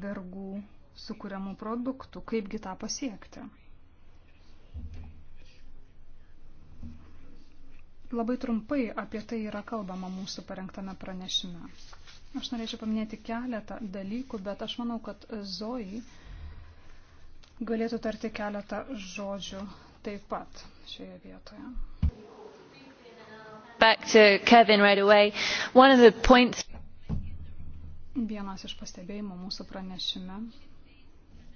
vergų sukūriamų produktų. Kaipgi tą pasiekti? Labai trumpai apie tai yra kalbama mūsų parengtame pranešime. Aš norėčiau paminėti keletą dalykų, bet aš manau, kad Zoji galėtų tarti keletą žodžių taip pat šioje vietoje. Back to Kevin right away. One of the points Vienas iš pastebėjimų mūsų pranešime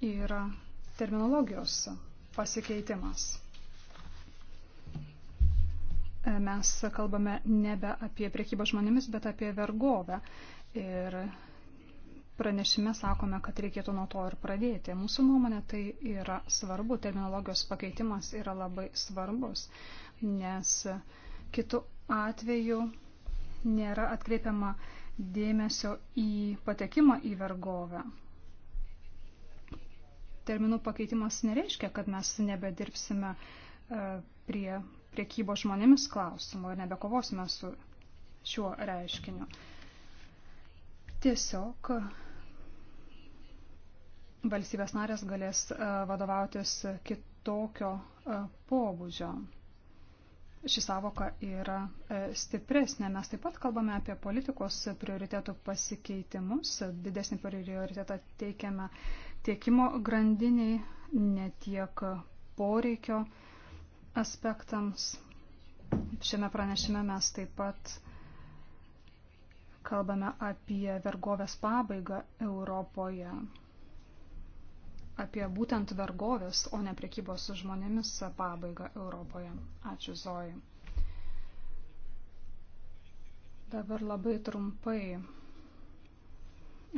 yra terminologijos pasikeitimas. Mes kalbame nebe apie priekybą žmonėmis, bet apie vergovę. Ir pranešime sakome, kad reikėtų nuo to ir pradėti. Mūsų nuomonė tai yra svarbu, terminologijos pakeitimas yra labai svarbus, nes kitų atveju nėra atkreipiama dėmesio į patekimą į vergovę. Terminų pakeitimas nereiškia, kad mes nebedirbsime e, prie priekybo žmonėmis klausimų ir nebekovosime su šiuo reiškiniu. Tiesiog valstybės narės galės e, vadovautis kitokio e, pobūdžio ši savoka yra e, stipresnė. Mes taip pat kalbame apie politikos prioritetų pasikeitimus. Didesnį prioritetą teikiame tiekimo grandiniai, ne tiek poreikio aspektams. Šiame pranešime mes taip pat kalbame apie vergovės pabaigą Europoje apie būtent vergovės, o ne prekybos su žmonėmis pabaigą Europoje. Ačiū Zoji. Dabar labai trumpai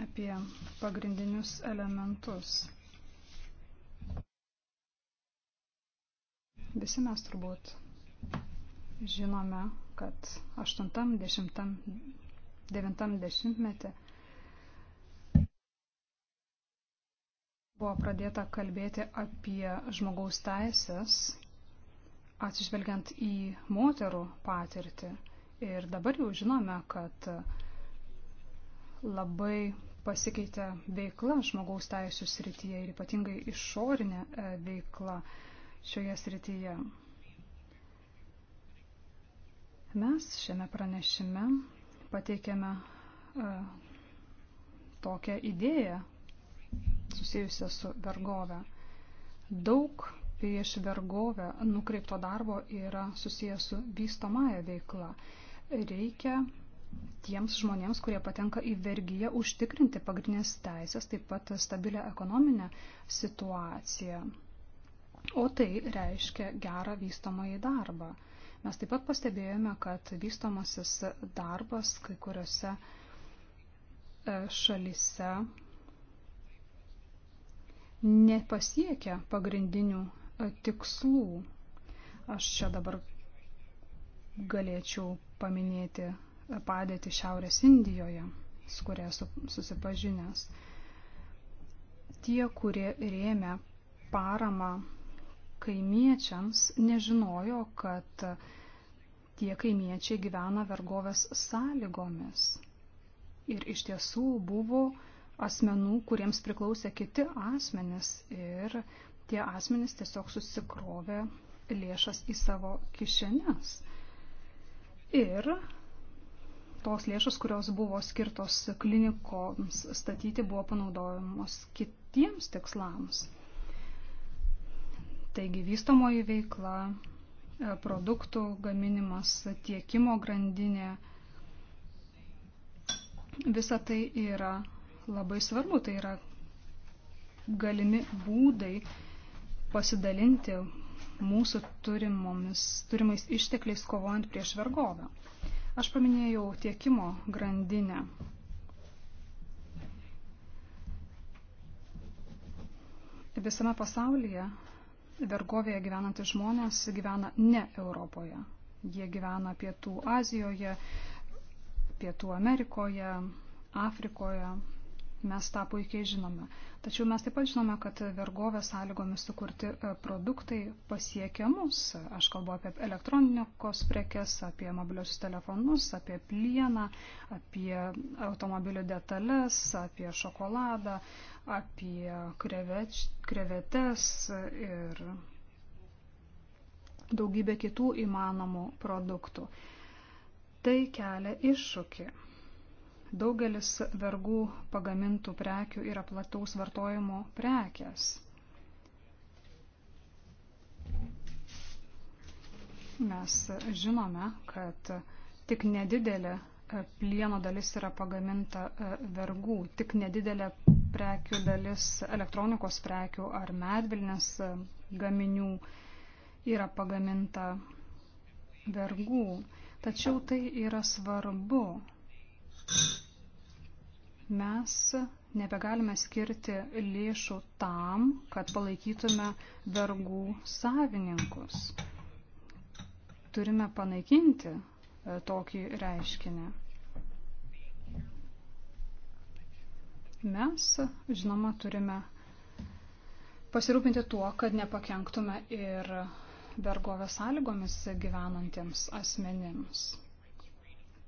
apie pagrindinius elementus. Visi mes turbūt žinome, kad 80-90 metį Buvo pradėta kalbėti apie žmogaus teisės, atsižvelgiant į moterų patirtį. Ir dabar jau žinome, kad labai pasikeitė veikla žmogaus teisų srityje ir ypatingai išorinė e, veikla šioje srityje. Mes šiame pranešime pateikėme e, tokią idėją, susijusią su vergove. Daug prieš vergovę nukreipto darbo yra susijęs su vystomąją veikla. Reikia tiems žmonėms, kurie patenka į vergyją, užtikrinti pagrindinės teisės, taip pat stabilę ekonominę situaciją. O tai reiškia gerą vystomąjį darbą. Mes taip pat pastebėjome, kad vystomasis darbas kai kuriuose e, šalise nepasiekia pagrindinių e, tikslų. Aš čia dabar galėčiau paminėti e, padėti Šiaurės Indijoje, su kuria esu susipažinęs. Tie, kurie rėmė paramą kaimiečiams, nežinojo, kad tie kaimiečiai gyvena vergovės sąlygomis. Ir iš tiesų buvo uh, asmenų, kuriems priklausė kiti asmenys ir tie asmenys tiesiog susikrovė lėšas į savo kišenes. Ir tos lėšas, kurios buvo skirtos klinikoms statyti, buvo panaudojamos kitiems tikslams. Taigi vystomoji veikla, e, produktų gaminimas, tiekimo grandinė, visa tai yra labai svarbu. Tai yra galimi būdai pasidalinti mūsų turimais ištekliais kovojant prieš vergovę. Aš paminėjau tiekimo grandinę. Visame pasaulyje vergovėje gyvenantys žmonės gyvena ne Europoje. Jie gyvena Pietų Azijoje, Pietų Amerikoje, Afrikoje, Mes tą puikiai žinome. Tačiau mes taip pat žinome, kad vergovės sąlygomis sukurti e, produktai pasiekia mus. Aš kalbu apie elektronikos prekes, apie mobiliosius telefonus, apie plieną, apie automobilių detalės, apie šokoladą, apie kreveč, krevetes ir daugybę kitų įmanomų produktų. Tai kelia iššūkį Daugelis vergų pagamintų prekių yra plataus vartojimo prekės. Mes žinome, kad tik nedidelė plieno dalis yra pagaminta e, vergų, tik nedidelė prekių dalis elektronikos prekių ar medvilnės e, gaminių yra pagaminta vergų. Tačiau tai yra svarbu mes nebegalime skirti lėšų tam, kad palaikytume vergų savininkus. Turime panaikinti e, tokį reiškinį. Mes, žinoma, turime pasirūpinti tuo, kad nepakenktume ir vergovės sąlygomis gyvenantiems asmenims.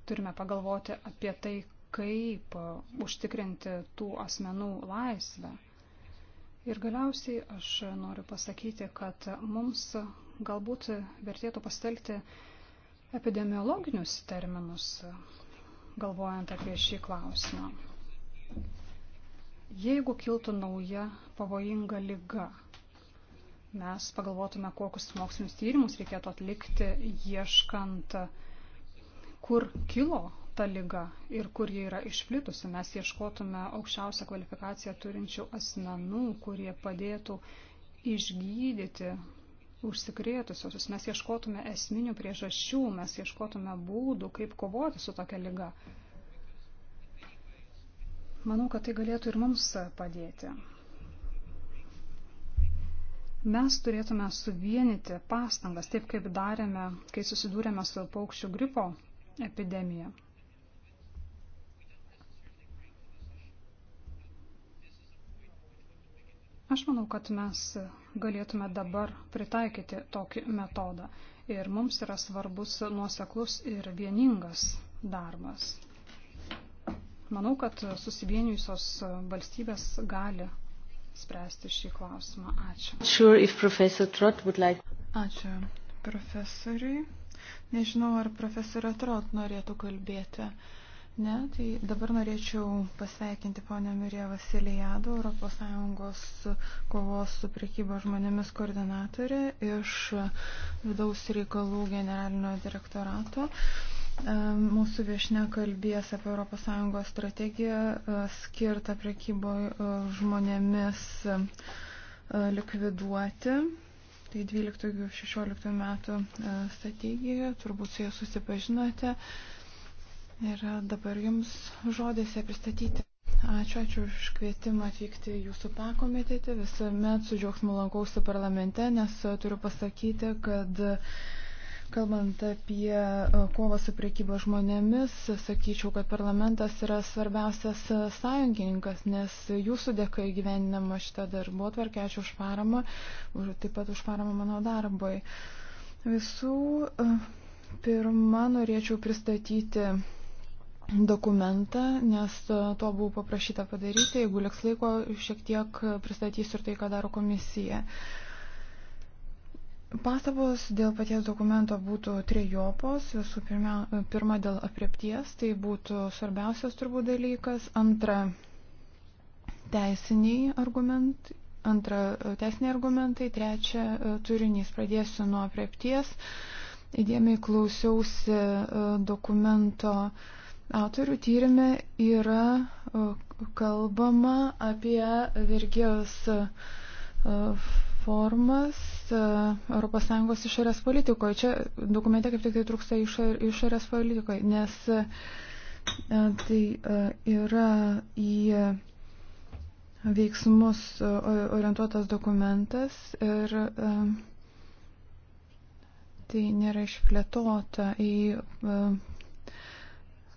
Turime pagalvoti apie tai, kaip užtikrinti tų asmenų laisvę. Ir galiausiai aš noriu pasakyti, kad mums galbūt vertėtų pastelti epidemiologinius terminus, galvojant apie šį klausimą. Jeigu kiltų nauja pavojinga lyga, mes pagalvotume, kokius mokslinius tyrimus reikėtų atlikti, ieškant, kur kilo ta lyga ir kur ji yra išplitusi. Mes ieškotume aukščiausią kvalifikaciją turinčių asmenų, kurie padėtų išgydyti užsikrėtusiosius. Mes ieškotume esminių priežasčių, mes ieškotume būdų, kaip kovoti su tokia lyga. Manau, kad tai galėtų ir mums padėti. Mes turėtume suvienyti pastangas, taip kaip darėme, kai susidūrėme su paukščių gripo epidemija. Aš manau, kad mes galėtume dabar pritaikyti tokį metodą ir mums yra svarbus nuoseklus ir vieningas darbas. Manau, kad susivienijusios valstybės gali spręsti šį klausimą. Ačiū. Sure like... Ačiū profesoriui. Nežinau, ar profesorė Trot norėtų kalbėti. Uh, Ne, tai dabar norėčiau pasveikinti ponę Mirę Vasilijadų, ES kovos su priekybo žmonėmis koordinatorė iš vidaus reikalų generalinio direktorato. Mūsų viešne kalbės apie ES strategiją e, skirtą priekybo e, žmonėmis e, likviduoti. Tai 12-16 metų strategija, turbūt su jie susipažinote. Ir dabar jums žodėse pristatyti. Ačiū, ačiū už kvietimą atvykti jūsų pakomitėti. Visuomet su džiaugsmu lankausi parlamente, nes turiu pasakyti, kad kalbant apie kovą su priekyba žmonėmis, sakyčiau, kad parlamentas yra svarbiausias sąjungininkas, nes jūsų dėka įgyveninama šitą darbo tvarkę. Ačiū už paramą, taip pat už paramą mano darbui. Visų pirma, norėčiau pristatyti dokumentą, nes e, to buvo paprašyta padaryti. Jeigu liks laiko, šiek tiek pristatysiu ir tai, ką daro komisija. Pastabos dėl paties dokumento būtų trejopos. Visų pirma, pirma dėl apriepties, tai būtų svarbiausias turbūt dalykas. Antra, teisiniai argumentai. Antra, teisiniai argumentai. Trečia, e, turinys. Pradėsiu nuo apriepties. Įdėmiai klausiausi e, dokumento uh, autorių tyrimė yra kalbama apie vergijos formas ES išorės politikoje. Čia dokumente kaip tik tai trūksta išorės politikoje, nes e, tai e, yra į veiksmus orientuotas dokumentas ir e, tai nėra išplėtota į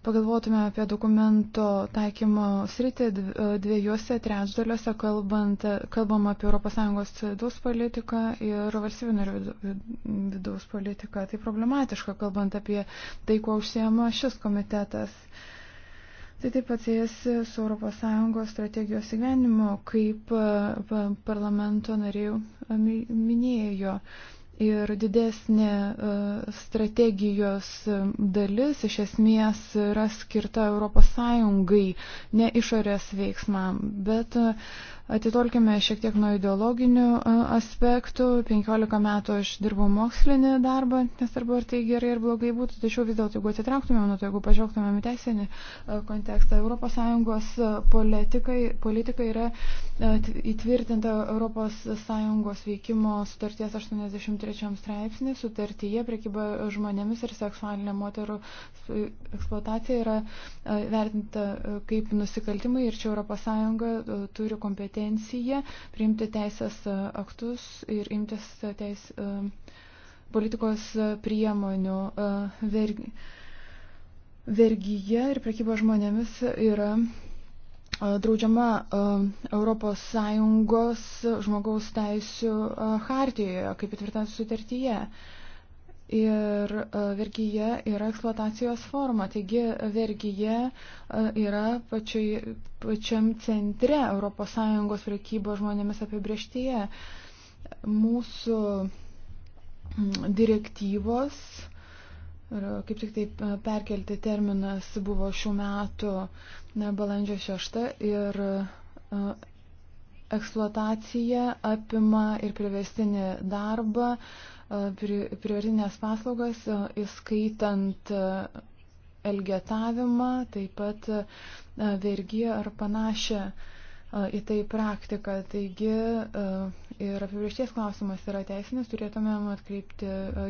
pagalvotume apie dokumento taikymo sritį e, dviejose trečdaliuose, kalbant, kalbam apie ES vidaus politiką ir valstybinio vidaus politiką. Tai problematiška, kalbant apie tai, kuo užsiema šis komitetas. Tai taip pat siejasi su ES strategijos įgyvenimo, kaip e, parlamento nariai minėjo ir didesnė e, strategijos dalis iš esmės yra skirta ES, ne išorės veiksmam, bet Atitolkime šiek tiek nuo ideologinių e, aspektų. 15 metų aš dirbau mokslinį darbą, nesvarbu ar tai gerai ar blogai būtų, tačiau vis dėlto, jeigu atsitrauktumėm nuo to, jeigu pažiūrėtumėm į teisinį e, kontekstą, ES e, politikai, politikai yra įtvirtinta ES veikimo sutarties 83 straipsnį, sutartyje prekyba žmonėmis ir seksualinė moterų eksploatacija yra vertinta kaip nusikaltimai ir čia ES turi kompetenciją kompetencija priimti teisės e, aktus ir imtis teis, e, politikos e, priemonių. Vergi, vergyje ir prekybo žmonėmis yra draudžiama ES žmogaus teisų hartijoje, kaip įtvirtinta sutartyje ir e, vergyje yra eksploatacijos forma. Taigi vergyje yra pačioj, pačiam centre ES prekybos žmonėmis apibrieštyje. Mūsų direktyvos, kaip tik taip e, perkelti terminas buvo šių metų ne, balandžio 6 ir e, eksploatacija apima ir privestinį darbą, e, privarinės paslaugas, e, įskaitant e, elgetavimą, taip pat vergiją ar panašią į tai praktiką. Taigi ir apibriešties klausimas yra teisinis, turėtumėm atkreipti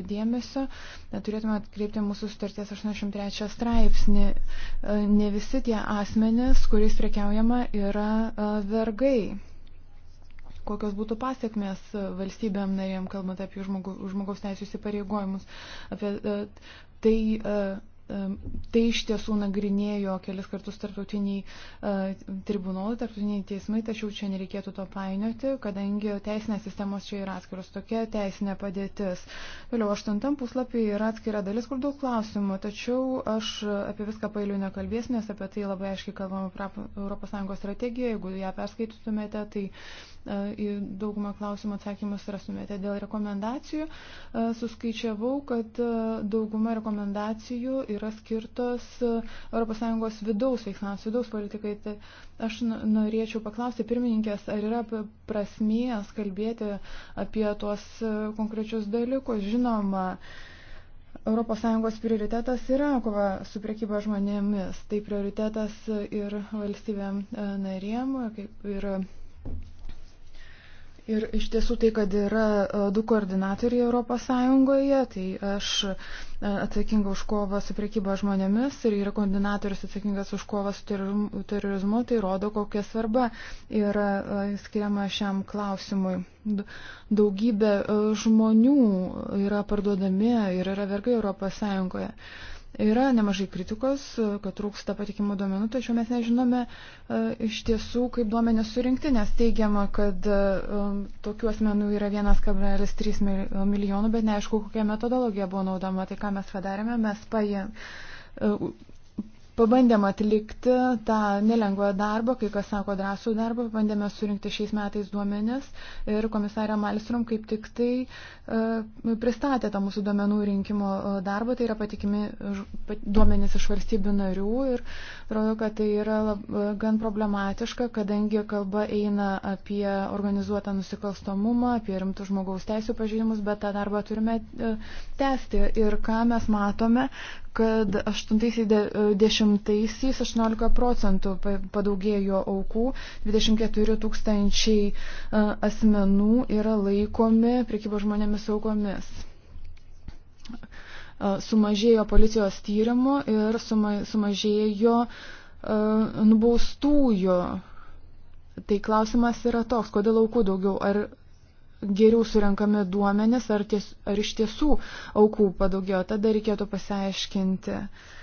dėmesio, turėtumėm atkreipti mūsų sutarties 83 straipsnį. Ne visi tie asmenys, kuriais prekiaujama, yra vergai kokios būtų pasiekmes valstybėm narėm, kalbant apie žmogu, žmogaus teisų įsipareigojimus. Apie, e, tai e, Tai iš tiesų nagrinėjo kelis kartus tarptautiniai tribunolai, tarptautiniai teismai, tačiau čia nereikėtų to painioti, kadangi teisinės sistemos čia yra atskiros tokia teisinė padėtis. Vėliau aštuntam puslapį yra atskira dalis, kur daug klausimų, tačiau aš apie viską pailiu nekalbės, nes apie tai labai aiškiai kalbama ES strategija, jeigu ją perskaitytumėte, tai e, į daugumą klausimų atsakymus rastumėte. Dėl rekomendacijų e, suskaičiavau, kad e, dauguma rekomendacijų yra yra skirtos e, ES vidaus veiksmams, vidaus politikai. Tai aš norėčiau paklausti pirmininkės, ar yra prasmės kalbėti apie tuos e, konkrečius dalykus. Žinoma, ES prioritetas yra kova su priekyba žmonėmis. Tai prioritetas ir valstybėm e, narėm, kaip ir Ir iš tiesų tai, kad yra e, du koordinatoriai ES, tai aš e, atsakinga už kovą su priekyba žmonėmis ir yra koordinatorius atsakingas už kovą su terorizmu, tai rodo, kokia svarba yra e, skiriama šiam klausimui. Daugybė žmonių yra parduodami ir yra vergai ES. Yra nemažai kritikos, kad trūksta patikimų duomenų, tačiau mes nežinome e, iš tiesų, kaip duomenės surinkti, nes teigiama, kad e, tokių asmenų yra 1,3 milijonų, bet neaišku, kokia metodologija buvo naudama. Tai ką mes padarėme, mes paėmėme e, Pabandėm atlikti tą nelengvą darbą, kai kas sako drąsų darbą, pabandėme surinkti šiais metais duomenis ir komisarė Malstrom kaip tik tai e, pristatė tą mūsų duomenų rinkimo e, darbą, tai yra patikimi duomenys iš valstybių narių ir atrodo, kad tai yra lab, e, gan problematiška, kadangi kalba eina apie organizuotą nusikalstomumą, apie rimtus žmogaus teisų pažeidimus, bet tą darbą turime tęsti ir ką mes matome, kad 80 20-aisiais 18 procentų padaugėjo aukų, 24 tūkstančiai e, asmenų yra laikomi priekybos žmonėmis aukomis. E, sumažėjo policijos tyrimų ir suma, sumažėjo e, nubaustųjų. Tai klausimas yra toks, kodėl aukų daugiau, ar geriau surenkami duomenis, ar, ties, ar iš tiesų aukų padaugėjo, tada reikėtų pasiaiškinti. Uh,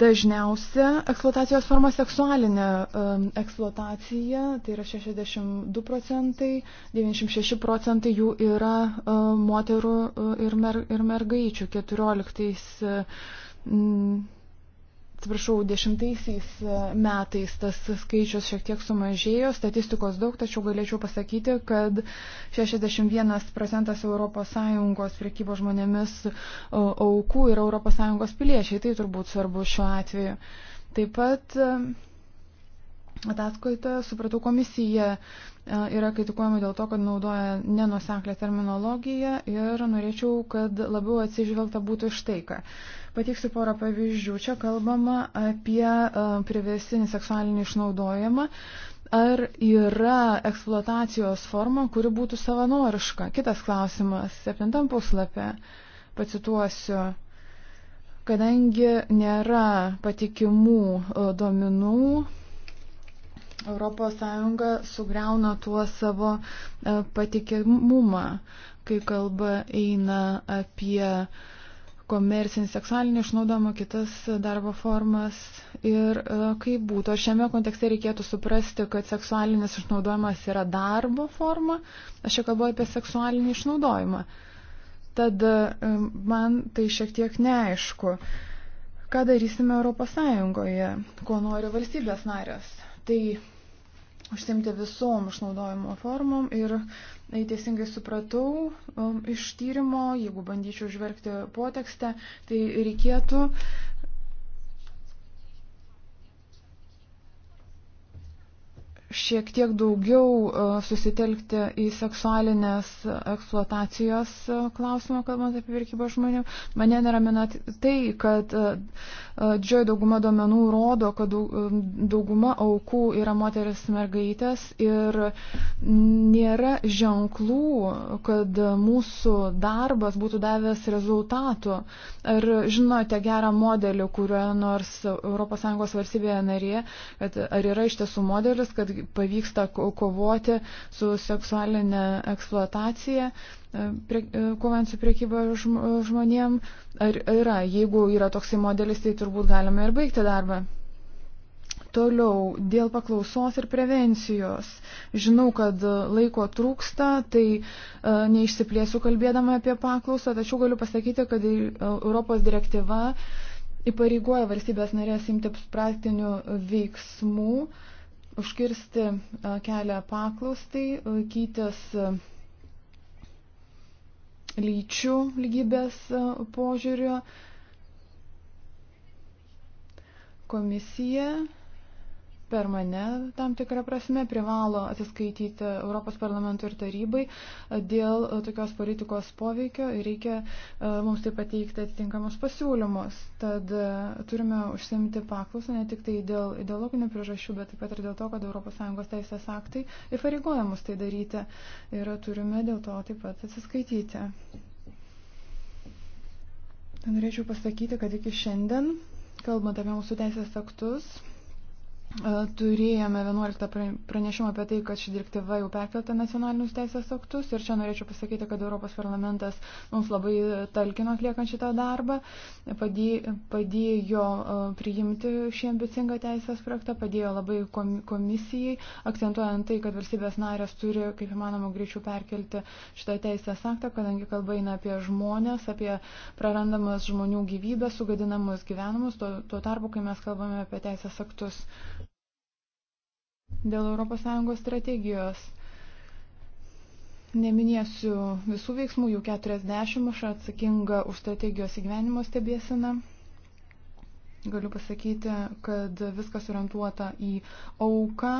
Dažniausia eksploatacijos forma seksualinė um, eksploatacija, tai yra 62 procentai, 96 procentai jų yra um, moterų e, ir, mer, ir mergaičių, 14 um, atsiprašau, dešimtaisiais e, metais tas skaičius šiek tiek sumažėjo, statistikos daug, tačiau galėčiau pasakyti, kad 61 procentas ES priekybos žmonėmis e, aukų yra ES piliečiai, tai turbūt svarbu šiuo atveju. Taip pat e, ataskaitoje supratau, komisija e, yra kritikuojama dėl to, kad naudoja nenuseklę terminologiją ir norėčiau, kad labiau atsižvelgta būtų iš tai, ką. Pateiksiu porą pavyzdžių. Čia kalbama apie e, privesinį seksualinį išnaudojimą. Ar yra eksploatacijos forma, kuri būtų savanoriška? Kitas klausimas, septintam puslapė, pacituosiu, kadangi nėra patikimų e, duomenų, ES sugriauna tuo savo e, patikimumą, kai kalba eina apie komercinį seksualinį išnaudojimą, kitas darbo formas ir e, kaip būtų. Ar šiame kontekste reikėtų suprasti, kad seksualinis išnaudojimas yra darbo forma? Aš čia kalbu apie seksualinį išnaudojimą. Tad e, man tai šiek tiek neaišku. Ką darysime Europos Sąjungoje? Ko nori valstybės narės? Tai užsimti visom išnaudojimo formom ir jei teisingai supratau um, iš tyrimo, jeigu bandyčiau žvelgti potekstę, tai reikėtų šiek tiek daugiau uh, susitelkti į seksualinės eksploatacijos uh, klausimą, kalbant apie virkybą žmonių. Mane neramina tai, kad uh, E, didžioji dauguma duomenų rodo, kad e, dauguma aukų yra moteris mergaitės ir nėra ženklų, kad mūsų darbas būtų davęs rezultatų. Ar žinote gerą modelį, kurioje nors ES valstybėje narėje, kad ar yra iš tiesų modelis, kad pavyksta kovoti su seksualinė eksploatacija? E, e, kovojant su priekyba žmonėm, ar yra. Jeigu yra toksai modelis, tai turbūt galime ir baigti darbą. Toliau, dėl paklausos ir prevencijos. Žinau, kad laiko trūksta, tai e, neišsiplėsiu kalbėdama apie paklausą, tačiau galiu pasakyti, kad e, Europos direktyva įpareigoja valstybės narės imti praktinių veiksmų, užkirsti kelią paklaustai, laikytis. E, lyčių lygybės e, požiūriu. Komisija per mane tam tikrą prasme privalo atsiskaityti Europos parlamentui ir tarybai e, dėl e, tokios politikos poveikio ir reikia e, mums taip pateikti atitinkamus pasiūlymus. Tad turime užsimti paklausą ne tik tai dėl ideologinių priežasčių, bet taip pat ir dėl to, kad ES teisės aktai įpareigoja mus tai daryti ir turime dėl to taip pat atsiskaityti. Norėčiau pasakyti, kad iki šiandien, kalbant apie mūsų teisės aktus, E, turėjome 11 pranešimą apie tai, kad ši direktyva jau perkelta nacionalinius teisės aktus ir čia norėčiau pasakyti, kad Europos parlamentas mums labai talkino atliekant šitą darbą, padėjo e, priimti šį ambicingą teisės projektą, padėjo labai komisijai, akcentuojant tai, kad valstybės narės turi, kaip įmanoma, greičiau perkelti šitą teisės aktą, kadangi kalba eina apie žmonės, apie prarandamas žmonių gyvybės, sugadinamus gyvenimus, tuo, tuo tarpu, kai mes kalbame apie teisės aktus dėl ES strategijos. Neminėsiu visų veiksmų, jų 40 aš atsakinga už strategijos įgyvenimo stebėsiną. Galiu pasakyti, kad viskas orientuota į auką.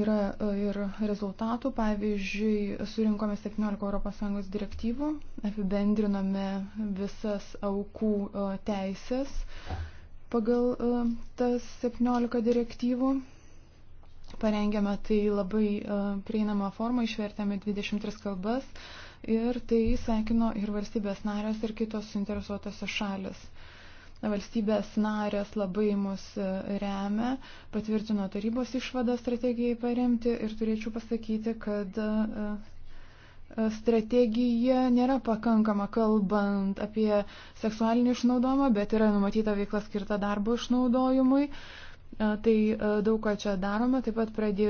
Yra e, ir rezultatų. Pavyzdžiui, surinkome 17 ES direktyvų, apibendrinome visas aukų e, teisės pagal e, tas 17 direktyvų. Parengėme tai labai e, prieinamą formą, išvertėme 23 kalbas ir tai sveikino ir valstybės narės, ir kitos suinteresuotosios šalis valstybės narės labai mus e, remia, patvirtino tarybos išvadą strategijai paremti ir turėčiau pasakyti, kad strategija nėra pakankama, kalbant apie seksualinį išnaudojimą, bet yra numatyta veikla skirta darbo išnaudojimui. Tai daug ko čia darome. Taip pat pradė,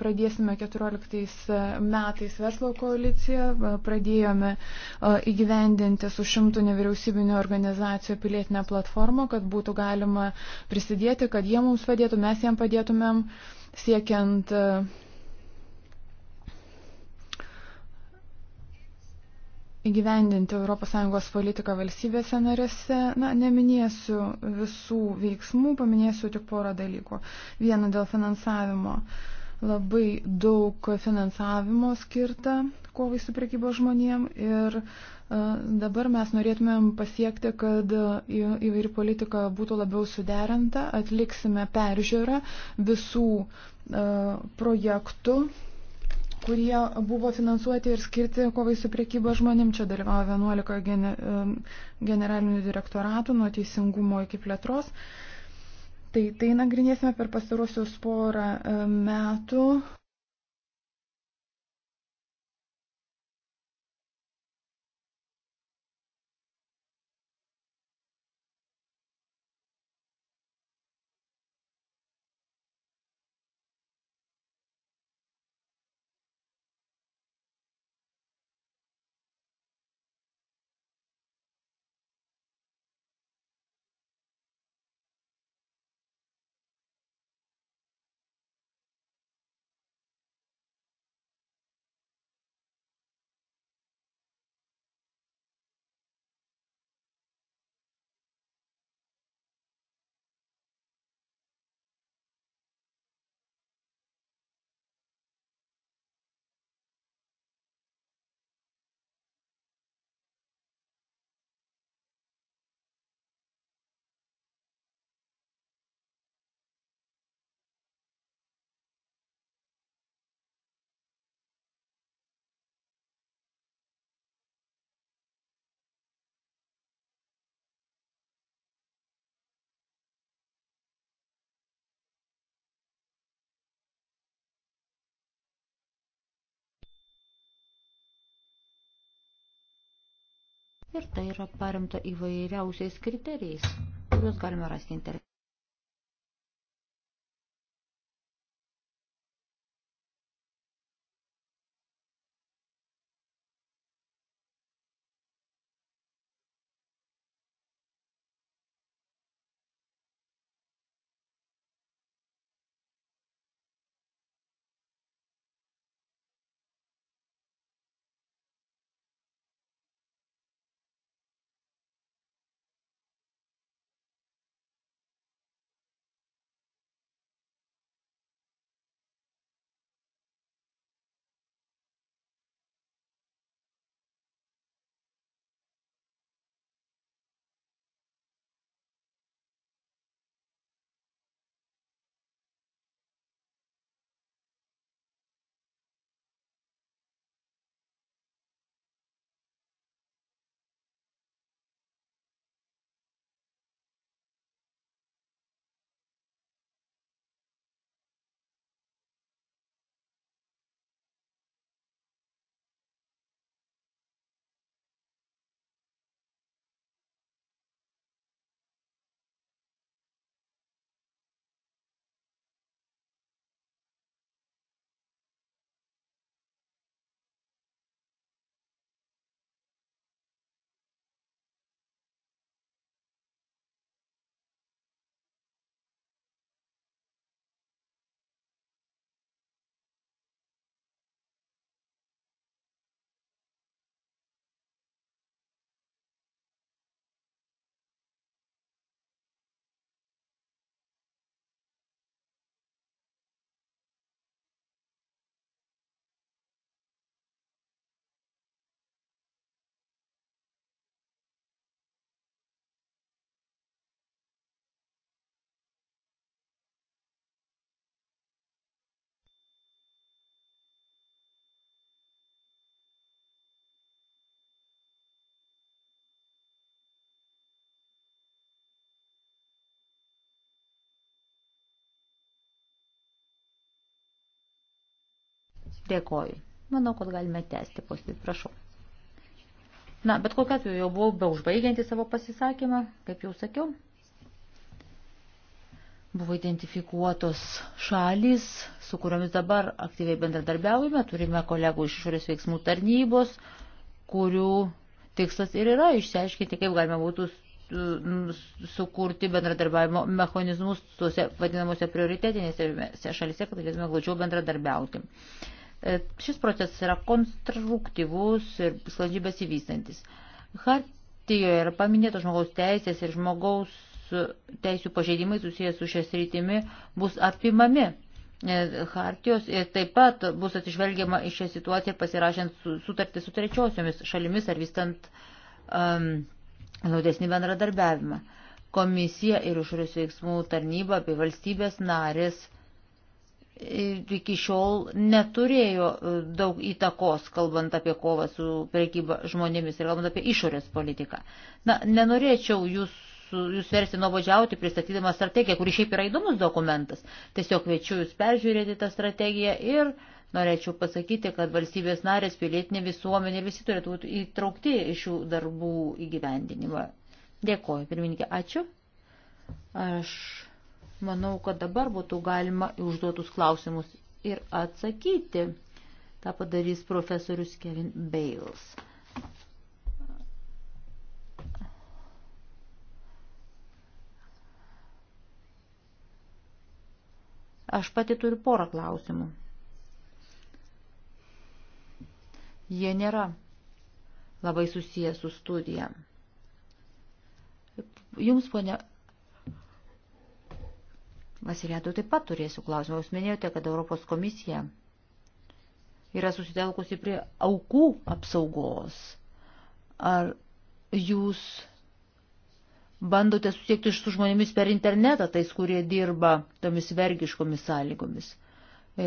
pradėsime 14 metais verslo koaliciją. Pradėjome įgyvendinti su šimtų nevyriausybinio organizacijų pilietinę platformą, kad būtų galima prisidėti, kad jie mums padėtų, mes jiem padėtumėm siekiant įgyvendinti ES politiką valstybėse narėse. Na, neminėsiu visų veiksmų, paminėsiu tik porą dalykų. Vieną dėl finansavimo. Labai daug finansavimo skirta kovai su priekybo žmonėm ir e, dabar mes norėtumėm pasiekti, kad įvairi politika būtų labiau suderinta, atliksime peržiūrą visų e, projektų kurie buvo finansuoti ir skirti kovai su priekyba žmonėm. Čia dalyvavo 11 generalinių direktoratų nuo teisingumo iki plėtros. Tai, tai nagrinėsime per pastarosius porą metų. ir tai yra paremta įvairiausiais kriterijais, kuriuos galime rasti internete. Dėkoju. Manau, kad galime tęsti posėdį. Prašau. Na, bet kokiu atveju jau buvau beužbaigianti savo pasisakymą, kaip jau sakiau. Buvo identifikuotos šalys, su kuriomis dabar aktyviai bendradarbiaujame. Turime kolegų iš išorės veiksmų tarnybos, kurių tikslas ir yra išsiaiškinti, kaip galima būtų sukurti bendradarbiavimo mechanizmus tuose vadinamuose prioritetinėse šalise, kad galėtume glaudžiau bendradarbiauti. Uh, E, šis procesas yra konstruktyvus ir sklandžiai besivystantis. Hartijoje yra paminėtos žmogaus teisės ir žmogaus teisų pažeidimai susijęs su šias rytimi bus apimami e, Hartijos ir taip pat bus atsižvelgiama į šią situaciją pasirašant sutartį su trečiosiomis šalimis ar vystant um, naudesnį bendradarbiavimą. Komisija ir užsienio veiksmų tarnyba bei valstybės narės iki šiol neturėjo e, daug įtakos, kalbant apie kovą su prekyba žmonėmis ir kalbant apie išorės politiką. Na, nenorėčiau jūs, jūs versti nuobodžiauti pristatydama strategiją, kuri šiaip yra įdomus dokumentas. Tiesiog kviečiu jūs peržiūrėti tą strategiją ir norėčiau pasakyti, kad valstybės narės, pilietinė visuomenė visi turėtų būti įtraukti iš šių darbų įgyvendinimą. Dėkoju, pirmininkė, ačiū. Aš Manau, kad dabar būtų galima užduotus klausimus ir atsakyti. Ta padarys profesorius Kevin Bales. Aš pati turiu porą klausimų. Jie nėra labai susiję su studija. Jums, ponia Vasiliadu taip pat turėsiu klausimą. Jūs minėjote, kad Europos komisija yra susitelkusi prie aukų apsaugos. Ar jūs bandote susiekti su žmonėmis per internetą, tais, kurie dirba tomis vergiškomis sąlygomis?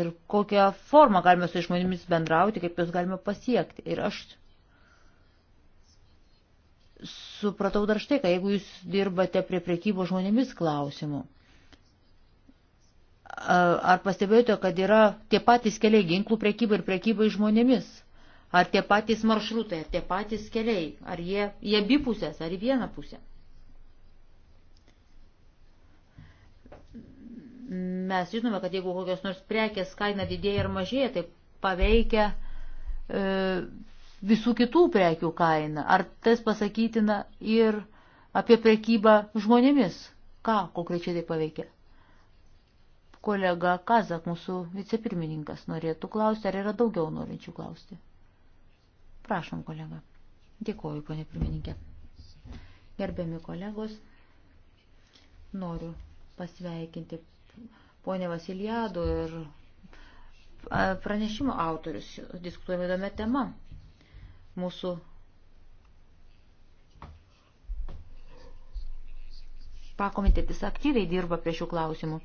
Ir kokią formą galime su žmonėmis bendrauti, kaip juos galime pasiekti? Ir aš supratau dar štai, kad jeigu jūs dirbate prie priekybo žmonėmis klausimų, Ar pastebėjote, kad yra tie patys keliai ginklų prekybai ir prekybai žmonėmis? Ar tie patys maršrutai, ar tie patys keliai, ar jie į abi pusės, ar į vieną pusę? Mes žinome, kad jeigu kokios nors prekės kaina didėja ar mažėja, tai paveikia e, visų kitų prekių kainą. Ar tas pasakytina ir apie prekybą žmonėmis? Ką konkrečiai tai paveikia? Kolega Kazak, mūsų vicepirmininkas, norėtų klausti, ar yra daugiau norinčių klausti. Prašom, kolega. Dėkoju, ponė pirmininkė. Gerbiami kolegos, noriu pasveikinti ponę Vasilijado ir pranešimo autorius. Diskutuojame įdomią temą. Mūsų pakomitėtis aktyviai dirba prie šių klausimų.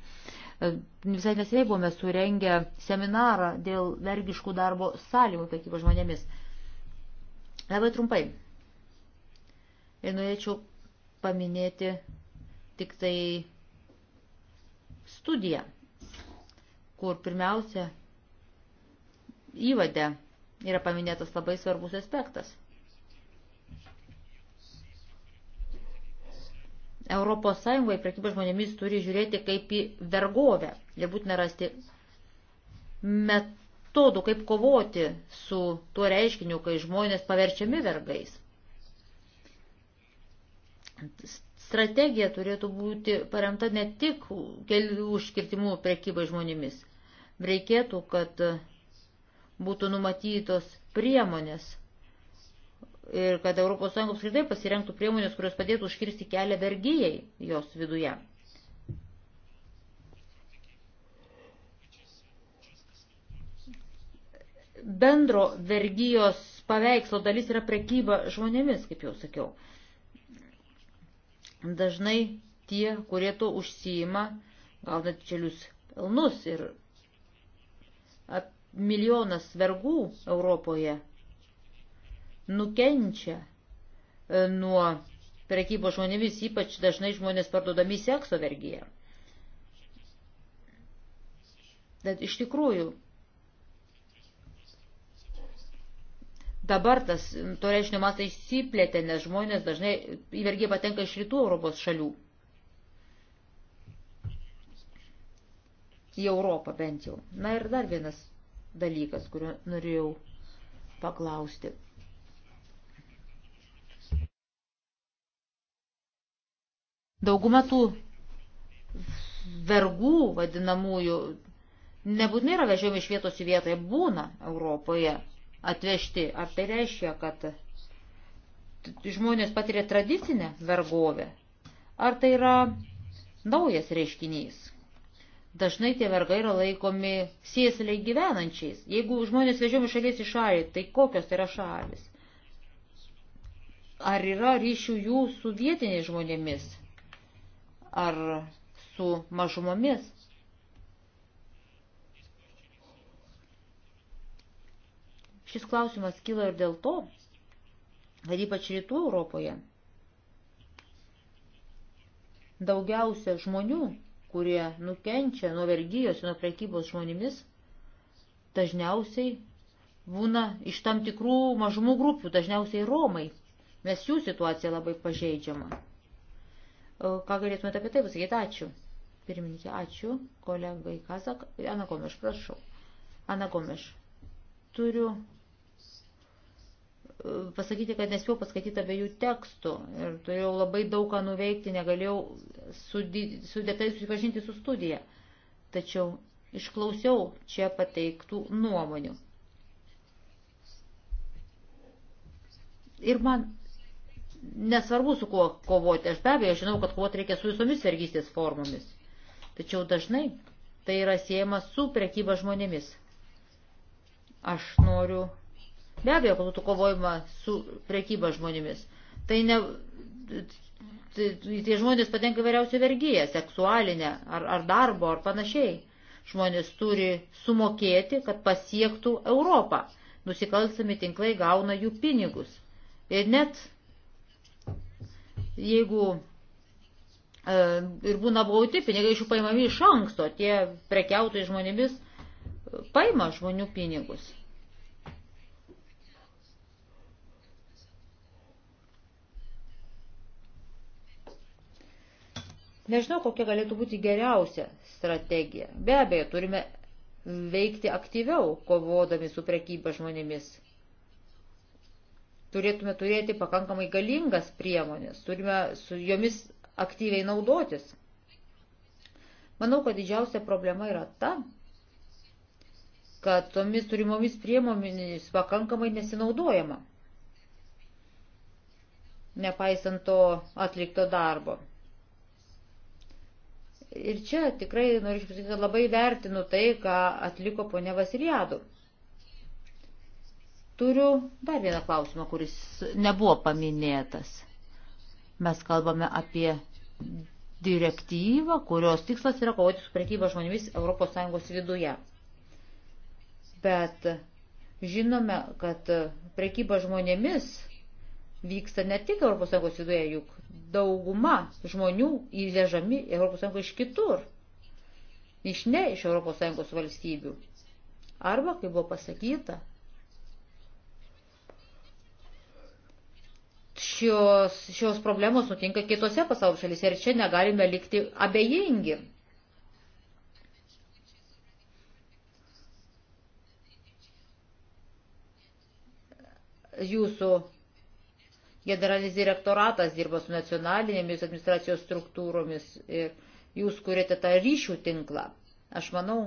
E, visai neseniai buvome surengę seminarą dėl vergiškų darbo sąlygų prekybos žmonėmis. Labai trumpai. Ir norėčiau paminėti tik tai studiją, kur pirmiausia įvade yra paminėtas labai svarbus aspektas – Europos Sąjungoje prekyba žmonėmis turi žiūrėti kaip į vergovę ir būtina rasti metodų, kaip kovoti su tuo reiškiniu, kai žmonės paverčiami vergais. Strategija turėtų būti paremta ne tik kelių užkirtimų prekybai žmonėmis. Reikėtų, kad būtų numatytos priemonės ir kad ES apskritai pasirengtų priemonės, kurios padėtų užkirsti kelią vergyjai jos viduje. Bendro vergyjos paveikslo dalis yra prekyba žmonėmis, kaip jau sakiau. Dažnai tie, kurie to užsijima, gauna didžiulius pelnus ir milijonas vergų Europoje nukenčia e, nuo prekybos žmonėmis, ypač dažnai žmonės parduodami sekso vergyje. Bet iš tikrųjų, dabar tas to reiškinio mastai įsiplėtė, nes žmonės dažnai į vergyje patenka iš rytų Europos šalių. Į Europą bent jau. Na ir dar vienas dalykas, kurio norėjau paklausti. Dauguma tų vergų vadinamųjų nebūtinai yra vežiomi iš vietos į vietą, jie būna Europoje atvežti. Ar tai reiškia, kad žmonės patiria tradicinę vergovę? Ar tai yra naujas reiškinys? Dažnai tie vergai yra laikomi sėsliai gyvenančiais. Jeigu žmonės vežiomi šalies į šalį, tai kokios tai yra šalis? Ar yra ryšių jų su vietiniais žmonėmis? ar su mažumomis. Šis klausimas kyla ir dėl to, kad ypač rytų Europoje daugiausia žmonių, kurie nukenčia nuo vergyjos, nuo prekybos žmonėmis, dažniausiai būna iš tam tikrų mažumų grupių, dažniausiai Romai, nes jų situacija labai pažeidžiama. Ką galėtumėte apie tai pasakyti? Ačiū. Pirmininkė, ačiū kolegai Kazak. Ana Gomeš, prašau. Ana Gomeš, turiu e, pasakyti, kad nespėjau paskaityti abiejų tekstų ir turėjau labai daug ką nuveikti, negalėjau sudėtai susipažinti su studija. Tačiau išklausiau čia pateiktų nuomonių. Ir man nesvarbu su kuo kovoti. Aš be abejo žinau, kad kovoti reikia su visomis vergystės formomis. Tačiau dažnai tai yra siejama su prekyba žmonėmis. Aš noriu be abejo, kad būtų kovojama su prekyba žmonėmis. Tai ne, tie žmonės patenka įvairiausių vergyją, seksualinę ar, ar darbo ar panašiai. Žmonės turi sumokėti, kad pasiektų Europą. Nusikalstami tinklai gauna jų pinigus. Ir net jeigu e, ir būna bauti, pinigai iš jų paimami iš anksto, tie prekiautojai žmonėmis e, paima žmonių pinigus. Nežinau, kokia galėtų būti geriausia strategija. Be abejo, turime veikti aktyviau, kovodami su prekyba žmonėmis turėtume turėti pakankamai galingas priemonės, turime su jomis aktyviai naudotis. Manau, kad didžiausia problema yra ta, kad tomis turimomis priemonėmis pakankamai nesinaudojama, nepaisant to atlikto darbo. Ir čia tikrai noriu pasakyti, kad labai vertinu tai, ką atliko ponia Vasiliadų. Turiu dar vieną klausimą, kuris nebuvo paminėtas. Mes kalbame apie direktyvą, kurios tikslas yra kovoti su prekyba žmonėmis ES viduje. Bet žinome, kad prekyba žmonėmis vyksta ne tik ES viduje, juk dauguma žmonių įvežami ES iš kitur, iš ne iš ES valstybių. Arba, kaip buvo pasakyta, šios, šios problemos nutinka kitose pasaulio šalyse ir čia negalime likti abejingi. Jūsų generalinis direktoratas dirba su nacionalinėmis administracijos struktūromis ir jūs kuriate tą ryšių tinklą. Aš manau,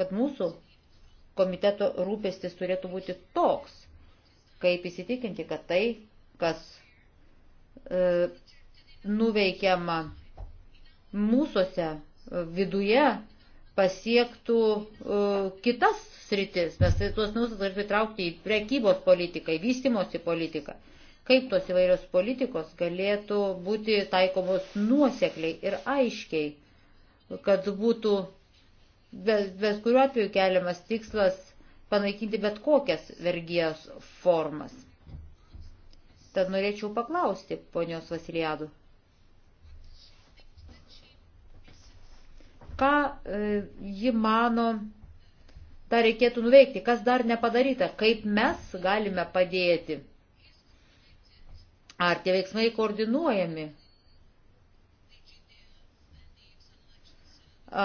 kad mūsų komiteto rūpestis turėtų būti toks kaip įsitikinti, kad tai, kas e, nuveikiama mūsųse e, viduje, pasiektų e, kitas sritis. Mes tai tuos nuostatus galime įtraukti į prekybos politiką, į vystimosi politiką. Kaip tos įvairios politikos galėtų būti taikomos nuosekliai ir aiškiai, kad būtų bet, bet kuriuo atveju keliamas tikslas panaikinti bet kokias vergijos formas. Tad norėčiau paklausti ponios Vasiliadų. Ką e, ji mano, dar reikėtų nuveikti, kas dar nepadaryta, kaip mes galime padėti. Ar tie veiksmai koordinuojami?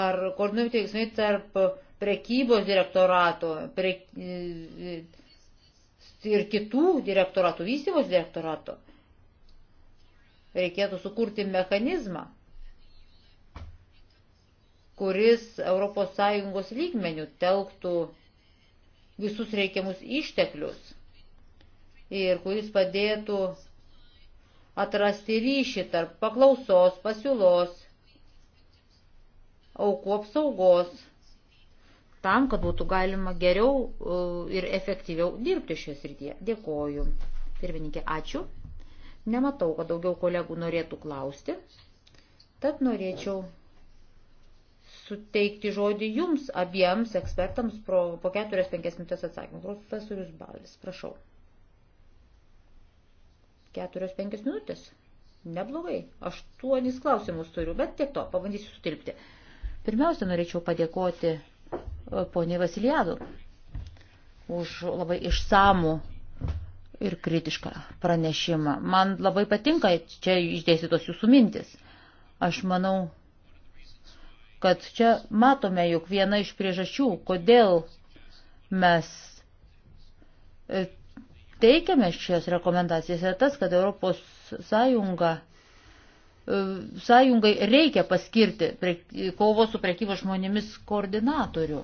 Ar koordinuojami tie veiksmai tarp prekybos direktorato pre, ir kitų direktoratų, vystymos direktorato. Reikėtų sukurti mechanizmą, kuris ES lygmenių telktų visus reikiamus išteklius ir kuris padėtų atrasti ryšį tarp paklausos, pasiūlos, aukų apsaugos tam, kad būtų galima geriau e, ir efektyviau dirbti šioje srityje. Dėkoju. Pirmininkė, ačiū. Nematau, kad daugiau kolegų norėtų klausti. Tad norėčiau suteikti žodį jums abiems ekspertams pro, po 4-5 minutės atsakymų. Profesorius Balis, prašau. 4-5 minutės. Neblogai. Aštuonis klausimus turiu, bet tiek to, pabandysiu sutilpti. Pirmiausia, norėčiau padėkoti E, poniai Vasilijadu už labai išsamų ir kritišką pranešimą. Man labai patinka čia išdėstytos jūsų mintis. Aš manau, kad čia matome, jog viena iš priežasčių, kodėl mes e, teikiame šias rekomendacijas, yra tas, kad Europos Sąjunga sąjungai reikia paskirti kovos su prekybos žmonėmis koordinatorių,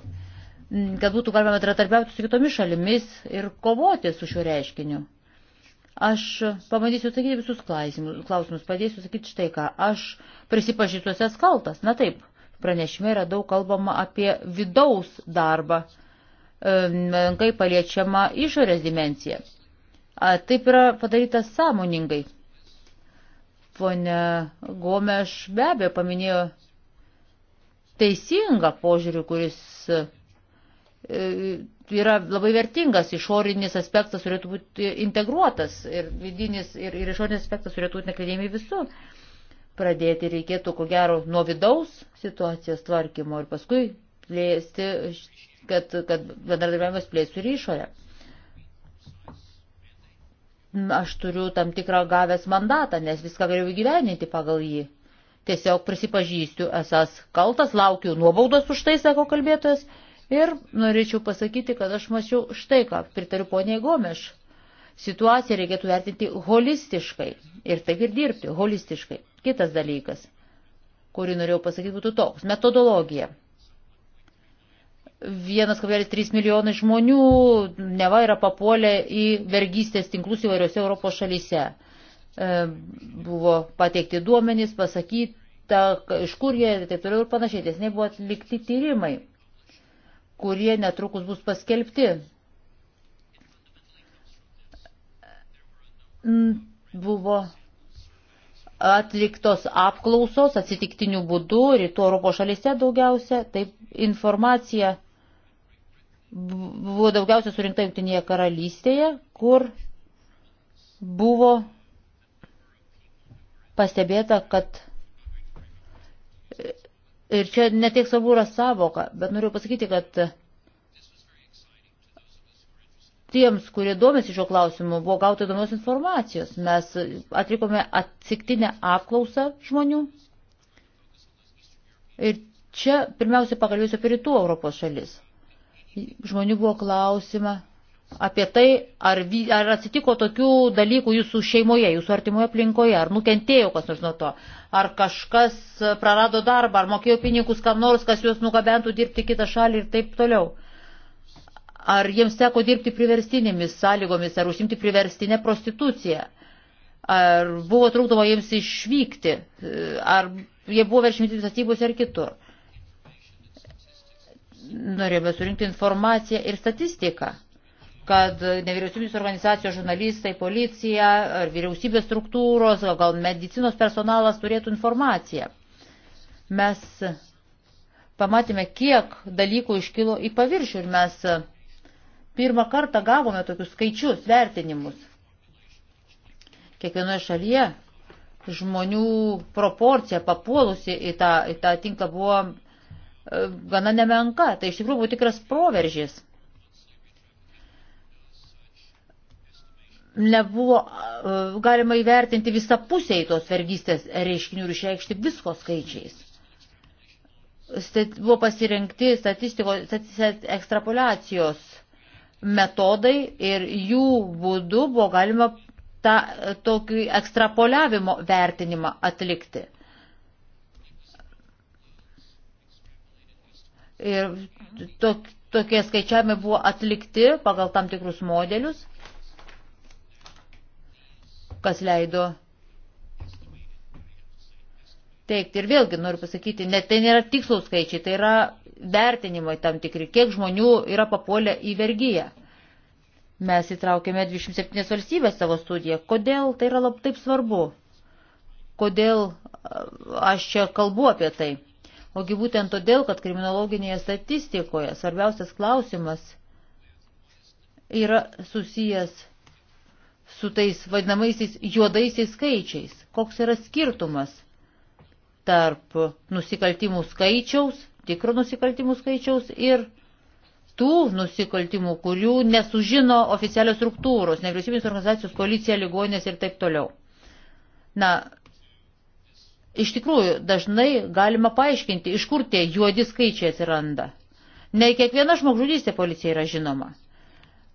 kad būtų galima bendratarpiauti su kitomis šalimis ir kovoti su šiuo reiškiniu. Aš pabandysiu atsakyti visus klausimus, padėsiu sakyti štai ką. Aš prisipažįstu esęs kaltas. Na taip, pranešime yra daug kalbama apie vidaus darbą, menkai paliečiama išorės dimencija. Taip yra padaryta sąmoningai. Pone Gomeš be abejo paminėjo teisingą požiūrį, kuris e, yra labai vertingas, išorinis aspektas turėtų būti integruotas ir vidinis ir, ir išorinis aspektas turėtų būti nekredėjami visur. Pradėti reikėtų, ko gero, nuo vidaus situacijos tvarkymo ir paskui plėsti, kad, kad bendradarbiavimas plėstų ir išorę aš turiu tam tikrą gavęs mandatą, nes viską galiu įgyveninti pagal jį. Tiesiog prisipažįstu, esas kaltas, laukiu nuobaudos už tai, sako kalbėtojas. Ir norėčiau pasakyti, kad aš mačiau štai ką, pritariu poniai Gomeš. Situaciją reikėtų vertinti holistiškai ir taip ir dirbti holistiškai. Kitas dalykas, kurį norėjau pasakyti, būtų toks - metodologija. 1,3 milijonai žmonių neva yra papuolę į vergystės tinklus įvairiose Europos šalyse. E, buvo pateikti duomenys, pasakyta, iš kur jie ir taip toliau ir panašiai. Tiesniai buvo atlikti tyrimai, kurie netrukus bus paskelbti. Buvo atliktos apklausos atsitiktinių būdų, rytų Europos šalyse daugiausia, taip informacija buvo daugiausia surinkta Junktinėje karalystėje, kur buvo pastebėta, kad e, ir čia netiek svarbu yra savoka, bet noriu pasakyti, kad tiems, kurie domės šio klausimu, buvo gauta įdomios informacijos. Mes atlikome atsiktinę apklausą žmonių. Ir čia pirmiausia pakalbėsiu apie rytų Europos šalis žmonių buvo klausima apie tai, ar, ar atsitiko tokių dalykų jūsų šeimoje, jūsų artimoje aplinkoje, ar nukentėjo kas nors nuo to, ar kažkas prarado darbą, ar mokėjo pinigus kam nors, kas juos nugabentų dirbti kitą šalį ir taip toliau. Ar jiems teko dirbti priverstinėmis sąlygomis, ar užsimti priverstinę prostituciją, ar buvo trūkdoma jiems išvykti, ar jie buvo veršimti statybose ar kitur norėjome surinkti informaciją ir statistiką, kad nevyriausybinės organizacijos žurnalistai, policija ar vyriausybės struktūros, gal medicinos personalas turėtų informaciją. Mes pamatėme, kiek dalykų iškilo į paviršių ir mes pirmą kartą gavome tokius skaičius, vertinimus. Kiekvienoje šalyje žmonių proporcija papuolusi į tą, į tą tinklą buvo E, gana nemenka. Tai iš tikrųjų buvo tikras proveržys. Nebuvo e, galima įvertinti visą pusę į tos vergystės reiškinių ir išreikšti visko skaičiais. Buvo pasirinkti statistikos ekstrapolacijos metodai ir jų būdu buvo galima tą tokį ekstrapoliavimo vertinimą atlikti. Ir tok, tokie skaičiavimai buvo atlikti pagal tam tikrus modelius, kas leido teikti. Ir vėlgi noriu pasakyti, ne, tai nėra tikslaus skaičiai, tai yra vertinimai tam tikri, kiek žmonių yra papuolę į vergyją. Mes įtraukėme 27 valstybės savo studiją. Kodėl tai yra labai taip svarbu? Kodėl aš čia kalbu apie tai? Ogi būtent todėl, kad kriminologinėje statistikoje svarbiausias klausimas yra susijęs su tais vadinamaisiais juodaisiais skaičiais. Koks yra skirtumas tarp nusikaltimų skaičiaus, tikro nusikaltimų skaičiaus ir tų nusikaltimų, kurių nesužino oficialios struktūros, nevyriausybinės organizacijos, policija, ligonės ir taip toliau. Na, Iš tikrųjų, dažnai galima paaiškinti, iš kur tie juodi skaičiai atsiranda. Ne kiekviena žmogžudystė policija yra žinoma.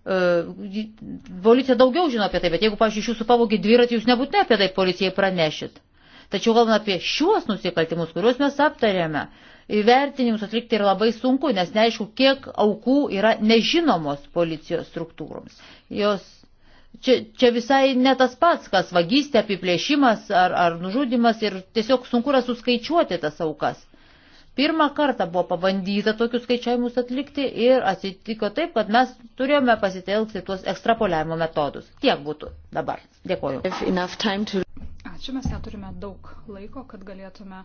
E, policija daugiau žino apie tai, bet jeigu, pavyzdžiui, iš jūsų pavogė dviratį, jūs nebūtinai apie tai policijai pranešit. Tačiau kalbant apie šiuos nusikaltimus, kuriuos mes aptarėme, įvertinimus atlikti yra labai sunku, nes neaišku, kiek aukų yra nežinomos policijos struktūroms. Jos čia, čia visai ne tas pats, kas vagystė, apiplėšimas ar, ar nužudimas ir tiesiog sunku yra suskaičiuoti tas aukas. Pirmą kartą buvo pabandyta tokius skaičiavimus atlikti ir atsitiko taip, kad mes turėjome pasitelkti tuos ekstrapoliavimo metodus. Tiek būtų dabar. Dėkoju. Ačiū, mes neturime daug laiko, kad galėtume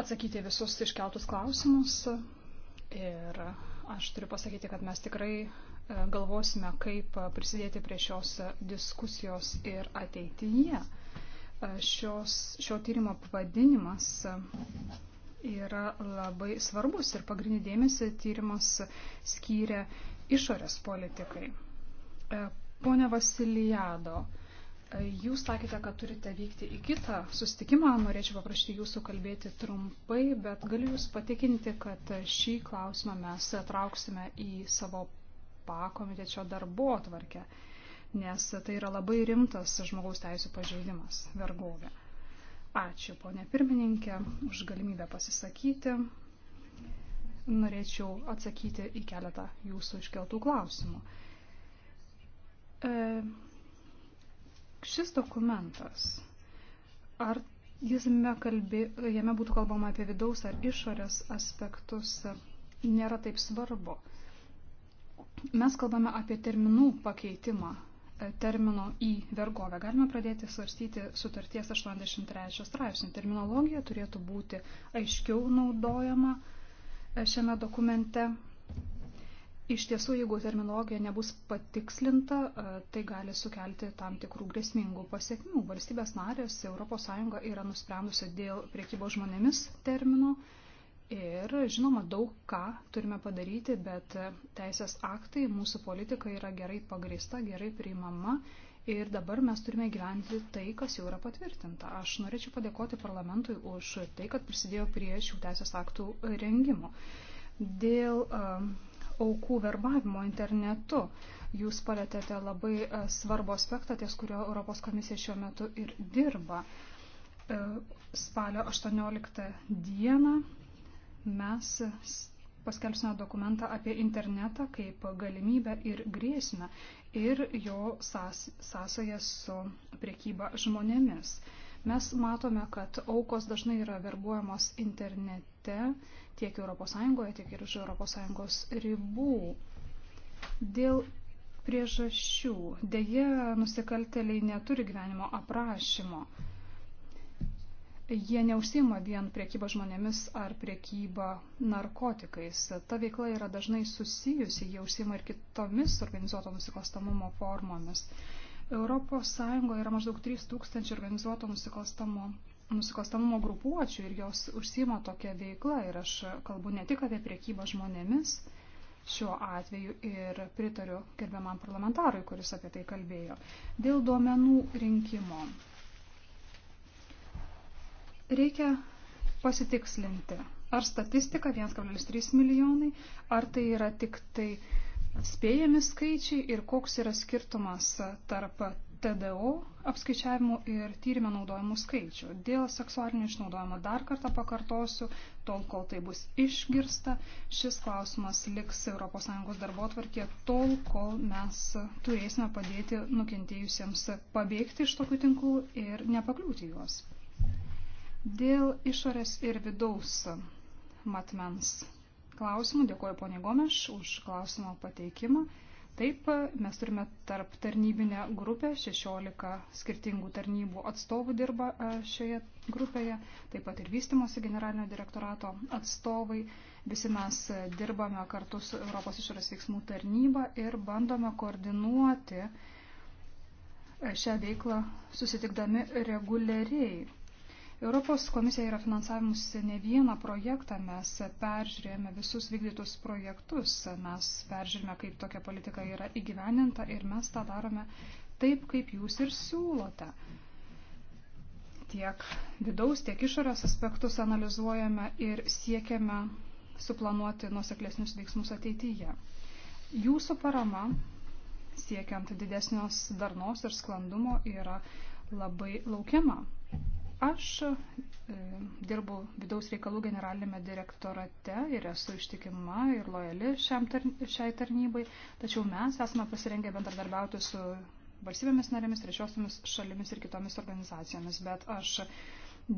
atsakyti visus iškeltus klausimus. Ir aš turiu pasakyti, kad mes tikrai galvosime, kaip prisidėti prie šios diskusijos ir ateityje. Šios, šio tyrimo pavadinimas yra labai svarbus ir pagrindinį dėmesį tyrimas skyrė išorės politikai. Pone Vasilijado, Jūs sakėte, kad turite vykti į kitą sustikimą. Norėčiau paprašyti jūsų kalbėti trumpai, bet galiu jūs patikinti, kad šį klausimą mes trauksime į savo pakomitečio darbo tvarkę, nes tai yra labai rimtas žmogaus teisų pažeidimas - vergovė. Ačiū, ponė pirmininkė, už galimybę pasisakyti. Norėčiau atsakyti į keletą jūsų iškeltų klausimų. E, šis dokumentas, ar jame, kalbė, jame būtų kalbama apie vidaus ar išorės aspektus, nėra taip svarbu. Mes kalbame apie terminų pakeitimą e, termino į vergovę. Galime pradėti svarstyti sutarties 83 straipsnį. Terminologija turėtų būti aiškiau naudojama e, šiame dokumente. Iš tiesų, jeigu terminologija nebus patikslinta, e, tai gali sukelti tam tikrų grėsmingų pasiekmių. Valstybės narės ES yra nusprendusi dėl priekybo žmonėmis termino Ir žinoma, daug ką turime padaryti, bet teisės aktai, mūsų politika yra gerai pagrista, gerai priimama ir dabar mes turime gyventi tai, kas jau yra patvirtinta. Aš norėčiau padėkoti parlamentui už tai, kad prisidėjo prie šių teisės aktų rengimo. Dėl um, aukų verbavimo internetu jūs palėtėte labai uh, svarbų aspektą, ties kurio Europos komisija šiuo metu ir dirba. Uh, spalio 18 dieną mes paskelbsime dokumentą apie internetą kaip galimybę ir grėsmę ir jo sąs, sąsajas su priekyba žmonėmis. Mes matome, kad aukos dažnai yra verbuojamos internete tiek ES, tiek ir už ES ribų. Dėl priežasčių. Deja, nusikalteliai neturi gyvenimo aprašymo. Jie neužsima vien priekyba žmonėmis ar priekyba narkotikais. Ta veikla yra dažnai susijusi, jie užsima ir kitomis organizuoto nusikalstamumo formomis. ES yra maždaug 3000 organizuoto nusikalstamo nusikalstamumo grupuočių ir jos užsima tokią veiklą. Ir aš kalbu ne tik apie priekybą žmonėmis šiuo atveju ir pritariu gerbiamam parlamentarui, kuris apie tai kalbėjo. Dėl duomenų rinkimo Reikia pasitikslinti, ar statistika 1,3 milijonai, ar tai yra tik tai spėjami skaičiai ir koks yra skirtumas tarp TDO apskaičiavimų ir tyrimę naudojimų skaičių. Dėl seksualinio išnaudojimo dar kartą pakartosiu, tol kol tai bus išgirsta, šis klausimas liks ES darbo tvarkė, tol kol mes turėsime padėti nukentėjusiems pabėgti iš tokių tinklų ir nepakliūti juos. Dėl išorės ir vidaus matmens klausimų, dėkuoju ponė Gomeš už klausimo pateikimą. Taip, mes turime tarp tarnybinę grupę, 16 skirtingų tarnybų atstovų dirba šioje grupėje, taip pat ir vystimosi generalinio direktorato atstovai. Visi mes dirbame kartu su Europos išorės veiksmų tarnyba ir bandome koordinuoti šią veiklą susitikdami reguliariai Europos komisija yra finansavimusi ne vieną projektą, mes peržiūrėjome visus vykdytus projektus, mes peržiūrime, kaip tokia politika yra įgyveninta ir mes tą darome taip, kaip jūs ir siūlote. Tiek vidaus, tiek išorės aspektus analizuojame ir siekiame suplanuoti nuoseklesnius veiksmus ateityje. Jūsų parama siekiant didesnios darnos ir sklandumo yra labai laukiama. Aš e, dirbu vidaus reikalų generalinėme direktorate ir esu ištikima ir lojali šiam, šiai tarnybai, tačiau mes esame pasirengę bendradarbiauti su valstybėmis narėmis, trečiosiomis šalimis ir kitomis organizacijomis, bet aš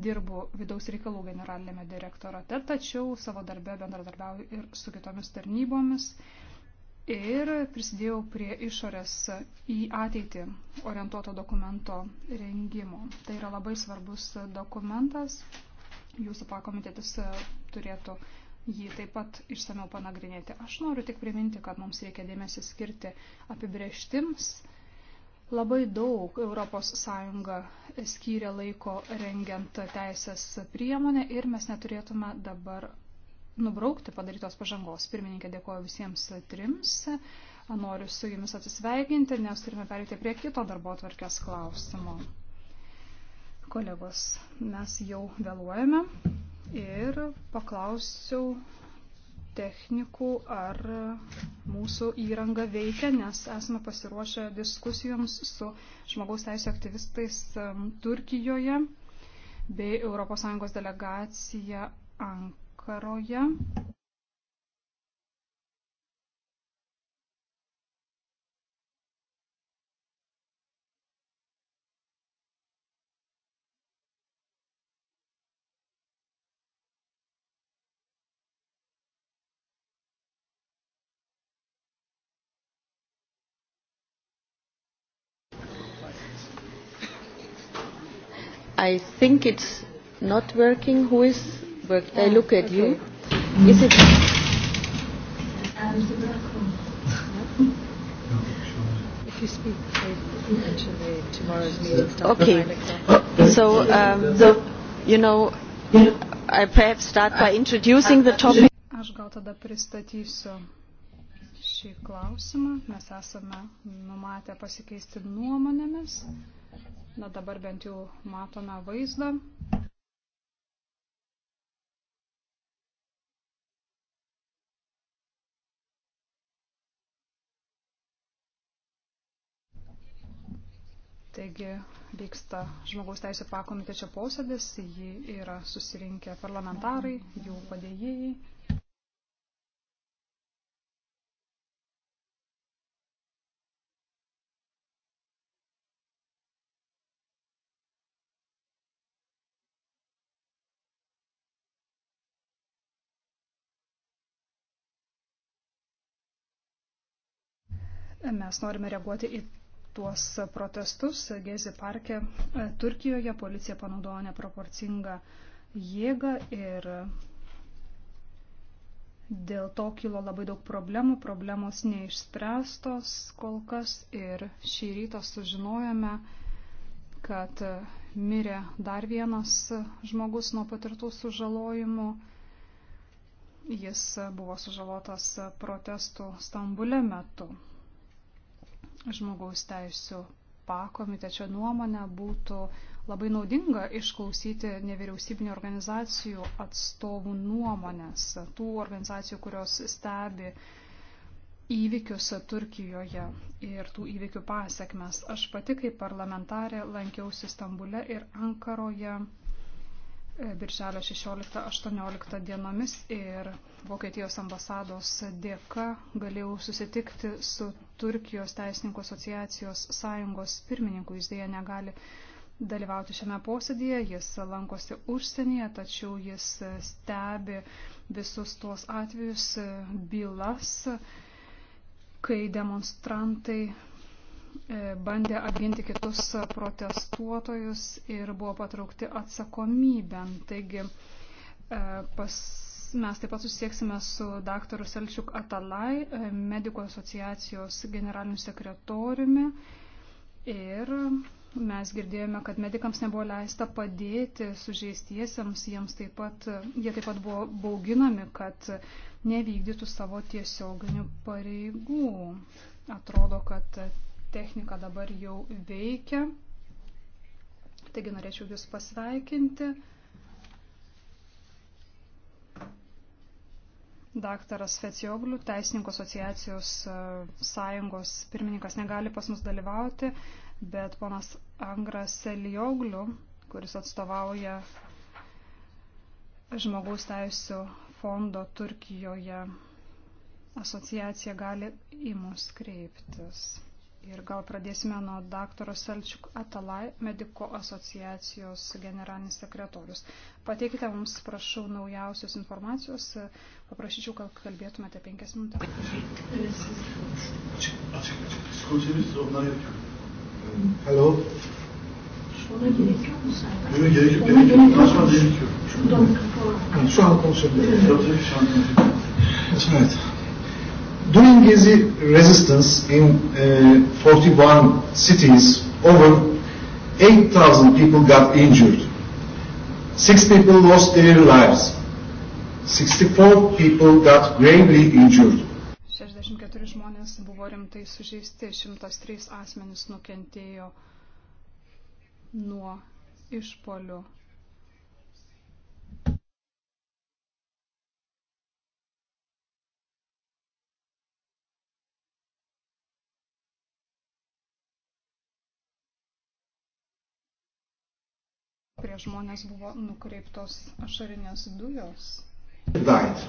dirbu vidaus reikalų generalinėme direktorate, tačiau savo darbe bendradarbiauju ir su kitomis tarnybomis, ir prisidėjau prie išorės į ateitį orientuoto dokumento rengimo. Tai yra labai svarbus dokumentas. Jūsų pakomitetis turėtų jį taip pat išsameu panagrinėti. Aš noriu tik priminti, kad mums reikia dėmesį skirti apibrieštims. Labai daug ES skyrė laiko rengiant teisės priemonę ir mes neturėtume dabar nubraukti padarytos pažangos. Pirmininkė dėkoju visiems trims. Noriu su jumis atsisveikinti, nes turime pereiti prie kito darbo atvarkės klausimo. Kolegos, mes jau vėluojame ir paklausiau technikų, ar mūsų įranga veikia, nes esame pasiruošę diskusijoms su žmogaus teisų aktyvistais um, Turkijoje bei ES delegacija Ankara vakaroje. I think it's not working. Who is but yeah, I look at okay. you. Is it? If you speak actually tomorrow's meeting starts okay. at 9 o'clock. So, um, so, you know, I perhaps start by introducing the topic. Aš gal tada pristatysiu šį klausimą. Mes esame numatę pasikeisti nuomonėmis. Na dabar bent jau matome vaizdą. Taigi vyksta žmogaus teisų pakomitečio posėdis, jį yra susirinkę parlamentarai, jų padėjėjai. Mes norime reaguoti į tuos protestus. Gezi parke e, Turkijoje policija panaudojo neproporcingą jėgą ir dėl to kilo labai daug problemų. Problemos neišspręstos kol kas ir šį rytą sužinojome, kad mirė dar vienas žmogus nuo patirtų sužalojimų. Jis buvo sužalotas protestų Stambule metu žmogaus teisų pakomitečio nuomonę būtų labai naudinga išklausyti nevyriausybinio organizacijų atstovų nuomonės, tų organizacijų, kurios stebi įvykius Turkijoje ir tų įvykių pasiekmes. Aš pati kaip parlamentarė lankiausi Stambule ir Ankaroje birželio 16-18 dienomis ir Vokietijos ambasados dėka galėjau susitikti su Turkijos Teisininkų asociacijos sąjungos pirmininku. Jis dėja negali dalyvauti šiame posėdėje, jis lankosi užsienyje, tačiau jis stebi visus tuos atvejus bylas, kai demonstrantai E, bandė apginti kitus protestuotojus ir buvo patraukti atsakomybėn. Taigi e, pas, mes taip pat susieksime su daktaru Selčiuk Atalai, e, medikų asociacijos generaliniu sekretoriumi. Ir mes girdėjome, kad medikams nebuvo leista padėti sužeistiesiems, jiems taip pat, jie taip pat buvo bauginami, kad nevykdytų savo tiesioginių pareigų. Atrodo, kad technika dabar jau veikia. Taigi norėčiau Jūs pasveikinti. Daktaras Fecioglių, Teisininkų asociacijos e, sąjungos pirmininkas negali pas mus dalyvauti, bet ponas Angras Selioglių, kuris atstovauja Žmogaus teisų fondo Turkijoje asociacija, gali į mus kreiptis. Ir gal pradėsime nuo daktaro Selčiuk Atalai, mediko asociacijos generalinis sekretorius. Pateikite mums, prašau, naujausios informacijos. Paprašyčiau, kad kalbėtumėte penkias minutės. Hello. Ona gerekiyor mu Serdar? Yok gerek yok. Ona gerek yok. Şuradan kapalı. Şu an konuşabilirim. Evet. During Gezi resistance in uh, 41 cities, over 8,000 people got injured. Six people lost their lives. 64 people got gravely injured. 64 žmonės buvo rimtai sužeisti, 103 asmenys nukentėjo nuo išpolių. kurie žmonės buvo nukreiptos ašarinės dujos. Died.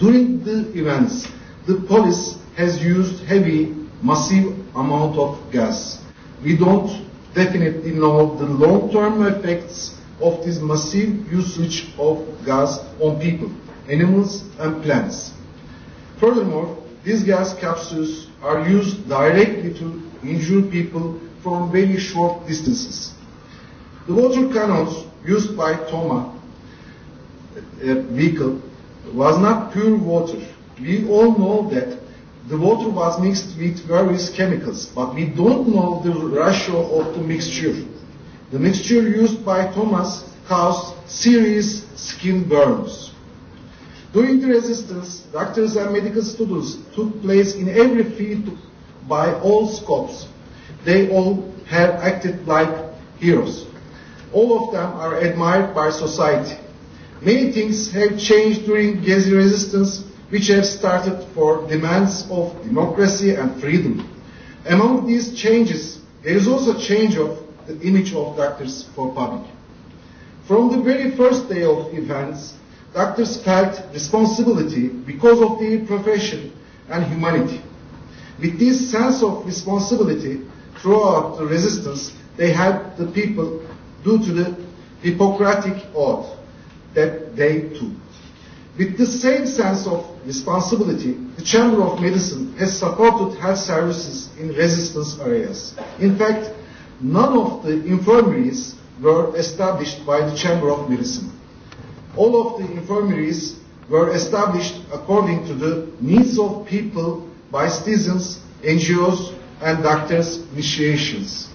During the events, the police has used heavy, massive amount of gas. We don't definitely know the long-term effects of this massive usage of gas on people, animals and plants. Furthermore, these gas capsules are used directly to injure people from very short distances. The water cannons used by Toma uh, vehicle was not pure water. We all know that the water was mixed with various chemicals, but we don't know the ratio of the mixture. The mixture used by Thomas caused serious skin burns. During the resistance, doctors and medical students took place in every field by all scopes. They all have acted like heroes. All of them are admired by society. Many things have changed during Gezi resistance, which have started for demands of democracy and freedom. Among these changes, there is also change of the image of doctors for public. From the very first day of events, doctors felt responsibility because of their profession and humanity. With this sense of responsibility throughout the resistance, they helped the people due to the Hippocratic oath that they took. With the same sense of responsibility, the Chamber of Medicine has supported health services in resistance areas. In fact, none of the infirmaries were established by the Chamber of Medicine. All of the infirmaries were established according to the needs of people by citizens, NGOs, and doctors' initiations.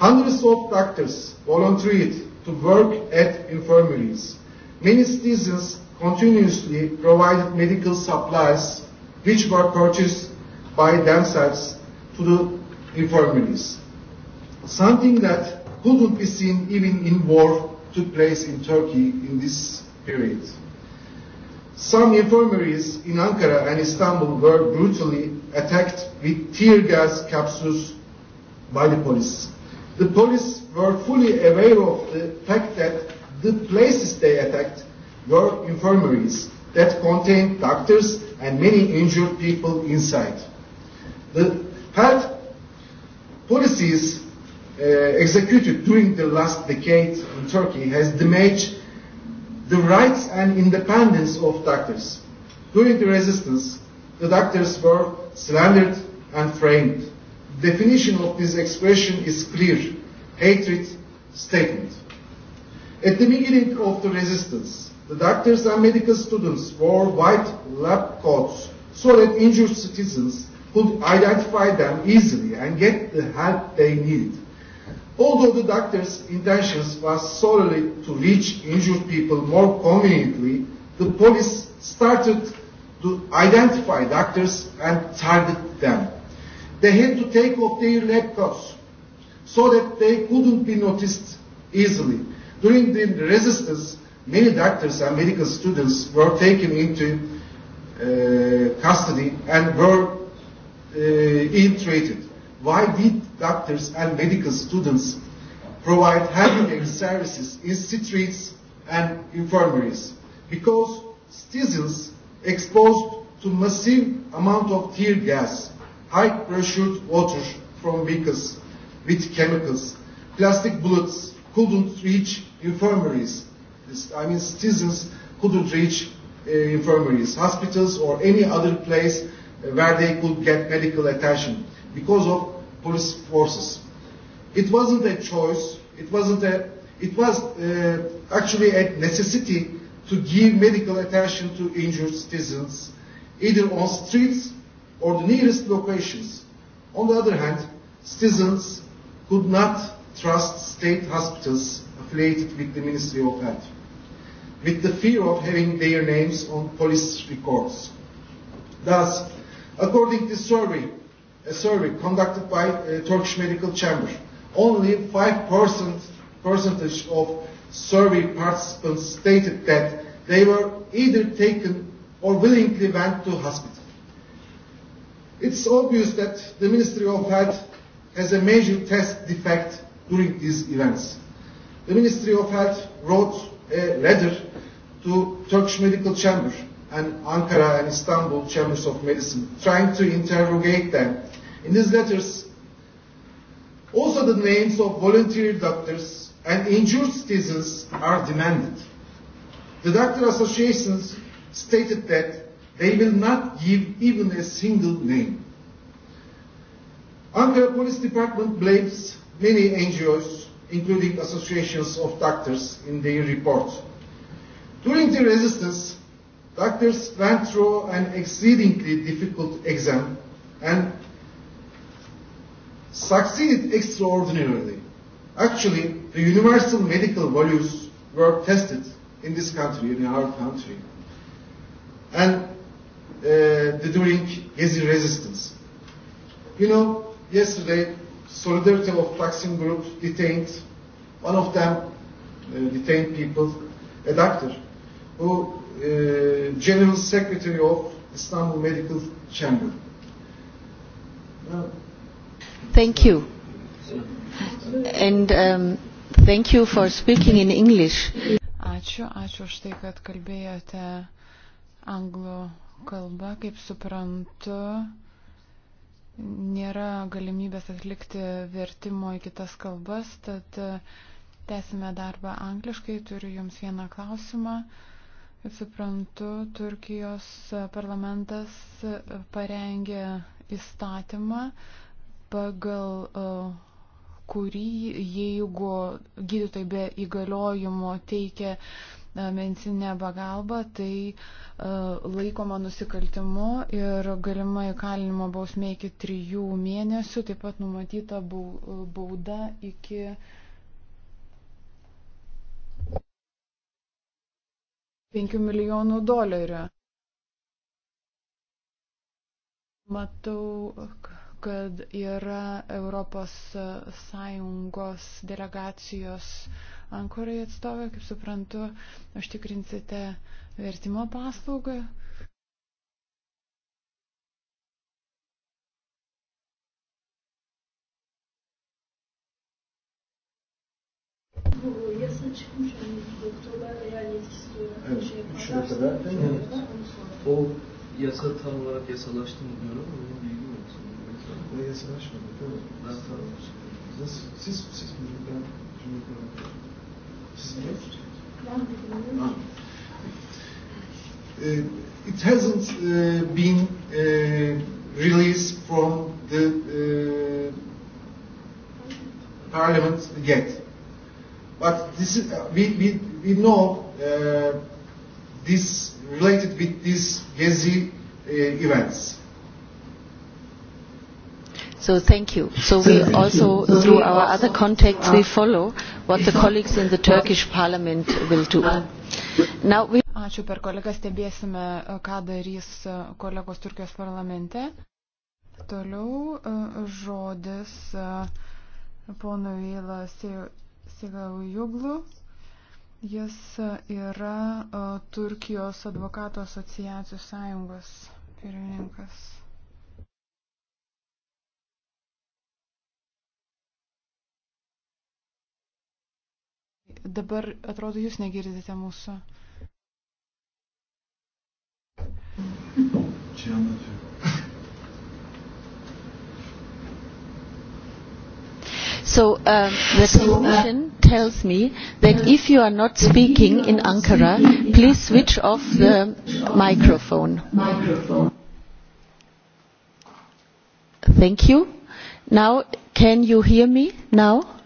Hundreds of doctors volunteered to work at infirmaries. Many citizens continuously provided medical supplies which were purchased by themselves to the infirmaries. Something that couldn't be seen even in war took place in Turkey in this period. Some infirmaries in Ankara and Istanbul were brutally attacked with tear gas capsules by the police. The police were fully aware of the fact that the places they attacked were infirmaries that contained doctors and many injured people inside. The health policies uh, executed during the last decade in Turkey has damaged the rights and independence of doctors. During the resistance, the doctors were slandered and framed definition of this expression is clear hatred statement. At the beginning of the resistance, the doctors and medical students wore white lab coats so that injured citizens could identify them easily and get the help they needed. Although the doctor's intentions was solely to reach injured people more conveniently, the police started to identify doctors and target them they had to take off their napkins so that they couldn't be noticed easily. During the resistance, many doctors and medical students were taken into uh, custody and were uh, ill-treated. Why did doctors and medical students provide healthcare services in streets and infirmaries? Because citizens exposed to massive amount of tear gas high pressured water from vehicles with chemicals. Plastic bullets couldn't reach infirmaries. I mean, citizens couldn't reach uh, infirmaries, hospitals, or any other place where they could get medical attention because of police forces. It wasn't a choice. It wasn't a. It was uh, actually a necessity to give medical attention to injured citizens, either on streets or the nearest locations. On the other hand, citizens could not trust state hospitals affiliated with the Ministry of Health, with the fear of having their names on police records. Thus, according to survey, a survey conducted by uh, Turkish Medical Chamber, only 5% percentage of survey participants stated that they were either taken or willingly went to hospital. It's obvious that the Ministry of Health has a major test defect during these events. The Ministry of Health wrote a letter to Turkish Medical Chamber and Ankara and Istanbul Chambers of Medicine, trying to interrogate them. In these letters, also the names of volunteer doctors and injured citizens are demanded. The doctor associations stated that They will not give even a single name. Ankara Police Department blames many NGOs, including associations of doctors, in their report. During the resistance, doctors went through an exceedingly difficult exam and succeeded extraordinarily. Actually, the universal medical values were tested in this country, in our country. And uh, during Gezi resistance. You know, yesterday, Solidarity of Taksim Group detained, one of them uh, detained people, a doctor, who uh, General Secretary of Istanbul Medical Chamber. Uh, Thank you. And um, thank you for speaking in English. Ačiū, ačiū už tai, kad kalbėjote anglų kalba, kaip suprantu, nėra galimybės atlikti vertimo į kitas kalbas, tad e, tęsime darbą angliškai. Turiu Jums vieną klausimą. Kaip suprantu, Turkijos parlamentas parengė įstatymą, pagal e, kurį jeigu gydytojai be įgaliojimo teikia E, medicinė pagalba, tai e, laikoma nusikaltimu ir galima įkalinimo bausmė iki trijų mėnesių, taip pat numatyta e, bauda iki. penkių milijonų dolerių. Matau, kad yra Europos Sąjungos delegacijos uh, Ankorai atstovė, kaip suprantu, užtikrinsite vertimo paslaugą. Şurada da o yasa tam olarak yasalaştı mı diyorum ama benim bilgim yok. Yasalaşmadı değil mi? Ben tanımlıyorum. Siz, siz, siz, ben, cümle kuramadım. Uh, it hasn't uh, been uh, released from the uh, parliament yet. But this is, uh, we, we, we know uh, this related with these Gezi uh, events So thank you. So we also, through our other contacts, we follow what the colleagues in the Turkish parliament will do. Now we... Ačiū per kolegą, stebėsime, e, ką darys e, kolegos Turkijos parlamente. Toliau e, žodis pono Vyla Sigaujuglu. Jis yra Turkijos advokato asociacijų sąjungos pirmininkas. Dabar atrodo, jūs negirdite mūsų. Čia matau. So um, the solution tells me that if you are not speaking in Ankara, please switch off the microphone. Thank you. Now, can you hear me now?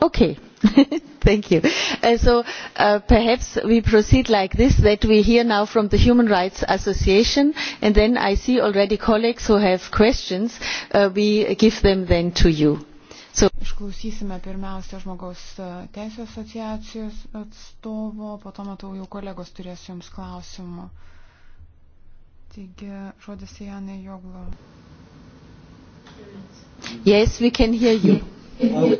Okay. Thank you. Uh, so uh, perhaps we proceed like this, that we hear now from the Human Rights Association, and then I see already colleagues who have questions. Uh, we give them then to you. So Išklausysime pirmiausia žmogaus uh, teisės asociacijos atstovo, po to matau jau kolegos turės jums klausimų. Taigi, žodis Janai Joglo. Yes, we can hear you. Okay.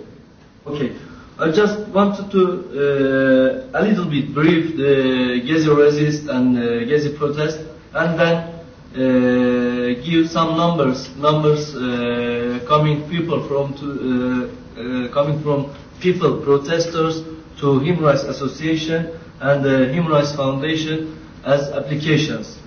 okay. I just wanted to uh, a little bit brief the Gezi resist and uh, Gezi protest, and then uh, give some numbers numbers uh, coming people from to, uh, uh, coming from people protesters to Human Rights Association and the Human Rights Foundation as applications.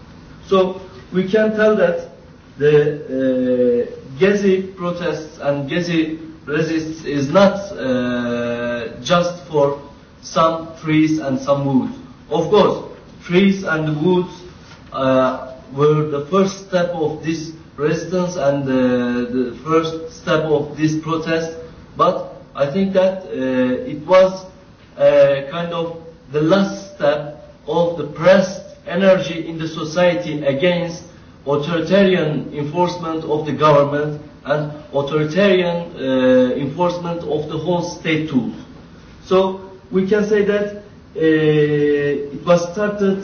So we can tell that the uh, Gezi protests and Gezi resist is not uh, just for some trees and some woods. Of course, trees and woods uh, were the first step of this resistance and uh, the first step of this protest, but I think that uh, it was uh, kind of the last step of the pressed energy in the society against authoritarian enforcement of the government and authoritarian uh, enforcement of the whole state tool. So we can say that uh, it was started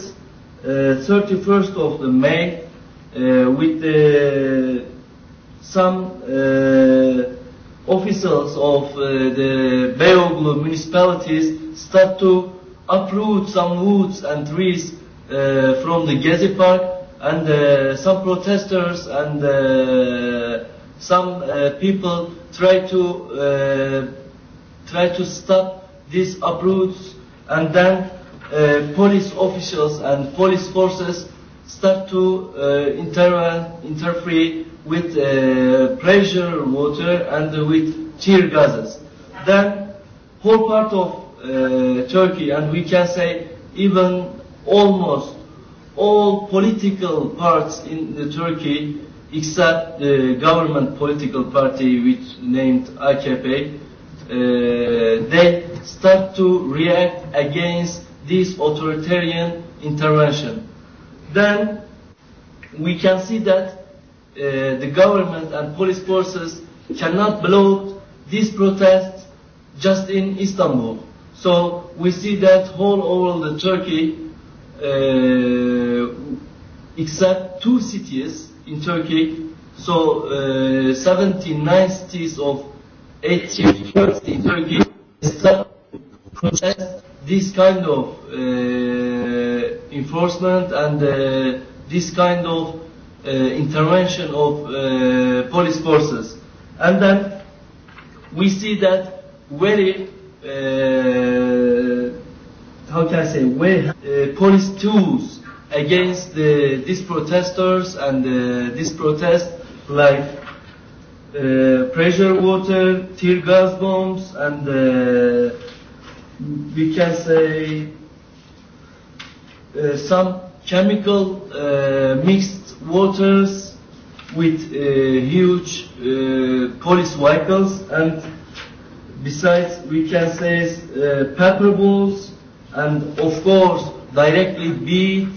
uh, 31st of the May uh, with the, uh, some uh, officials of uh, the Beyoğlu municipalities start to uproot some woods and trees uh, from the Gezi Park and uh, some protesters and uh, some uh, people try to uh, try to stop these uproots, and then uh, police officials and police forces start to uh, inter interfere with uh, pressure water and uh, with tear gases. Then whole part of uh, Turkey, and we can say even almost all political parts in the Turkey except the government political party which named AKP, uh, e, they start to react against this authoritarian intervention. Then we can see that uh, the government and police forces cannot block these protests just in Istanbul. So we see that whole over the Turkey, uh, except two cities, in Turkey. So, uh, 1790s of 1850 in Turkey started protest this kind of uh, enforcement and uh, this kind of uh, intervention of uh, police forces. And then we see that very, uh, how can I say, very uh, police tools against the, these protesters and uh, this protest like uh, pressure water, tear gas bombs, and uh, we can say uh, some chemical uh, mixed waters with uh, huge uh, police vehicles and besides we can say uh, pepper balls and of course directly beat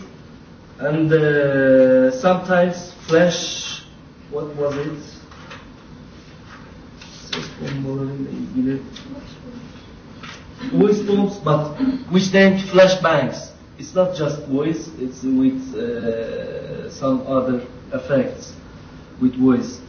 and uh, sometimes flash. What was it? Voice bombs, but which then flashbangs. It's not just voice; it's with uh, some other effects with voice.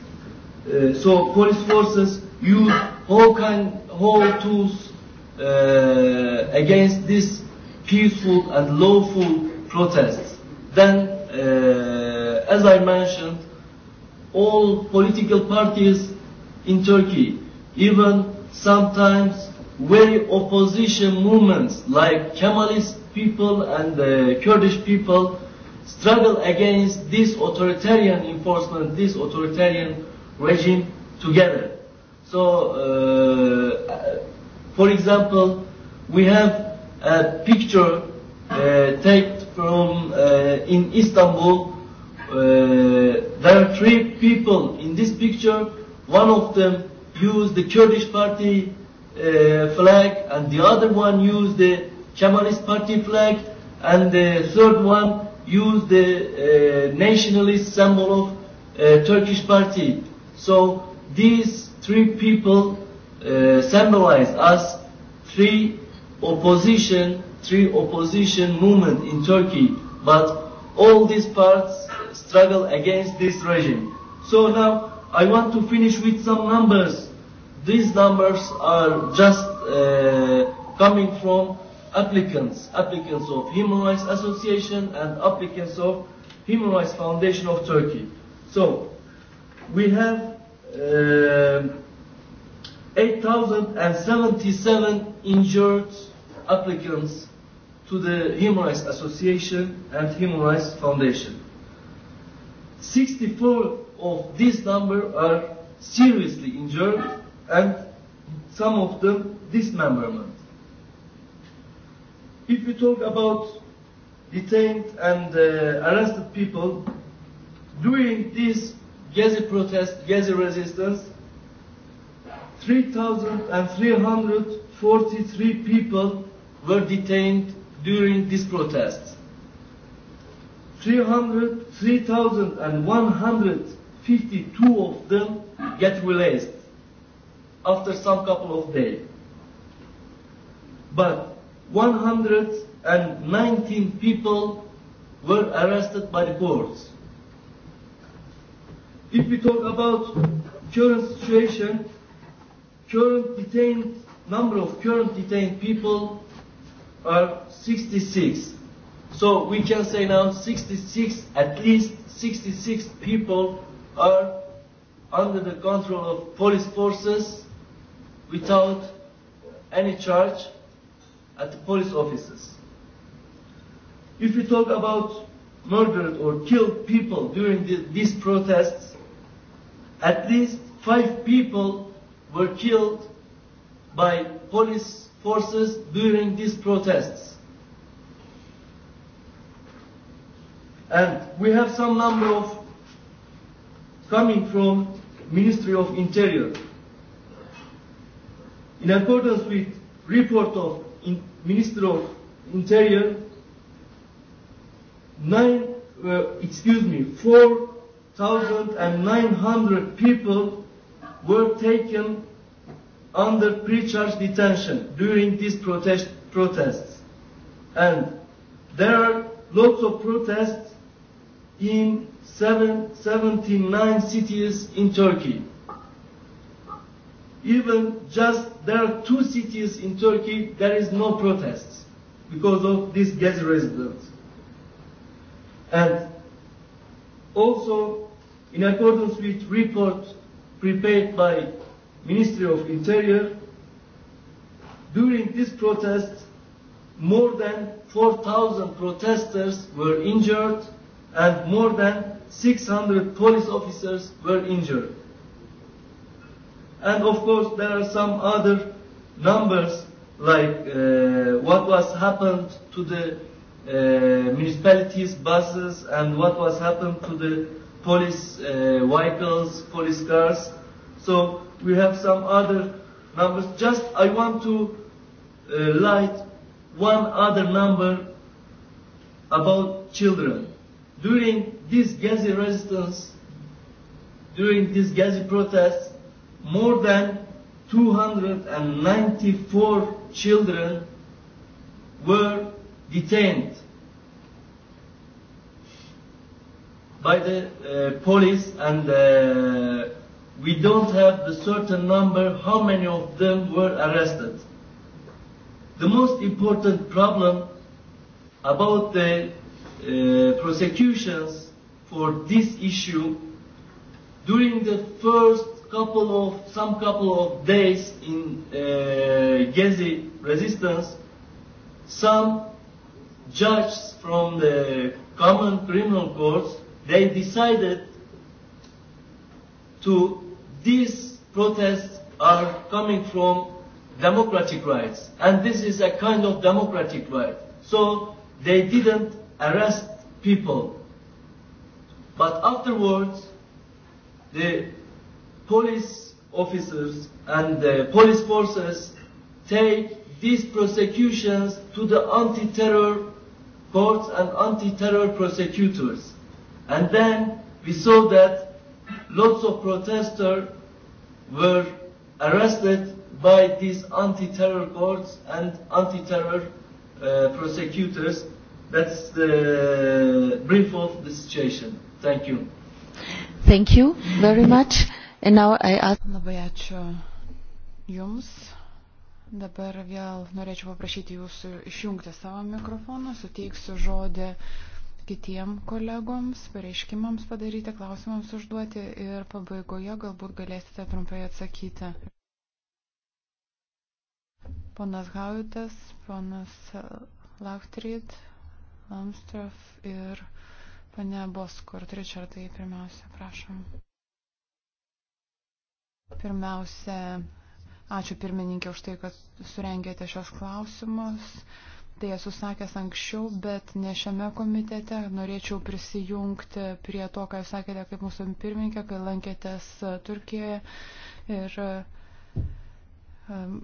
Uh, so police forces use all kind, all tools uh, against this peaceful and lawful protests then, uh, as I mentioned, all political parties in Turkey, even sometimes very opposition movements like Kemalist people and the uh, Kurdish people struggle against this authoritarian enforcement, this authoritarian regime together. So, uh, for example, we have a picture uh, take, from uh, in Istanbul. Uh, there are three people in this picture. One of them used the Kurdish party uh, flag, and the other one used the Kemalist party flag, and the third one used the uh, nationalist symbol of uh, Turkish party. So these three people uh, symbolize us three opposition three opposition movement in Turkey, but all these parts struggle against this regime. So now I want to finish with some numbers. These numbers are just uh, coming from applicants, applicants of Human Rights Association and applicants of Human Rights Foundation of Turkey. So we have uh, 8,077 injured applicants to the Human Rights Association and Human Rights Foundation. 64 of this number are seriously injured and some of them dismemberment. If we talk about detained and uh, arrested people, during this Gezi protest, Gezi resistance, 3,343 people were detained during these protests. 3,152 of them get released after some couple of days. But 119 people were arrested by the courts. If we talk about current situation, current detained number of current detained people are 66. So we can say now 66, at least 66 people are under the control of police forces without any charge at the police offices. If we talk about murdered or killed people during the, these protests, at least five people were killed by police forces during these protests. And we have some number of coming from Ministry of Interior. In accordance with report of in Minister of Interior, nine, uh, excuse me, 4,900 people were taken under pre-charge detention during these protest, protests. And there are lots of protests in seven, 79 cities in Turkey. Even just there are two cities in Turkey, there is no protests because of these Gezi residents. And also, in accordance with report prepared by Ministry of Interior, during this protest, more than 4,000 protesters were injured and more than 600 police officers were injured. And of course, there are some other numbers like uh, what was happened to the uh, municipalities' buses and what was happened to the police uh, vehicles, police cars. So we have some other numbers. Just I want to uh, light one other number about children. During this Gazi resistance, during this Gazi protests, more than 294 children were detained by the uh, police and uh, we don't have the certain number how many of them were arrested. The most important problem about the uh, prosecutions for this issue during the first couple of some couple of days in uh, Gezi resistance, some judges from the common criminal courts they decided to these protests are coming from democratic rights. And this is a kind of democratic right. So they didn't arrest people. But afterwards, the police officers and the police forces take these prosecutions to the anti-terror courts and anti-terror prosecutors. And then we saw that lots of protesters were arrested by these anti-terror courts and anti-terror uh, prosecutors. That's the brief of the situation. Thank you. Thank you very much. And now I ask... Labai ačiū Jums. Dabar vėl norėčiau paprašyti Jūsų išjungti savo mikrofoną, suteiksiu žodį uh, kitiem kolegoms, pareiškimams padaryti, klausimams užduoti ir pabaigoje galbūt galėsite trumpai atsakyti. Ponas Gautas, ponas Lachtrid, Amstraf ir pane Boskurt. Richardai, pirmiausia, prašom. Pirmiausia, ačiū pirmininkė už tai, kad surengėte šios klausimus. Tai esu sakęs anksčiau, bet ne šiame komitete. Norėčiau prisijungti prie to, ką jūs sakėte kaip mūsų pirmininkė, kai lankėtės e, Turkijoje ir um,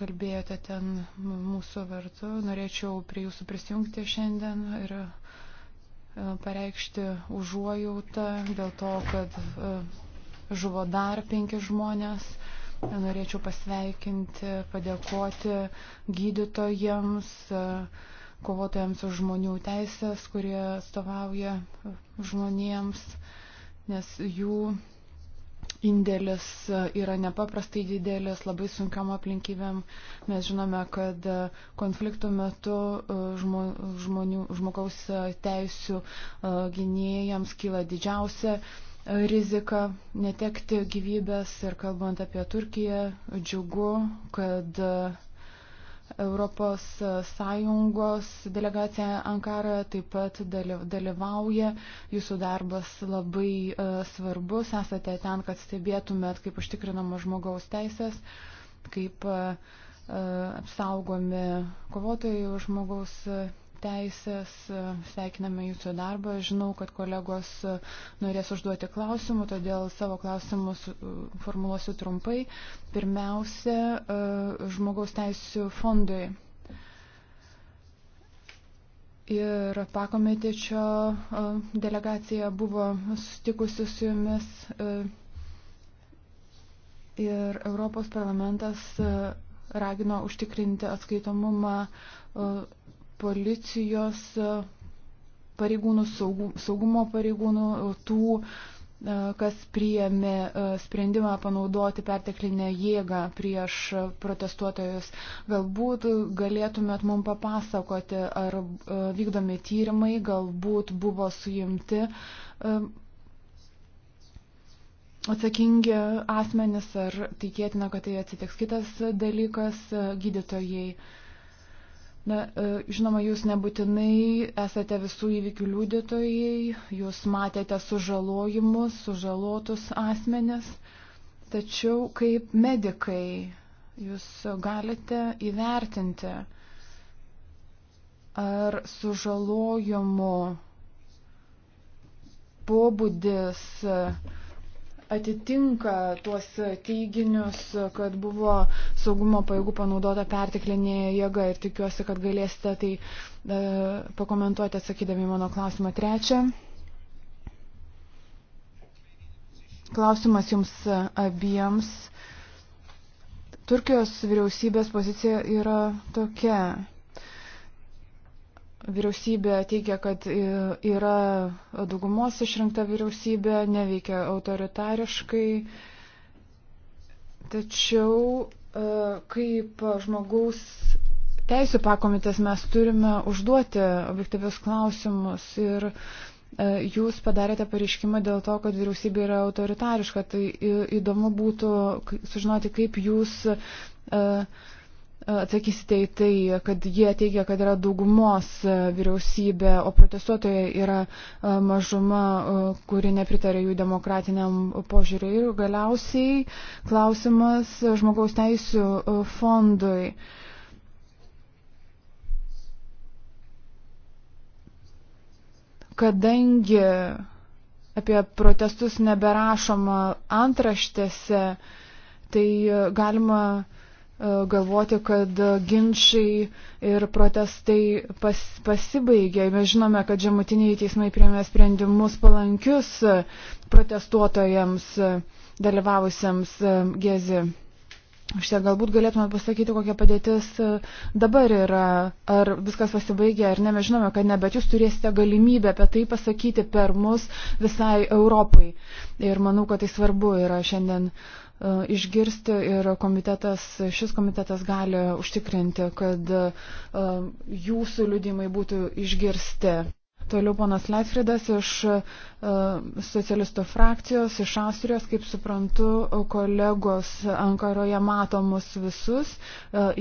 kalbėjote ten mūsų vartu. Norėčiau prie jūsų prisijungti šiandien ir e, pareikšti užuojautą dėl to, kad žuvo dar penki žmonės. Uh, Norėčiau pasveikinti, padėkoti gydytojams, kovotojams už žmonių teisės, kurie atstovauja žmonėms, nes jų indėlis yra nepaprastai didelis, labai sunkiam aplinkybėm. Mes žinome, kad konfliktų metu e, žmonių, žmogaus teisų e, gynėjams kyla didžiausia rizika netekti gyvybės ir kalbant apie Turkiją, džiugu, kad Europos Sąjungos delegacija Ankara taip pat dalyvauja. Jūsų darbas labai e, svarbus. Esate ten, kad stebėtumėt, kaip užtikrinamos žmogaus teisės, kaip e, e, apsaugomi kovotojai už žmogaus teisės. Sveikiname jūsų darbą. Žinau, kad kolegos norės užduoti klausimų, todėl savo klausimus uh, formuluosiu trumpai. Pirmiausia, uh, žmogaus teisų fondui. Ir pakomitečio uh, delegacija buvo sutikusi su jumis. Ir Europos parlamentas ragino užtikrinti atskaitomumą policijos e, pareigūnų, saugumo pareigūnų, e, tų, e, kas priėmė sprendimą panaudoti perteklinę jėgą prieš protestuotojus. Galbūt galėtumėt mums papasakoti, ar vykdomi tyrimai, galbūt buvo suimti atsakingi asmenys, ar tikėtina, kad tai atsitiks. Kitas dalykas - gydytojai Na, e, žinoma, jūs nebūtinai esate visų įvykių liudytojai, jūs matėte sužalojimus, sužalotus asmenis, tačiau kaip medikai jūs galite įvertinti, ar sužalojimo pobūdis uh, atitinka tuos teiginius, kad buvo saugumo paėgų panaudota perteklinė jėga ir tikiuosi, kad galėsite tai e, pakomentuoti atsakydami mano klausimą trečią. Klausimas jums abiems. Turkijos vyriausybės pozicija yra tokia. Vyriausybė teigia, kad yra daugumos išrinkta vyriausybė, neveikia autoritariškai. Tačiau e, kaip žmogaus teisų pakomitės mes turime užduoti objektyvius klausimus ir e, jūs padarėte pareiškimą dėl to, kad vyriausybė yra autoritariška. Tai įdomu būtų sužinoti, kaip jūs uh, atsakysite į tai, kad jie teigia, kad yra daugumos e, vyriausybė, o protestuotojai yra e, mažuma, e, kuri nepritarė jų demokratiniam požiūriui. Ir galiausiai klausimas žmogaus teisų fondui. Kadangi apie protestus neberašoma antraštėse, tai galima E, galvoti, kad ginčiai ir protestai pas, pasibaigė. Mes žinome, kad žemutiniai teismai priemė sprendimus palankius protestuotojams dalyvavusiems e, Gezi. Štai galbūt galėtume pasakyti, kokia padėtis e, dabar yra, ar viskas pasibaigė, ar ne, mes žinome, kad ne, bet jūs turėsite galimybę apie tai pasakyti per mus visai Europai. Ir manau, kad tai svarbu yra šiandien uh, E, išgirsti ir komitetas, šis komitetas gali užtikrinti, kad e, jūsų liudimai būtų išgirsti. Toliau ponas Leitfridas iš e, socialistų frakcijos, iš Austrijos, kaip suprantu, kolegos Ankaroje matomus visus.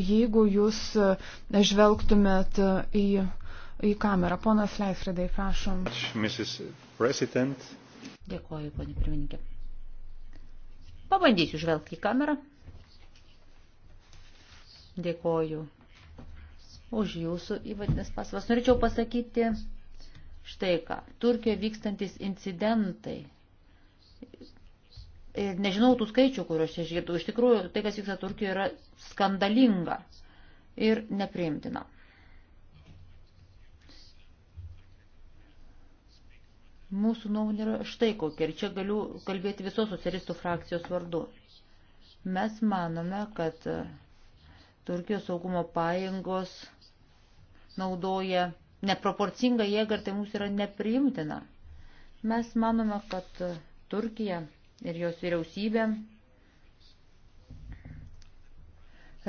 Jeigu jūs žvelgtumėt į, į kamerą, ponas Leitfridai, prašom. Dėkuoju, ponė pirmininkė. Pabandysiu žvelgti į kamerą. Dėkoju už jūsų įvadinės pasvas. Norėčiau pasakyti štai ką. Turkijoje vykstantis incidentai. Ir nežinau tų skaičių, kuriuos čia išgirdau. Iš tikrųjų, tai, kas vyksta Turkijoje, yra skandalinga ir nepriimtina. Mūsų nuomonė yra štai kokia. Ir čia galiu kalbėti visos socialistų frakcijos vardu. Mes manome, kad e, Turkijos saugumo pajėgos naudoja neproporcingą jėgą ir tai mums yra nepriimtina. Mes manome, kad e, Turkija ir jos vyriausybė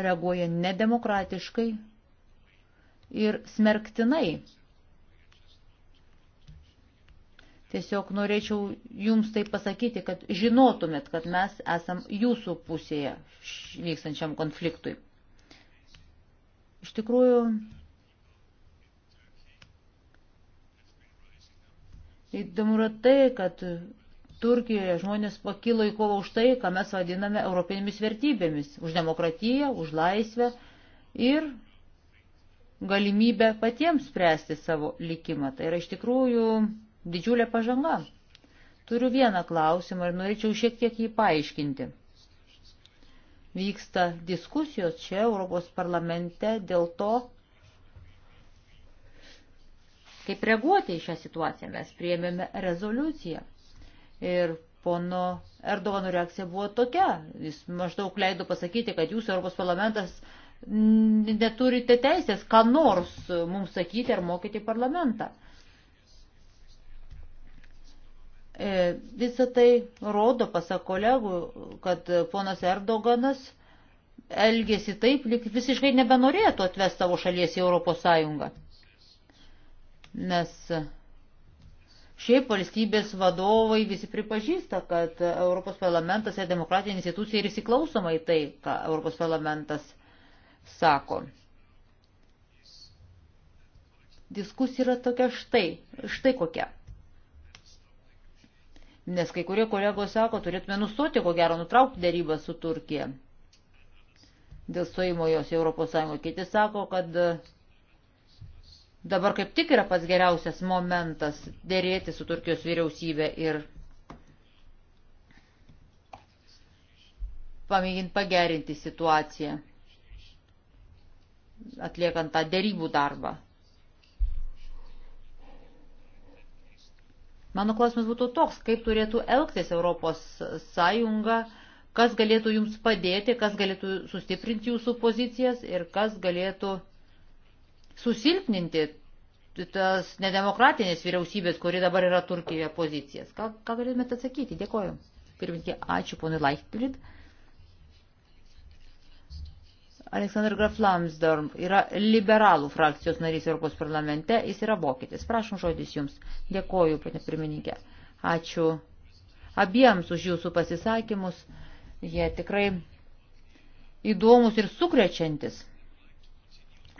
reaguoja nedemokratiškai ir smerktinai Tiesiog norėčiau jums tai pasakyti, kad žinotumėt, kad mes esam jūsų pusėje vykstančiam konfliktui. Iš tikrųjų, įdomu yra tai, kad Turkijoje žmonės pakilo į kovą už tai, ką mes vadiname europinėmis vertybėmis - už demokratiją, už laisvę ir galimybę patiems spręsti savo likimą. Tai yra iš tikrųjų didžiulė pažanga. Turiu vieną klausimą ir norėčiau šiek tiek jį paaiškinti. Vyksta diskusijos čia Europos parlamente dėl to, kaip reaguoti į šią situaciją. Mes priėmėme rezoliuciją ir pono Erdovano reakcija buvo tokia. Jis maždaug leido pasakyti, kad jūs Europos parlamentas neturite teisės, ką nors mums sakyti ar mokyti parlamentą. E, Visą tai rodo, pasak kolegų, kad ponas Erdoganas elgėsi taip, lyg visiškai nebenorėtų atvesti savo šalies į Europos Sąjungą. Nes šiaip valstybės vadovai visi pripažįsta, kad Europos parlamentas yra demokratinė institucija ir įsiklausoma į tai, ką Europos parlamentas sako. Diskusija yra tokia štai, štai kokia Nes kai kurie kolegos sako, turėtume nustoti, ko gero, nutraukti dėrybą su Turkija. Dėl stojimo jos Europos Sąjungo. Kiti sako, kad dabar kaip tik yra pats geriausias momentas dėrėti su Turkijos vyriausybė ir pamėginti pagerinti situaciją, atliekant tą dėrybų darbą. Mano klausimas būtų toks, kaip turėtų elgtis Europos Sąjunga, kas galėtų jums padėti, kas galėtų sustiprinti jūsų pozicijas ir kas galėtų susilpninti tas nedemokratinės vyriausybės, kuri dabar yra Turkijoje pozicijas. Ką, ką galėtumėte atsakyti? Dėkoju. Pirminkė, ačiū ponui Laichtrid. Aleksandr Graf Lamsdorm yra liberalų frakcijos narys Europos parlamente, jis yra vokietis. Prašom žodis jums. Dėkoju, panė pirmininkė. Ačiū abiems už jūsų pasisakymus. Jie tikrai įdomus ir sukrečiantis.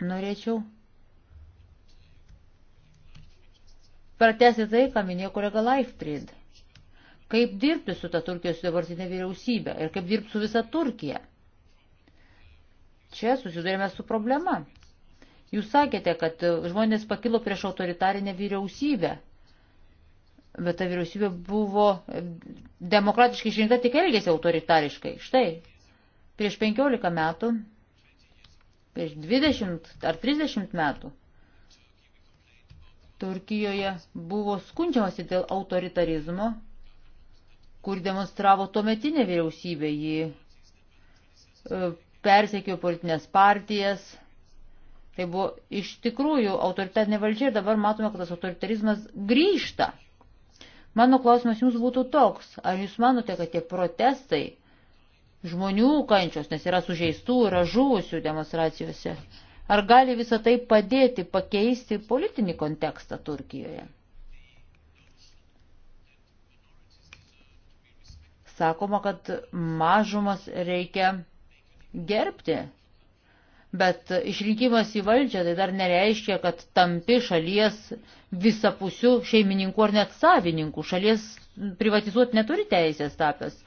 Norėčiau pratesti tai, ką minėjo kolega Leifrid. Kaip dirbti su ta Turkijos dabartinė vyriausybė ir kaip dirbti su visa Turkija. Čia susidurėme su problema. Jūs sakėte, kad žmonės pakilo prieš autoritarinę vyriausybę, bet ta vyriausybė buvo demokratiškai išrinkta tik elgėsi autoritariškai. Štai, prieš 15 metų, prieš 20 ar 30 metų Turkijoje buvo skundžiamasi dėl autoritarizmo, kur demonstravo tuometinė vyriausybė, jį persekiojo politinės partijas. Tai buvo iš tikrųjų autoritetinė valdžia ir dabar matome, kad tas autoritarizmas grįžta. Mano klausimas jums būtų toks, ar jūs manote, kad tie protestai žmonių kančios, nes yra sužeistų, yra žuvusių demonstracijose, ar gali visą tai padėti pakeisti politinį kontekstą Turkijoje? Sakoma, kad mažumas reikia gerbti. Bet išrinkimas į valdžią tai dar nereiškia, kad tampi šalies visapusių šeimininku ar net savininku. Šalies privatizuoti neturi teisės tapęs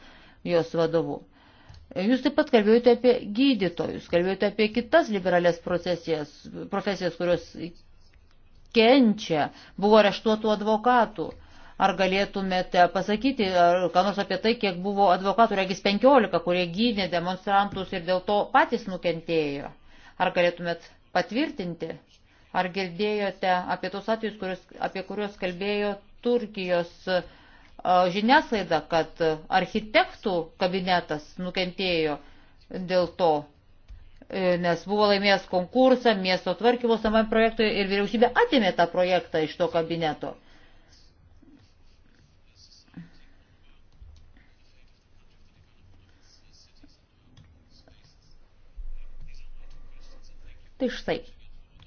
jos vadovu. Jūs taip pat kalbėjote apie gydytojus, kalbėjote apie kitas liberales profesijas, profesijas kurios kenčia, buvo areštuotų advokatų. Ar galėtumėte pasakyti, ar ką nors apie tai, kiek buvo advokatų, regis 15, kurie gynė demonstrantus ir dėl to patys nukentėjo? Ar galėtumėt patvirtinti? Ar girdėjote apie tos atvejus, kurios, apie kuriuos kalbėjo Turkijos žiniasklaida, kad architektų kabinetas nukentėjo dėl to, e, nes buvo laimėjęs konkursą miesto tvarkymo samam projektui ir vyriausybė atėmė tą projektą iš to kabineto. Tai štai.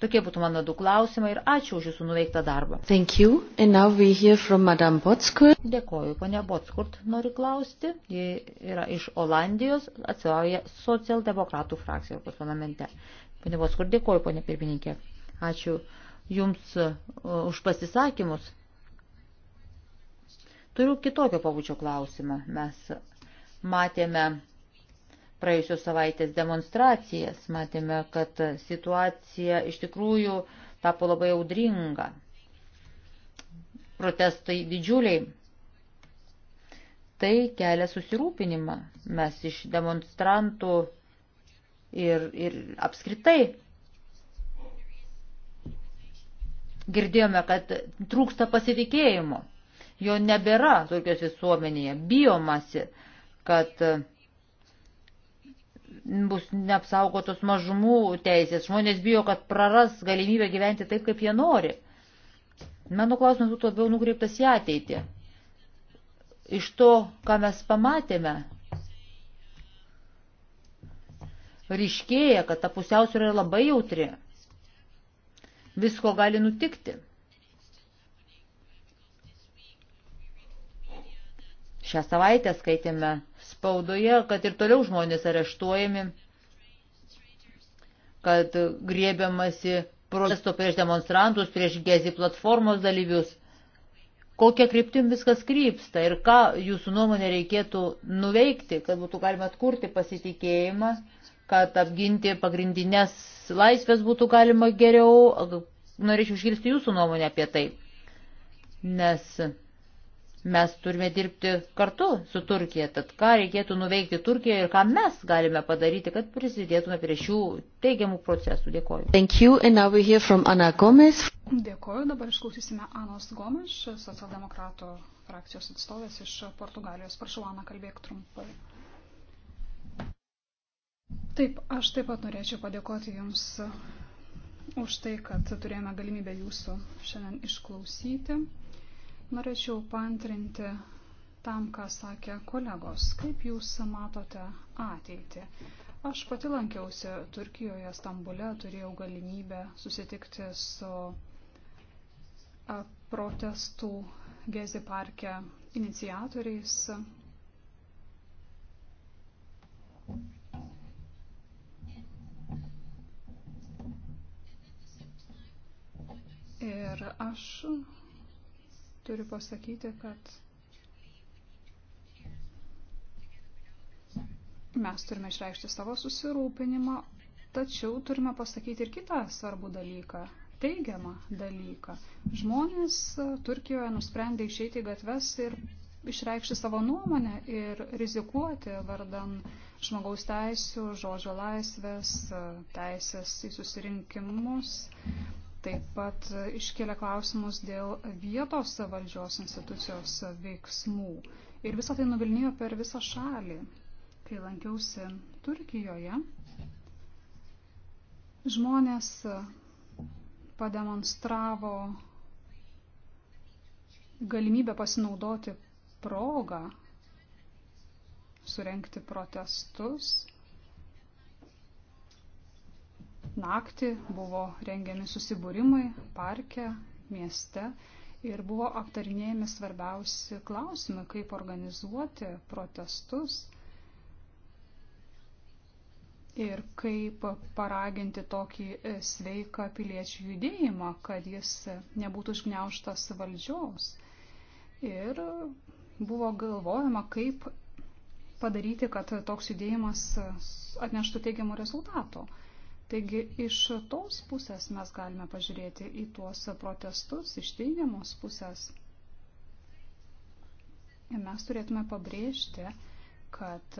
Tokie būtų mano du klausimai ir ačiū už jūsų nuveiktą darbą. Thank you. And now we hear from Madame Botskurt. Dėkoju, ponia Botskurt nori klausti. Ji yra iš Olandijos, atsivauja socialdemokratų frakciją Europos parlamente. Ponia Botskurt, dėkoju, ponia pirmininkė. Ačiū Jums uh, už pasisakymus. Turiu kitokio pabučio klausimą. Mes matėme praėjusios savaitės demonstracijas. Matėme, kad situacija iš tikrųjų tapo labai audringa. Protestai didžiuliai. Tai kelia susirūpinimą. Mes iš demonstrantų ir, ir apskritai girdėjome, kad trūksta pasitikėjimo. Jo nebėra tokios visuomenėje. Bijomasi, kad bus neapsaugotos mažumų teisės. Žmonės bijo, kad praras galimybę gyventi taip, kaip jie nori. Mano klausimas būtų labiau nukreiptas į ateitį. Iš to, ką mes pamatėme, ryškėja, kad ta pusiausvyrė yra labai jautri. Visko gali nutikti. Šią savaitę skaitėme spaudoje, kad ir toliau žmonės areštuojami, kad griebiamasi protesto prieš demonstrantus, prieš gezi platformos dalyvius. Kokia kryptim viskas krypsta ir ką jūsų nuomonė reikėtų nuveikti, kad būtų galima atkurti pasitikėjimą, kad apginti pagrindinės laisvės būtų galima geriau. Norėčiau išgirsti jūsų nuomonę apie tai. Nes Mes turime dirbti kartu su Turkija, tad ką reikėtų nuveikti Turkijoje ir ką mes galime padaryti, kad prisidėtume prie šių teigiamų procesų. Dėkoju. Thank you, and now we hear from Ana Gomes. Dėkoju, dabar išklausysime Anos Gomes, socialdemokratų frakcijos atstovės iš Portugalijos. Prašau, Ana, kalbėk trumpai. Taip, aš taip pat norėčiau padėkoti Jums už tai, kad turėjome galimybę Jūsų šiandien išklausyti. Norėčiau pantrinti tam, ką sakė kolegos. Kaip jūs matote ateitį? Aš pati lankiausi Turkijoje, Stambule, turėjau galimybę susitikti su protestų Gezi parke iniciatoriais. Ir aš turiu pasakyti, kad mes turime išreikšti savo susirūpinimą, tačiau turime pasakyti ir kitą svarbų dalyką, teigiamą dalyką. Žmonės e, Turkijoje nusprendė išeiti į gatves ir išreikšti savo nuomonę ir rizikuoti vardan žmogaus teisų, žodžio laisvės, e, teisės į susirinkimus. Taip pat iškėlė klausimus dėl vietos valdžios institucijos veiksmų. Ir visą tai nuvilnijo per visą šalį. Kai lankiausi Turkijoje, žmonės pademonstravo galimybę pasinaudoti progą surenkti protestus naktį buvo rengiami susibūrimai parke, mieste ir buvo aptarinėjami svarbiausi klausimai, kaip organizuoti protestus ir kaip paraginti tokį sveiką piliečių judėjimą, kad jis nebūtų užgneuštas valdžios. Ir buvo galvojama, kaip padaryti, kad toks judėjimas atneštų teigiamų rezultatų. Taigi iš tos pusės mes galime pažiūrėti į tuos protestus, iš teigiamos pusės. Ir mes turėtume pabrėžti, kad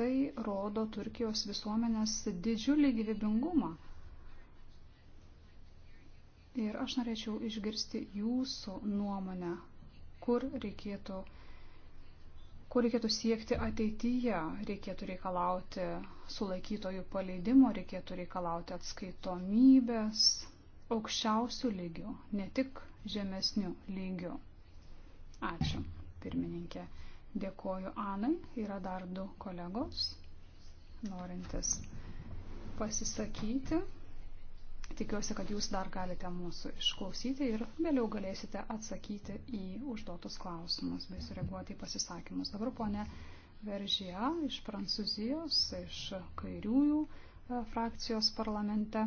tai rodo Turkijos visuomenės didžiulį gyvybingumą. Ir aš norėčiau išgirsti jūsų nuomonę, kur reikėtų uh, ko reikėtų siekti ateityje. Reikėtų reikalauti sulaikytojų paleidimo, reikėtų reikalauti atskaitomybės aukščiausių lygių, ne tik žemesnių lygių. Ačiū, pirmininkė. Dėkoju Anai. Yra dar du kolegos, norintis pasisakyti. Tikiuosi, kad jūs dar galite mūsų išklausyti ir vėliau galėsite atsakyti į užduotus klausimus bei sureaguoti į pasisakymus. Dabar ponė Veržija iš Prancūzijos, iš kairiųjų e, frakcijos parlamente.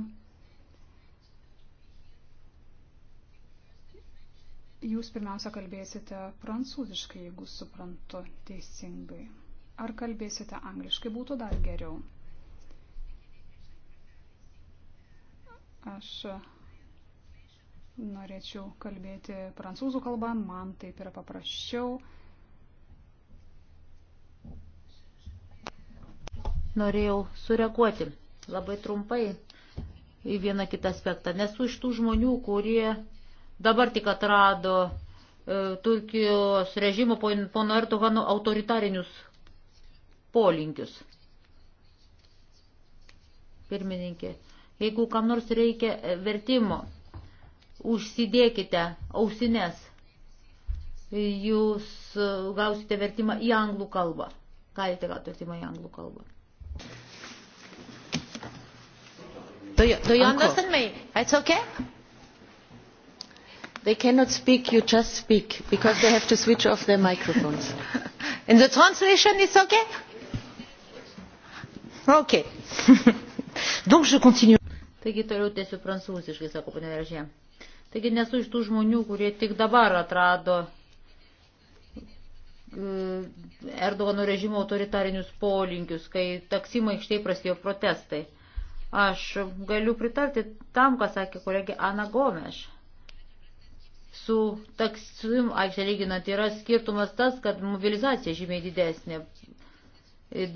Jūs pirmiausia kalbėsite prancūziškai, jeigu suprantu teisingai. Ar kalbėsite angliškai, būtų dar geriau. Aš norėčiau kalbėti prancūzų kalbą, man taip yra paprasčiau. Norėjau sureaguoti labai trumpai į vieną kitą aspektą. Nesu iš tų žmonių, kurie dabar tik atrado e, Turkijos režimo pono Ertogano autoritarinius polinkius. Pirmininkė. Jeigu kam nors reikia e, vertimo, užsidėkite ausinės, jūs e, gausite vertimą į anglų kalbą. Galite gauti vertimą į anglų kalbą. Do you, do you understand me? It's okay? They cannot speak, you just speak, because they have to switch off their microphones. In the translation, it's okay? Okay. Donc je continue. Taigi toliau tiesiu prancūziškai, sako ponė Veržė. Taigi nesu iš tų žmonių, kurie tik dabar atrado mm, Erdogano režimo autoritarinius polinkius, kai taksimo aikštėje prasidėjo protestai. Aš galiu pritarti tam, ką sakė kolegė Ana Gomeš. Su taksim aikštė lyginant yra skirtumas tas, kad mobilizacija žymiai didesnė.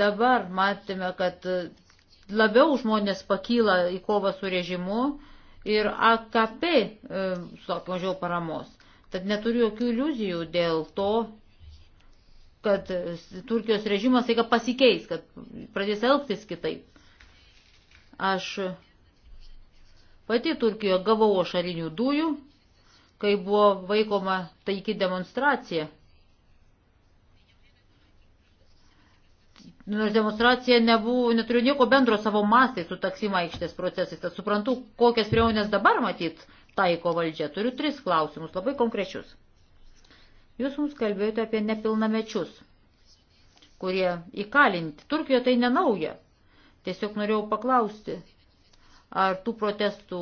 Dabar matėme, kad labiau žmonės pakyla į kovą su režimu ir AKP e, sulaukia mažiau paramos. Tad neturiu jokių iliuzijų dėl to, kad Turkijos režimas taiga pasikeis, kad pradės elgtis kitaip. Aš pati Turkijoje gavau ošarinių dujų, kai buvo vaikoma taiki demonstracija nors nu, demonstracija nebuvo, neturiu nieko bendro savo mastai su taksima aikštės procesais, tad suprantu, kokias priemonės dabar matyt taiko valdžia. Turiu tris klausimus, labai konkrečius. Jūs mums kalbėjote apie nepilnamečius, kurie įkalinti. Turkijoje tai nenauja. Tiesiog norėjau paklausti, ar tų protestų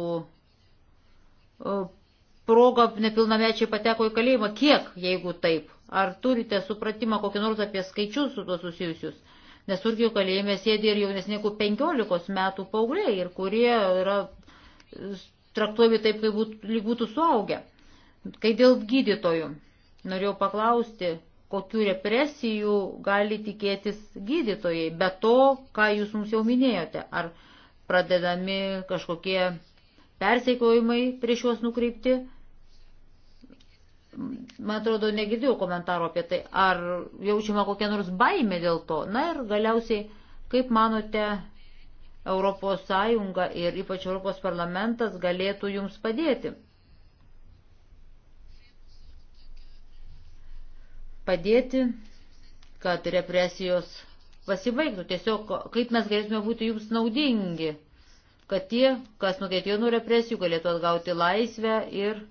proga nepilnamečiai pateko į kalėjimą, kiek, jeigu taip, ar turite supratimą kokį nors apie skaičius su tuo susijusius nes Turkijų kalėjime sėdi ir jaunesnė negu 15 metų paaugliai, ir kurie yra traktuojami taip, kaip būtų, lyg būtų suaugę. Kai dėl gydytojų, norėjau paklausti, kokiu represijų gali tikėtis gydytojai, be to, ką jūs mums jau minėjote, ar pradedami kažkokie persekiojimai prieš juos nukreipti man atrodo, negirdėjau komentaro apie tai, ar jaučiama kokia nors baimė dėl to. Na ir galiausiai, kaip manote, ES ir ypač ES parlamentas galėtų jums padėti? Padėti, kad represijos pasibaigtų. Tiesiog, kaip mes galėtume būti jums naudingi, kad tie, kas nukentėjo nuo represijų, galėtų atgauti laisvę ir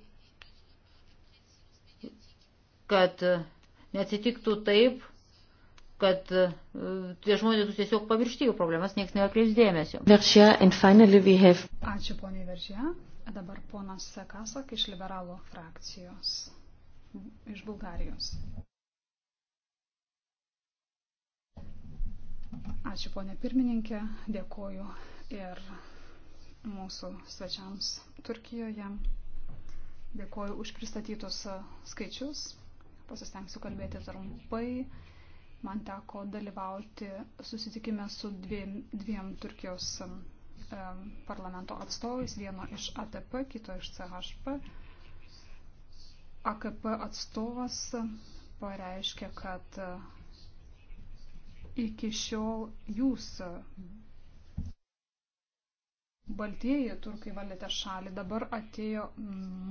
kad neatsitiktų taip, kad e, tie žmonės tiesiog pamiršti jų problemas, niekas neakreips dėmesio. Have... Ačiū poniai Veržė. Dabar ponas Kasak iš liberalų frakcijos, iš Bulgarijos. Ačiū ponė pirmininkė, dėkoju ir mūsų svečiams Turkijoje. Dėkoju už pristatytus skaičius pasistengsiu kalbėti trumpai. Man teko dalyvauti susitikime su dviem, dviem Turkijos parlamento atstovais, vieno iš ATP, kito iš CHP. AKP atstovas pareiškė, kad iki šiol jūs baltieji turkai valėte šalį, dabar atėjo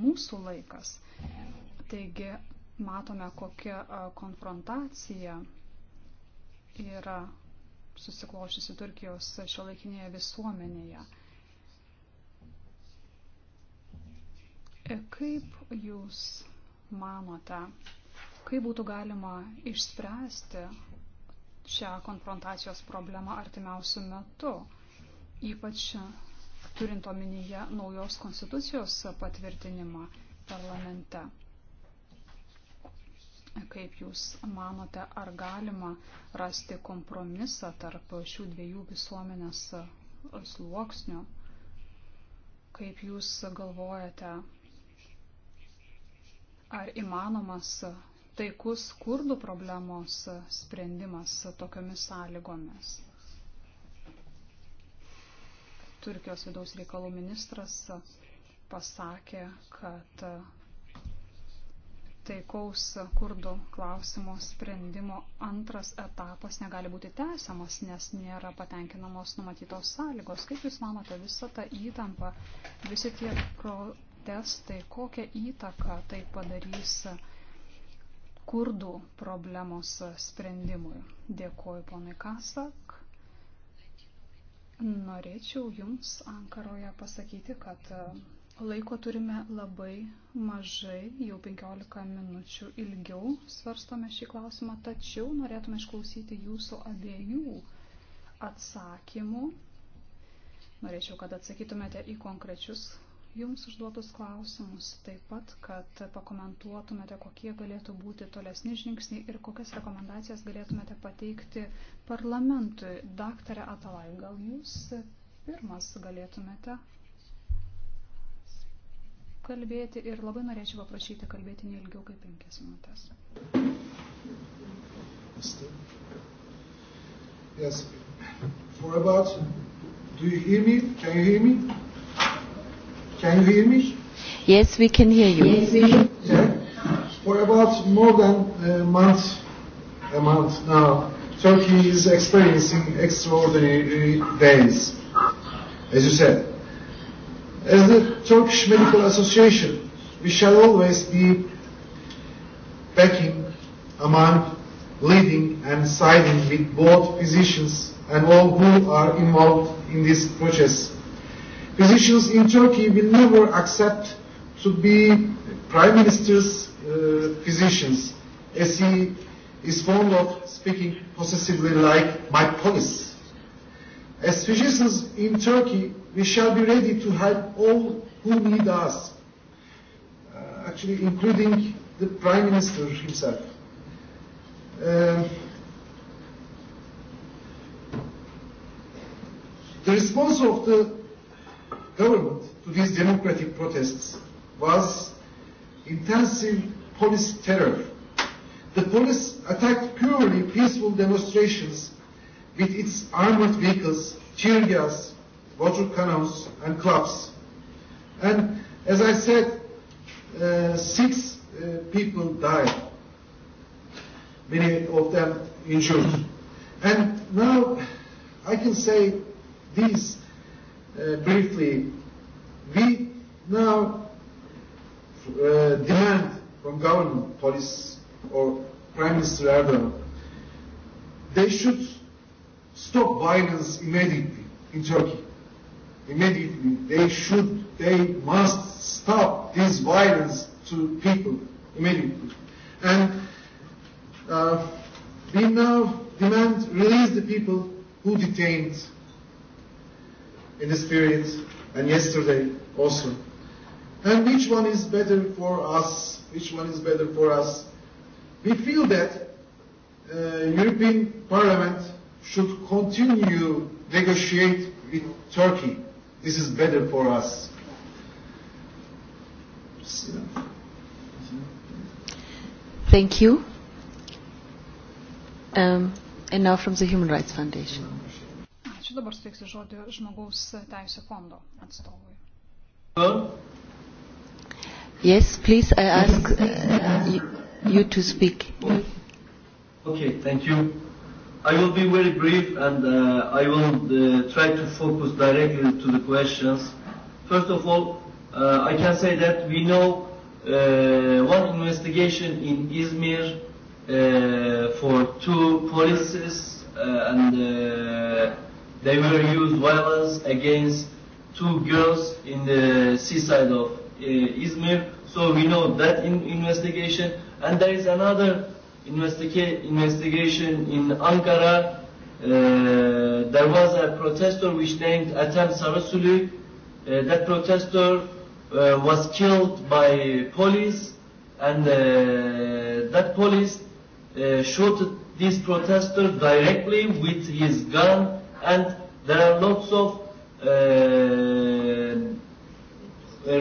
mūsų laikas. Taigi matome, kokia konfrontacija yra susiklošusi Turkijos šiuolaikinėje visuomenėje. E, kaip jūs manote, kaip būtų galima išspręsti šią konfrontacijos problemą artimiausių metų, ypač turint omenyje naujos konstitucijos patvirtinimą parlamente? Kaip Jūs manote, ar galima rasti kompromisą tarp šių dviejų visuomenės sluoksnių? Kaip Jūs galvojate, ar įmanomas taikus kurdų problemos sprendimas tokiomis sąlygomis? Turkijos vidaus reikalų ministras pasakė, kad taikaus kurdų klausimo sprendimo antras etapas negali būti tęsiamas, nes nėra patenkinamos numatytos sąlygos. Kaip Jūs manote, visa ta įtampa, visi tie protestai, kokią įtaką tai padarys kurdų problemos sprendimui? Dėkuoju, ponai Kasak. Norėčiau Jums Ankaroje pasakyti, kad Laiko turime labai mažai, jau 15 minučių ilgiau svarstome šį klausimą, tačiau norėtume išklausyti jūsų abiejų atsakymų. Norėčiau, kad atsakytumėte į konkrečius jums užduotus klausimus, taip pat, kad pakomentuotumėte, kokie galėtų būti tolesni žingsniai ir kokias rekomendacijas galėtumėte pateikti parlamentui. Daktarė Atalai, gal jūs pirmas galėtumėte kalbėti ir labai norėčiau paprašyti kalbėti neilgiau kaip penkias minutės. Yes. For about, do you hear me? Can you hear me? Can you hear me? Yes, we can hear you. Yes, we can. Yeah. For about more than a month, a month now, Turkey is experiencing extraordinary days, as you said As the Turkish Medical Association, we shall always be backing among leading and siding with both physicians and all who are involved in this process. Physicians in Turkey will never accept to be prime minister's uh, physicians, as he is fond of speaking possessively like my police. As physicians in Turkey, We shall be ready to help all who need us, uh, actually including the Prime Minister himself. Uh, the response of the government to these democratic protests was intensive police terror. The police attacked purely peaceful demonstrations with its armored vehicles, tear gas, water canals and clubs. And as I said, uh, six uh, people died, many of them injured. And now I can say this uh, briefly. We now uh, demand from government, police, or Prime Minister Erdogan, they should stop violence immediately in Turkey immediately. They should, they must stop this violence to people immediately. And uh, we now demand release the people who detained in this period and yesterday also. And which one is better for us? Which one is better for us? We feel that uh, European Parliament should continue negotiate with Turkey this is better for us. Thank you. Um, and now from the Human Rights Foundation. Ačiū dabar suteiksiu žodį žmogaus teisų fondo atstovui. Hello? Yes, please, I ask uh, you, you to speak. Okay, thank you. I will be very brief, and uh, I will uh, try to focus directly to the questions. First of all, uh, I can say that we know uh, one investigation in Izmir uh, for two policies, uh, and uh, they were used violence against two girls in the seaside of uh, Izmir. So we know that in investigation, and there is another investiga investigation in Ankara, uh, there was a protester which named Atem Sarasulu. Uh, that protester uh, was killed by police and uh, that police uh, shot this protester directly with his gun and there are lots of uh,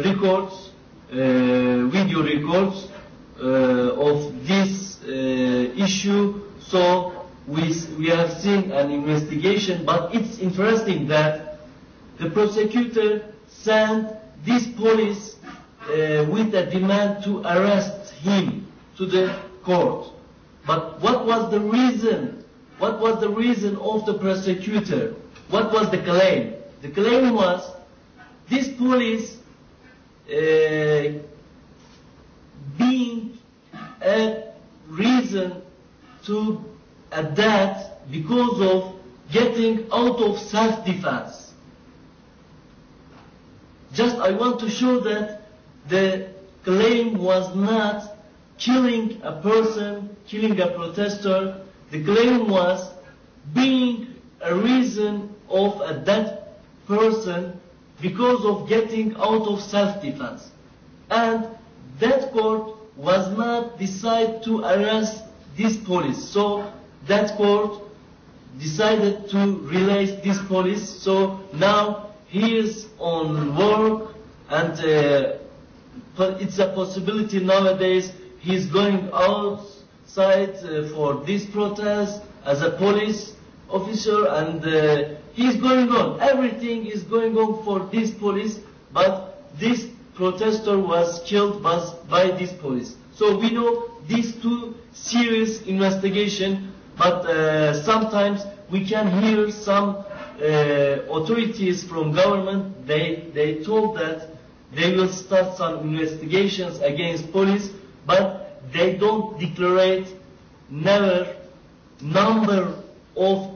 records, uh, video records uh, of this uh, issue. So we, we have seen an investigation, but it's interesting that the prosecutor sent this police uh, with a demand to arrest him to the court. But what was the reason? What was the reason of the prosecutor? What was the claim? The claim was this police uh, being a reason to adapt because of getting out of self-defense. Just I want to show that the claim was not killing a person, killing a protester. The claim was being a reason of a dead person because of getting out of self-defense. And that court was not decide to arrest this police. So that court decided to release this police. So now he is on work and uh, it's a possibility nowadays he's going outside uh, for this protest as a police officer and uh, he's going on. Everything is going on for this police, but this protester was killed was by these police. So we know these two serious investigation, but uh, sometimes we can hear some uh, authorities from government, they, they told that they will start some investigations against police, but they don't declare never number of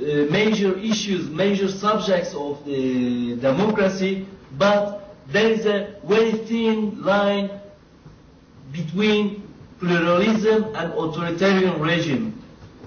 Uh, major issues, major subjects of the democracy, but there is a very thin line between pluralism and authoritarian regime.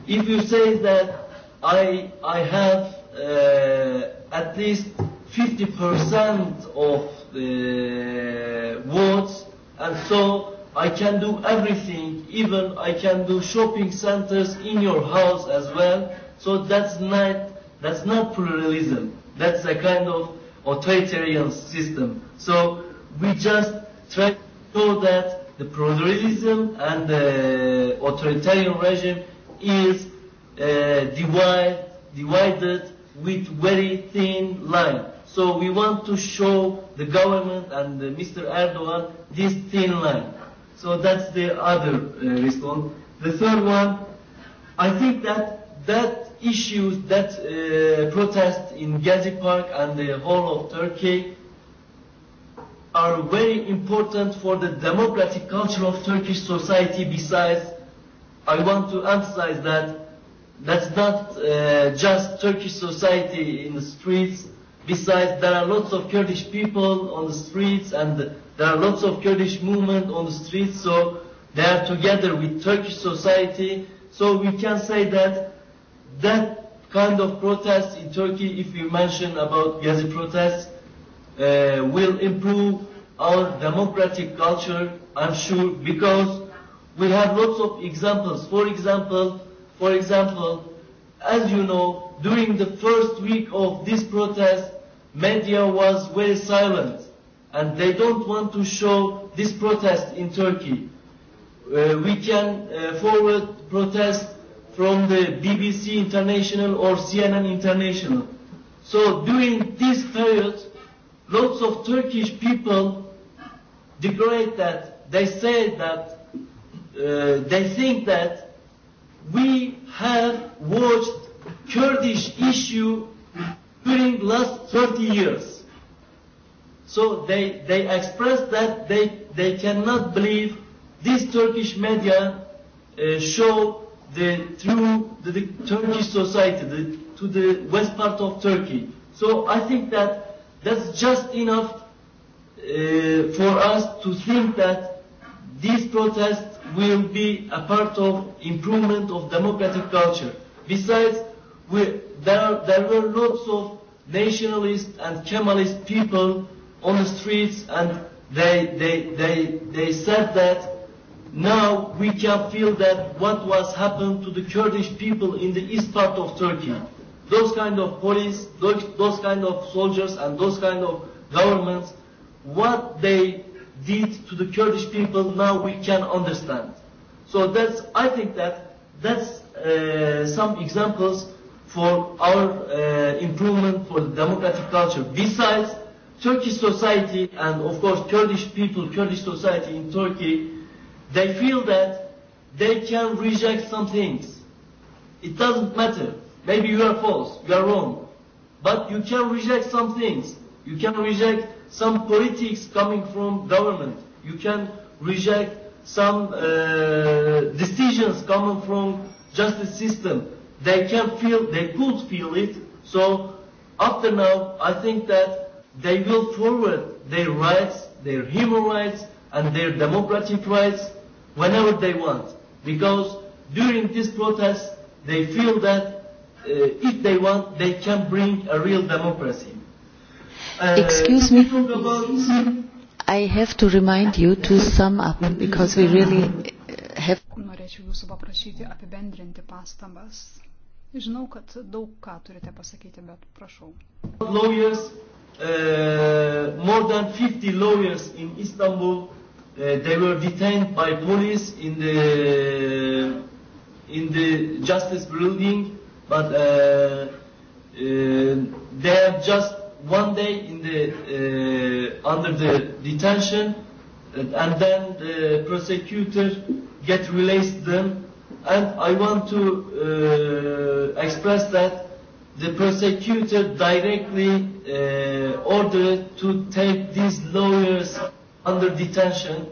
If you say that I, I have uh, at least 50% of the votes, and so I can do everything, even I can do shopping centers in your house as well, So that's not, that's not pluralism. That's a kind of authoritarian system. So we just try to show that the pluralism and the authoritarian regime is uh, divide, divided with very thin line. So we want to show the government and uh, Mr. Erdogan this thin line. So that's the other uh, response. The third one, I think that that issues that uh, protests in Gezi Park and the whole of Turkey are very important for the democratic culture of Turkish society. Besides, I want to emphasize that that's not uh, just Turkish society in the streets. Besides, there are lots of Kurdish people on the streets and there are lots of Kurdish movement on the streets, so they are together with Turkish society. So we can say that that kind of protest in Turkey, if we mention about Gezi protests, uh, will improve our democratic culture, I'm sure, because we have lots of examples. For example, for example, as you know, during the first week of this protest, media was very silent, and they don't want to show this protest in Turkey. Uh, we can uh, forward protest from the BBC International or CNN International. So during this period, lots of Turkish people declared that they say that uh, they think that we have watched Kurdish issue during last 30 years. So they, they expressed that they, they cannot believe this Turkish media uh, show the, through the, the Turkish society the, to the west part of Turkey. So I think that that's just enough uh, for us to think that these protests will be a part of improvement of democratic culture. Besides, we, there, are, there were lots of nationalist and Kemalist people on the streets and they, they, they, they said that Now we can feel that what was happened to the Kurdish people in the east part of Turkey, those kind of police, those, those kind of soldiers and those kind of governments, what they did to the Kurdish people now we can understand. So that's, I think that that's uh, some examples for our uh, improvement for the democratic culture. Besides, Turkish society and of course Kurdish people, Kurdish society in Turkey They feel that they can reject some things. It doesn't matter. Maybe you are false, you are wrong. But you can reject some things. You can reject some politics coming from government. You can reject some uh, decisions coming from justice system. They can feel, they could feel it. So after now, I think that they will forward their rights, their human rights, and their democratic rights whenever they want. Because during this protest, they feel that uh, if they want, they can bring a real democracy. Uh, Excuse me. About... I have to remind you to sum up because we really uh, have. Norėčiau jūsų paprašyti apibendrinti pastabas. Žinau, kad daug ką turite pasakyti, bet prašau. Lawyers, uh, more than 50 lawyers in Istanbul uh, they were detained by police in the in the justice building, but uh, uh, they have just one day in the uh, under the detention, uh, and then the prosecutor get released them. And I want to uh, express that the prosecutor directly uh, ordered to take these lawyers under detention.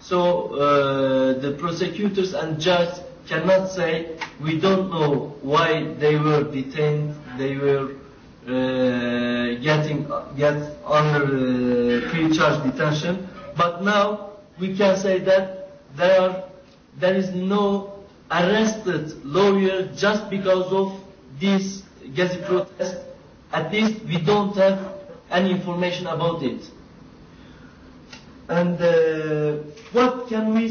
So uh, the prosecutors and judge cannot say, we don't know why they were detained, they were uh, getting get under uh, pre-charge detention. But now we can say that there, are, there is no arrested lawyer just because of this Gezi protest. At least we don't have any information about it. And uh, what can we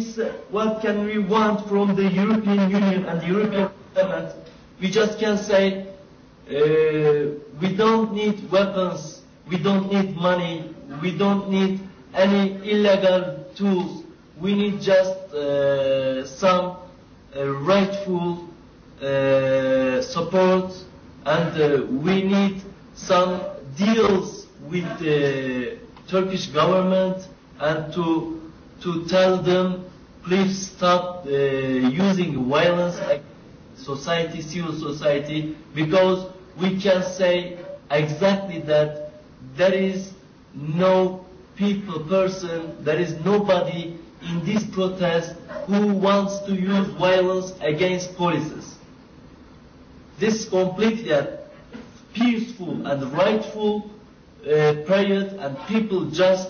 what can we want from the European Union and the European Parliament? We just can say uh, we don't need weapons, we don't need money, we don't need any illegal tools. We need just uh, some uh, rightful uh, support, and uh, we need some deals with the Turkish government and to, to tell them, please stop uh, using violence against society, civil society, because we can say exactly that there is no people, person, there is nobody in this protest who wants to use violence against policies. This completely a peaceful and rightful uh, period and people just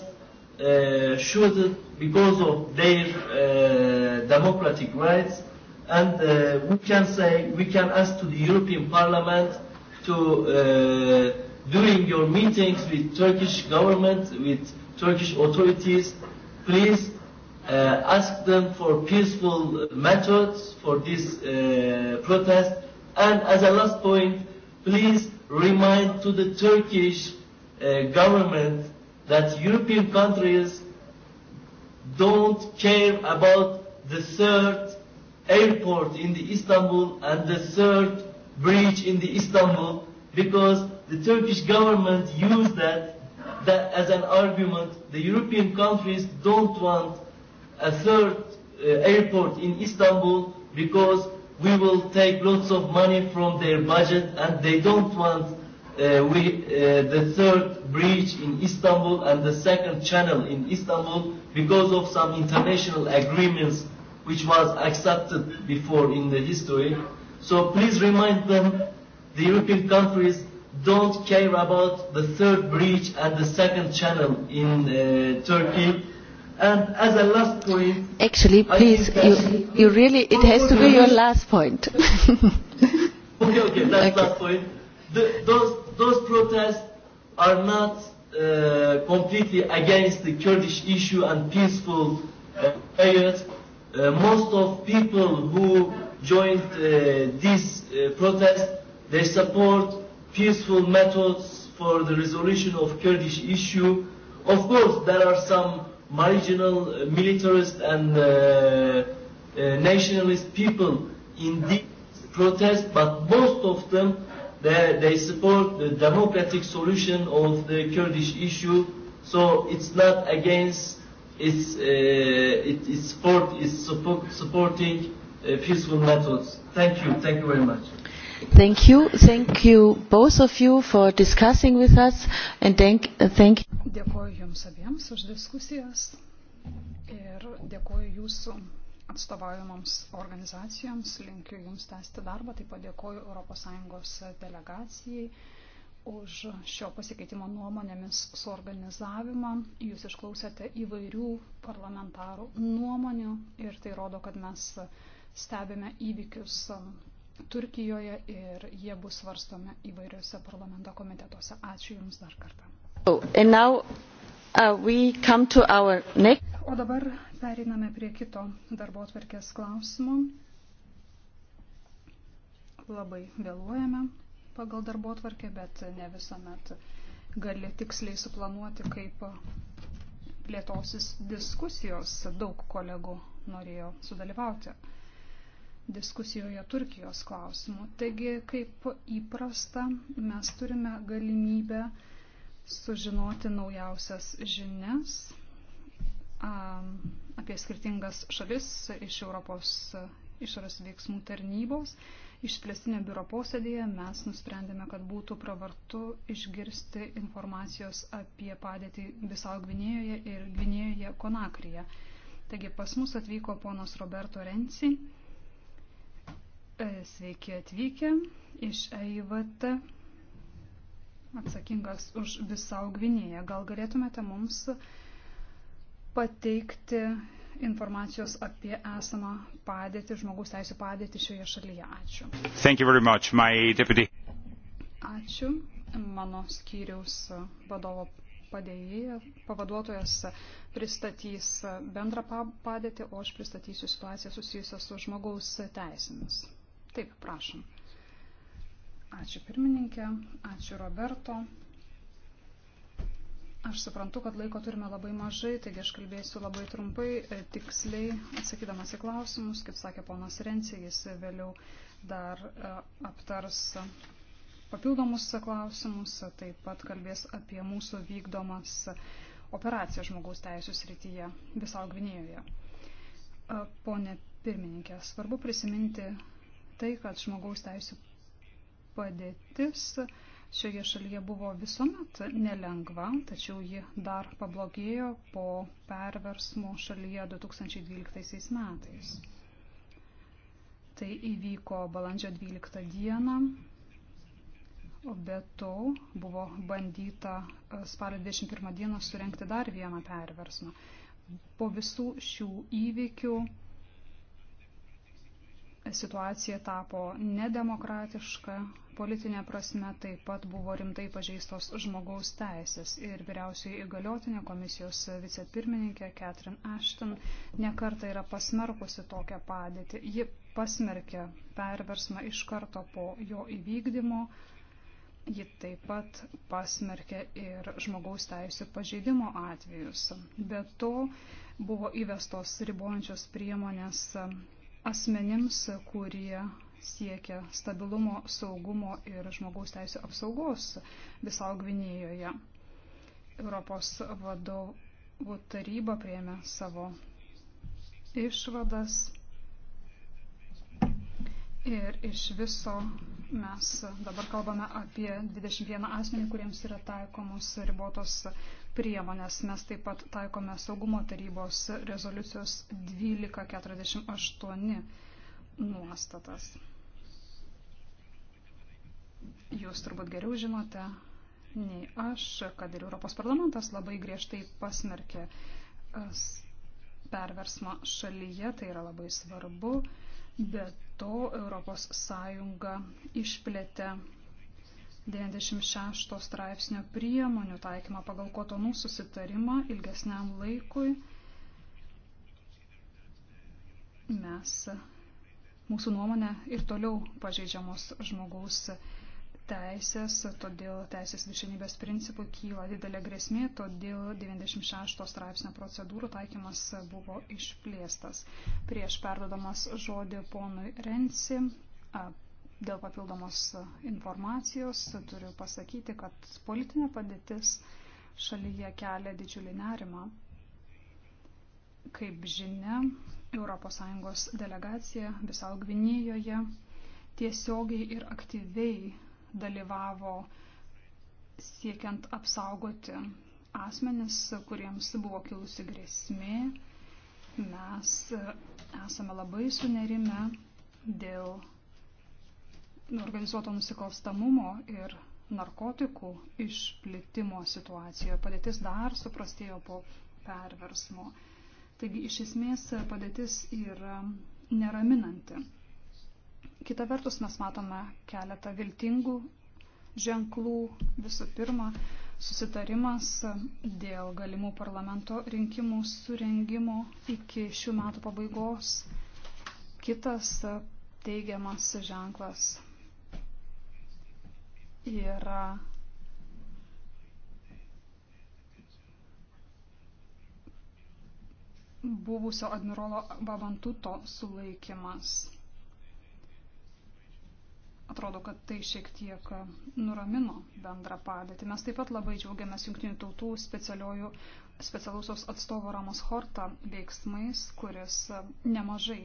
uh, shielded because of their uh, democratic rights. And uh, we can say, we can ask to the European Parliament to, uh, during your meetings with Turkish government, with Turkish authorities, please uh, ask them for peaceful methods for this uh, protest. And as a last point, please remind to the Turkish uh, government that European countries don't care about the third airport in the Istanbul and the third bridge in the Istanbul because the Turkish government used that, that as an argument. The European countries don't want a third uh, airport in Istanbul because we will take lots of money from their budget and they don't want uh, we, uh, the third bridge in Istanbul and the second channel in Istanbul because of some international agreements which was accepted before in the history. So please remind them, the European countries don't care about the third bridge and the second channel in uh, Turkey. And as a last point... Actually, please, you, you really, it has to be your last point. okay, okay, that's okay. last point. The, those those protests are not uh, completely against the Kurdish issue and peaceful uh, riots. Uh, most of people who joined uh, this uh, protest, they support peaceful methods for the resolution of Kurdish issue. Of course, there are some marginal uh, militarist and uh, uh, nationalist people in this protest, but most of them They, they support the democratic solution of the Kurdish issue. So it's not against, it's, uh, it, it's, support, it's support, supporting uh, peaceful methods. Thank you. Thank you very much. Thank you. Thank you both of you for discussing with us and thank, uh, thank Dėkuoju jums abiems už diskusijas ir dėkuoju jūsų atstovaujamoms organizacijoms. Linkiu Jums tęsti darbą, taip pat dėkoju ES delegacijai už šio pasikeitimo nuomonėmis suorganizavimą. Jūs išklausėte įvairių parlamentarų nuomonių ir tai rodo, kad mes stebime įvykius Turkijoje ir jie bus svarstomi įvairiuose parlamento komitetuose. Ačiū Jums dar kartą. Oh, Uh, next... O dabar periname prie kito darbo atvarkės klausimo. Labai vėluojame pagal darbo atvarkę, bet ne visuomet gali tiksliai suplanuoti, kaip plėtosis diskusijos. Daug kolegų norėjo sudalyvauti diskusijoje Turkijos klausimu. Taigi, kaip įprasta, mes turime galimybę uh, sužinoti naujausias žinias apie skirtingas šalis iš Europos išorės veiksmų tarnybos. Išplėstinio biuro posėdėje mes nusprendėme, kad būtų pravartu išgirsti informacijos apie padėtį Bisau Gvinėjoje ir Gvinėjoje Konakryje. Taigi pas mus atvyko ponas Roberto Renci. E, sveiki atvykę iš EIVT atsakingas už visą Gvinėją. Gal galėtumėte mums pateikti informacijos apie esamą padėtį, žmogus teisų padėtį šioje šalyje. Ačiū. Thank you very much, my deputy. Ačiū. Mano skyriaus vadovo padėjėja, pavaduotojas pristatys bendrą padėtį, o aš pristatysiu situaciją susijusią su žmogaus teisėmis. Taip, prašom. Ačiū pirmininkė, ačiū Roberto. Aš suprantu, kad laiko turime labai mažai, taigi aš kalbėsiu labai trumpai, e, tiksliai, atsakydamas į klausimus, kaip sakė ponas Rencija, jis vėliau dar e, aptars papildomus klausimus, taip pat kalbės apie mūsų vykdomas operacijas žmogaus teisų srityje visau Gvinėjoje. E, pone pirmininkė, svarbu prisiminti tai, kad žmogaus teisų padėtis šioje šalyje buvo visuomet nelengva, tačiau ji dar pablogėjo po perversmo šalyje 2012 metais. Tai įvyko balandžio 12 dieną, o be to buvo bandyta e, spalio 21 dieną surenkti dar vieną perversmą. Po visų šių įvykių situacija tapo nedemokratiška, Politinė prasme taip pat buvo rimtai pažeistos žmogaus teisės ir vyriausiai įgaliotinė komisijos vicepirmininkė Catherine Ashton nekarta yra pasmerkusi tokią padėtį. Ji pasmerkė perversmą iš karto po jo įvykdymo. Ji taip pat pasmerkė ir žmogaus teisų pažeidimo atvejus. Be to buvo įvestos ribojančios priemonės asmenims, kurie siekia stabilumo, saugumo ir žmogaus teisų apsaugos visau Gvinėjoje. Europos vadovų taryba prieėmė savo išvadas ir iš viso mes dabar kalbame apie 21 asmenį, kuriems yra taikomos ribotos priemonės. Mes taip pat taikome saugumo tarybos rezoliucijos 1248 nuostatas. Jūs turbūt geriau žinote nei aš, kad ir Europos parlamentas labai griežtai pasmerkė perversmą šalyje, tai yra labai svarbu, bet to Europos Sąjunga išplėtė 96 straipsnio priemonių taikymą pagal kotonų susitarimą ilgesniam laikui. Mes mūsų nuomonė ir toliau pažeidžiamos žmogaus teisės, todėl teisės viršenybės principų kyla didelė grėsmė, todėl 96 straipsnio procedūrų taikymas buvo išplėstas. Prieš perdodamas žodį ponui Rensi, dėl papildomos informacijos turiu pasakyti, kad politinė padėtis šalyje kelia didžiulį nerimą. Kaip žinia, ES delegacija Bisau Gvinėjoje tiesiogiai ir aktyviai dalyvavo siekiant apsaugoti asmenis, kuriems buvo kilusi grėsmė. Mes esame labai sunerime dėl organizuoto nusikalstamumo ir narkotikų išplitimo situacijoje. Padėtis dar suprastėjo po perversmo. Taigi iš esmės padėtis yra neraminanti. Kita vertus mes matome keletą viltingų ženklų. Visų pirma, susitarimas dėl galimų parlamento rinkimų surengimo iki šių metų pabaigos. Kitas teigiamas ženklas yra buvusio admirolo Bavantuto sulaikimas. Atrodo, kad tai šiek tiek nuramino bendrą padėtį. Mes taip pat labai džiaugiamės Junktinių tautų specialiausios atstovo Ramos Horta veiksmais, kuris nemažai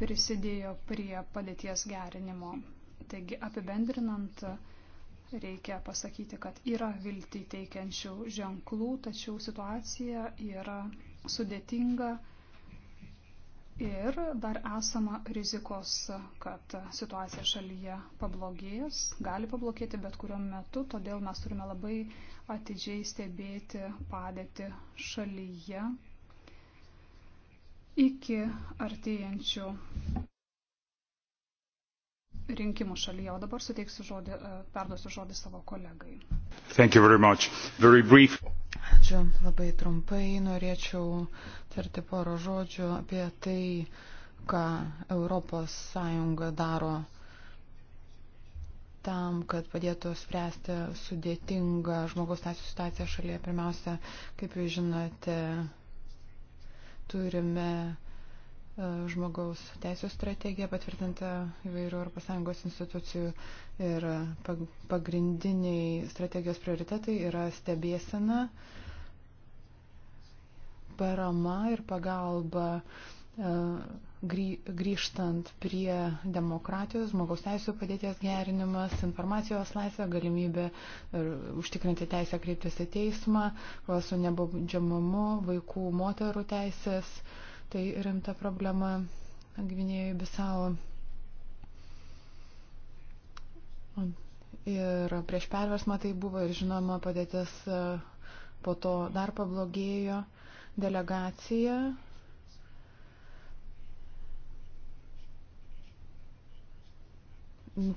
prisidėjo prie padėties gerinimo. Taigi apibendrinant, reikia pasakyti, kad yra viltį teikiančių ženklų, tačiau situacija yra sudėtinga ir dar esama rizikos, kad situacija šalyje pablogės, gali pablogėti bet kuriuo metu, todėl mes turime labai atidžiai stebėti padėti šalyje iki artėjančių rinkimų šalyje. O dabar suteiksiu žodį, e, perduosiu žodį savo kolegai. Thank you very much. Very brief. Ačiū. Labai trumpai norėčiau tarti poro žodžių apie tai, ką Europos Sąjunga daro tam, kad padėtų spręsti sudėtingą žmogaus teisų situaciją šalyje. Pirmiausia, kaip jūs žinote, turime E, žmogaus teisų strategija patvirtinta įvairių ES institucijų ir pagrindiniai strategijos prioritetai yra stebėsena, parama ir pagalba e, grįžtant prie demokratijos, žmogaus teisų padėties gerinimas, informacijos laisvė, galimybė e, užtikrinti teisę kreiptis į teismą, kova su nebaudžiamumu, vaikų, moterų teisės. Uh, Tai rimta problema Gvinėjai Bisau. Ir prieš perversmą tai buvo ir žinoma padėtis po to dar pablogėjo delegacija.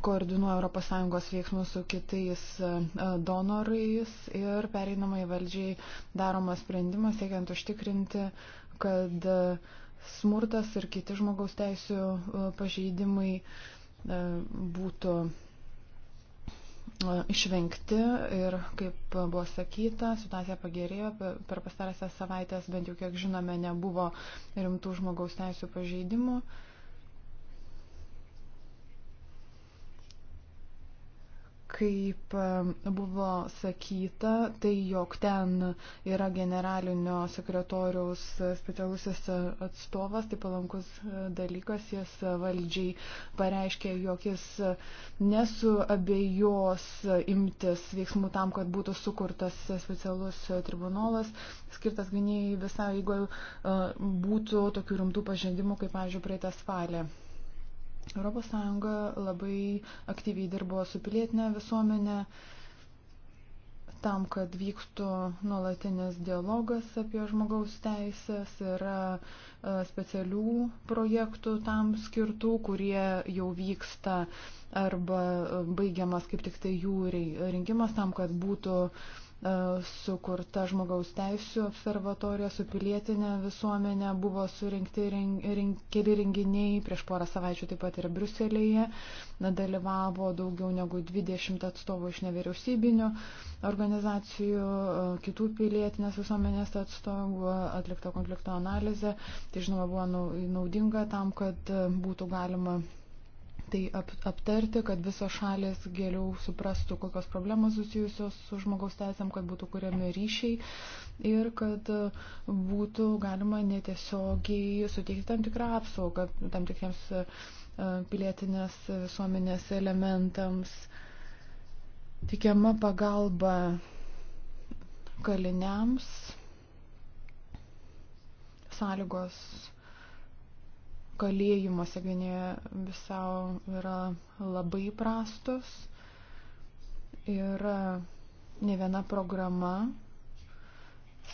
koordinuoja ES veiksmus su kitais e, donorais ir pereinamai valdžiai daromas sprendimas siekiant užtikrinti uh, kad e, smurtas ir kiti žmogaus teisų e, pažeidimai e, būtų išvengti ir, kaip buvo sakyta, situacija pagerėjo. Per pastarąsias savaitės, bent jau kiek žinome, nebuvo rimtų žmogaus teisų pažeidimų. Uh, Kaip buvo sakyta, tai jog ten yra generalinio sekretoriaus specialusis atstovas, tai palankus e, dalykas, jis e, valdžiai pareiškė, jog jis e, nesuabejos imtis veiksmų tam, kad būtų sukurtas specialus tribunolas, skirtas gynėjai visą, jeigu būtų tokių rimtų pažeidimų, kaip, pavyzdžiui, praeitą spalį. ES labai aktyviai dirbo su pilietinė visuomenė tam, kad vyktų nuolatinis dialogas apie žmogaus teisės, yra e, specialių projektų tam skirtų, kurie jau vyksta arba e, baigiamas kaip tik tai jų rinkimas tam, kad būtų uh, E, sukurta žmogaus teisų observatorija su pilietinė visuomenė, buvo surinkti reng, reng, keli renginiai, prieš porą savaičių taip pat ir Bruselėje, dalyvavo daugiau negu 20 atstovų iš nevyriausybinių organizacijų, e, kitų pilietinės visuomenės atstovų, atlikta konflikto analizė, tai žinoma buvo naudinga tam, kad e, būtų galima tai ap, aptarti, kad visos šalis geriau suprastų, kokios problemos susijusios su žmogaus teisėm, kad būtų kuriami ryšiai ir kad e, būtų galima netiesiogiai suteikti tam tikrą apsaugą tam tikriems e, pilietinės visuomenės elementams. Tikiama pagalba kaliniams, sąlygos kalėjimuose Gvinėje visau yra labai prastos ir e, ne viena programa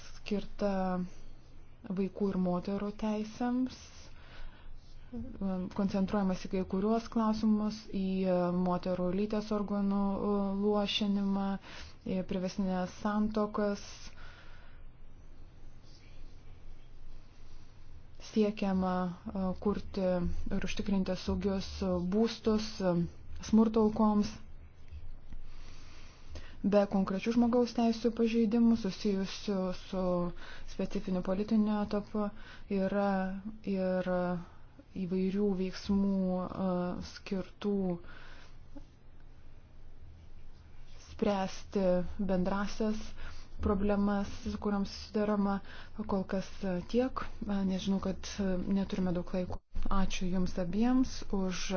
skirta vaikų ir moterų teisėms. Koncentruojamas į kai kuriuos klausimus, į moterų lytės organų e, luošinimą, į privesnės santokas, siekiama kurti ir užtikrinti saugius būstus smurto aukoms. Be konkrečių žmogaus teisų pažeidimų susijusių su specifiniu politiniu etapu yra ir įvairių veiksmų skirtų spręsti bendrasias problemas, su kuriam susidaroma kol kas e, tiek. E, nežinau, kad e, neturime daug laiko. Ačiū Jums abiems už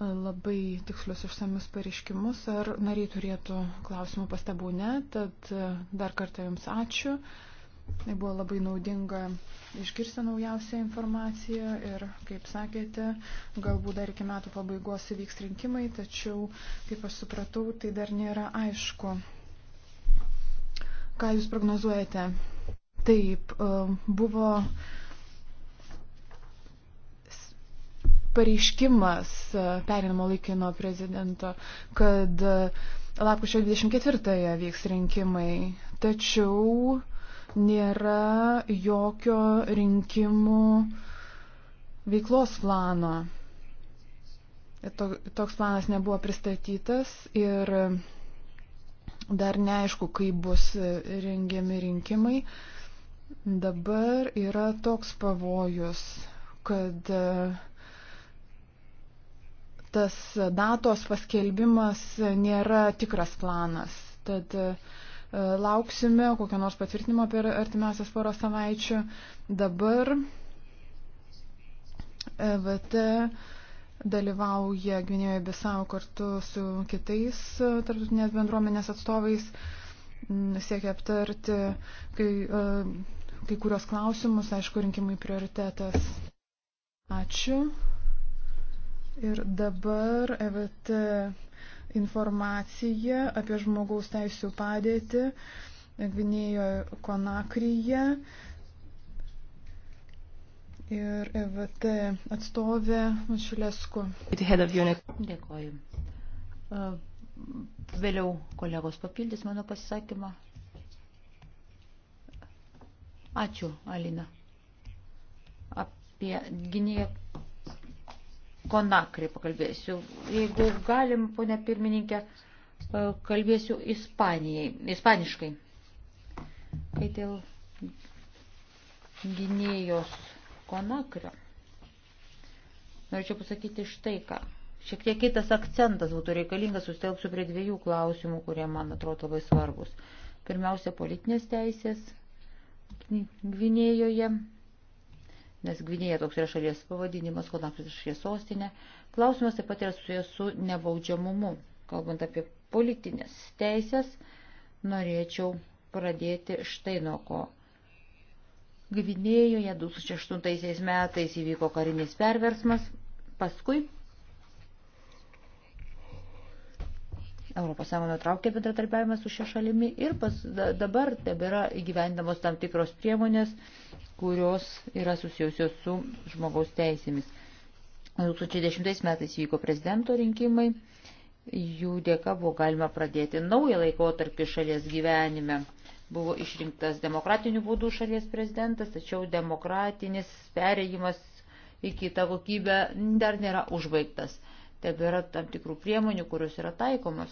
labai tikslius išsamius pareiškimus. Ar nariai turėtų klausimų pastabų? Ne. Tad dar kartą Jums ačiū. Tai buvo labai naudinga išgirsti naujausią informaciją ir, kaip sakėte, galbūt dar iki metų pabaigos įvyks rinkimai, tačiau, kaip aš supratau, tai dar nėra aišku. Ką Jūs prognozuojate? Taip, e, buvo pareiškimas e, perinamo laikino prezidento, kad e, lapkričio 24-ąją vyks rinkimai, tačiau nėra jokio rinkimų veiklos plano. Toks planas nebuvo pristatytas ir dar neaišku, kaip bus rengiami rinkimai. Dabar yra toks pavojus, kad tas datos paskelbimas nėra tikras planas. Tad uh, E, lauksime kokio nors patvirtinimo per artimiausias porą savaičių. Dabar e VT dalyvauja Gvinėjoje Bisau kartu su kitais tarptautinės bendruomenės atstovais, siekia aptarti kai, e, kai kurios klausimus, aišku, rinkimai prioritetas. Ačiū. Ir dabar EVT informaciją apie žmogaus teisų padėtį Gvinėjoje Konakryje. Ir EVT atstovė Mačiulesku. Dėkoju. E, vėliau kolegos papildys mano pasisakymą. Ačiū, Alina. Apie Gynėją Konakri pakalbėsiu. Jeigu galim, ponė pirmininkė, e, kalbėsiu Ispanijai, ispaniškai. Kai dėl gynėjos Konakrio. Norėčiau pasakyti štai ką. Šiek tiek kitas akcentas būtų reikalingas, sustelksiu prie dviejų klausimų, kurie man atrodo labai svarbus. Pirmiausia, politinės teisės Gvinėjoje nes Gvinėja toks yra šalies pavadinimas, Kodaktas yra šalies sostinė. Klausimas taip pat yra susijęs su nebaudžiamumu. Kalbant apie politinės teisės, norėčiau pradėti štai nuo ko. Gvinėjoje 2008 metais įvyko karinis perversmas, paskui ES nutraukė bendratarpiavimą su šia šalimi ir pas, da, dabar tebėra įgyvendamos tam tikros priemonės kurios yra susijusios su žmogaus teisėmis. 2010 metais vyko prezidento rinkimai, jų dėka buvo galima pradėti naują laikotarpį šalies gyvenime. Buvo išrinktas demokratiniu būdu šalies prezidentas, tačiau demokratinis perėjimas į kitą kokybę dar nėra užbaigtas. Tebėra tam tikrų priemonių, kurios yra taikomos.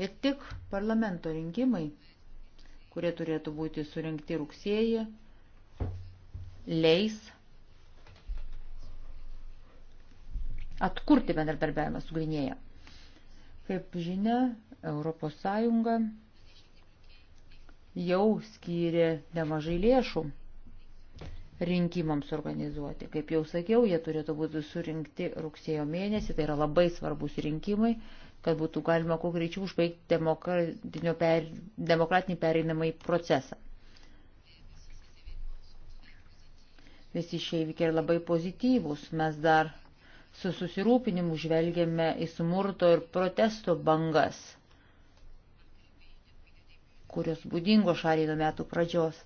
Ir tik parlamento rinkimai kurie turėtų būti surinkti rugsėjį, leis atkurti bendradarbiavimą su Gvinėja. Kaip žinia, Europos Sąjunga jau skyrė nemažai lėšų rinkimams organizuoti. Kaip jau sakiau, jie turėtų būti surinkti rugsėjo mėnesį, tai yra labai svarbus rinkimai, kad būtų galima kuo greičiau užbaigti per, demokratinį pereinamąjį procesą. Visi šie įvykiai yra labai pozityvūs. Mes dar su susirūpinimu žvelgiame į smurto ir protesto bangas, kurios būdingo šaliai nuo metų pradžios.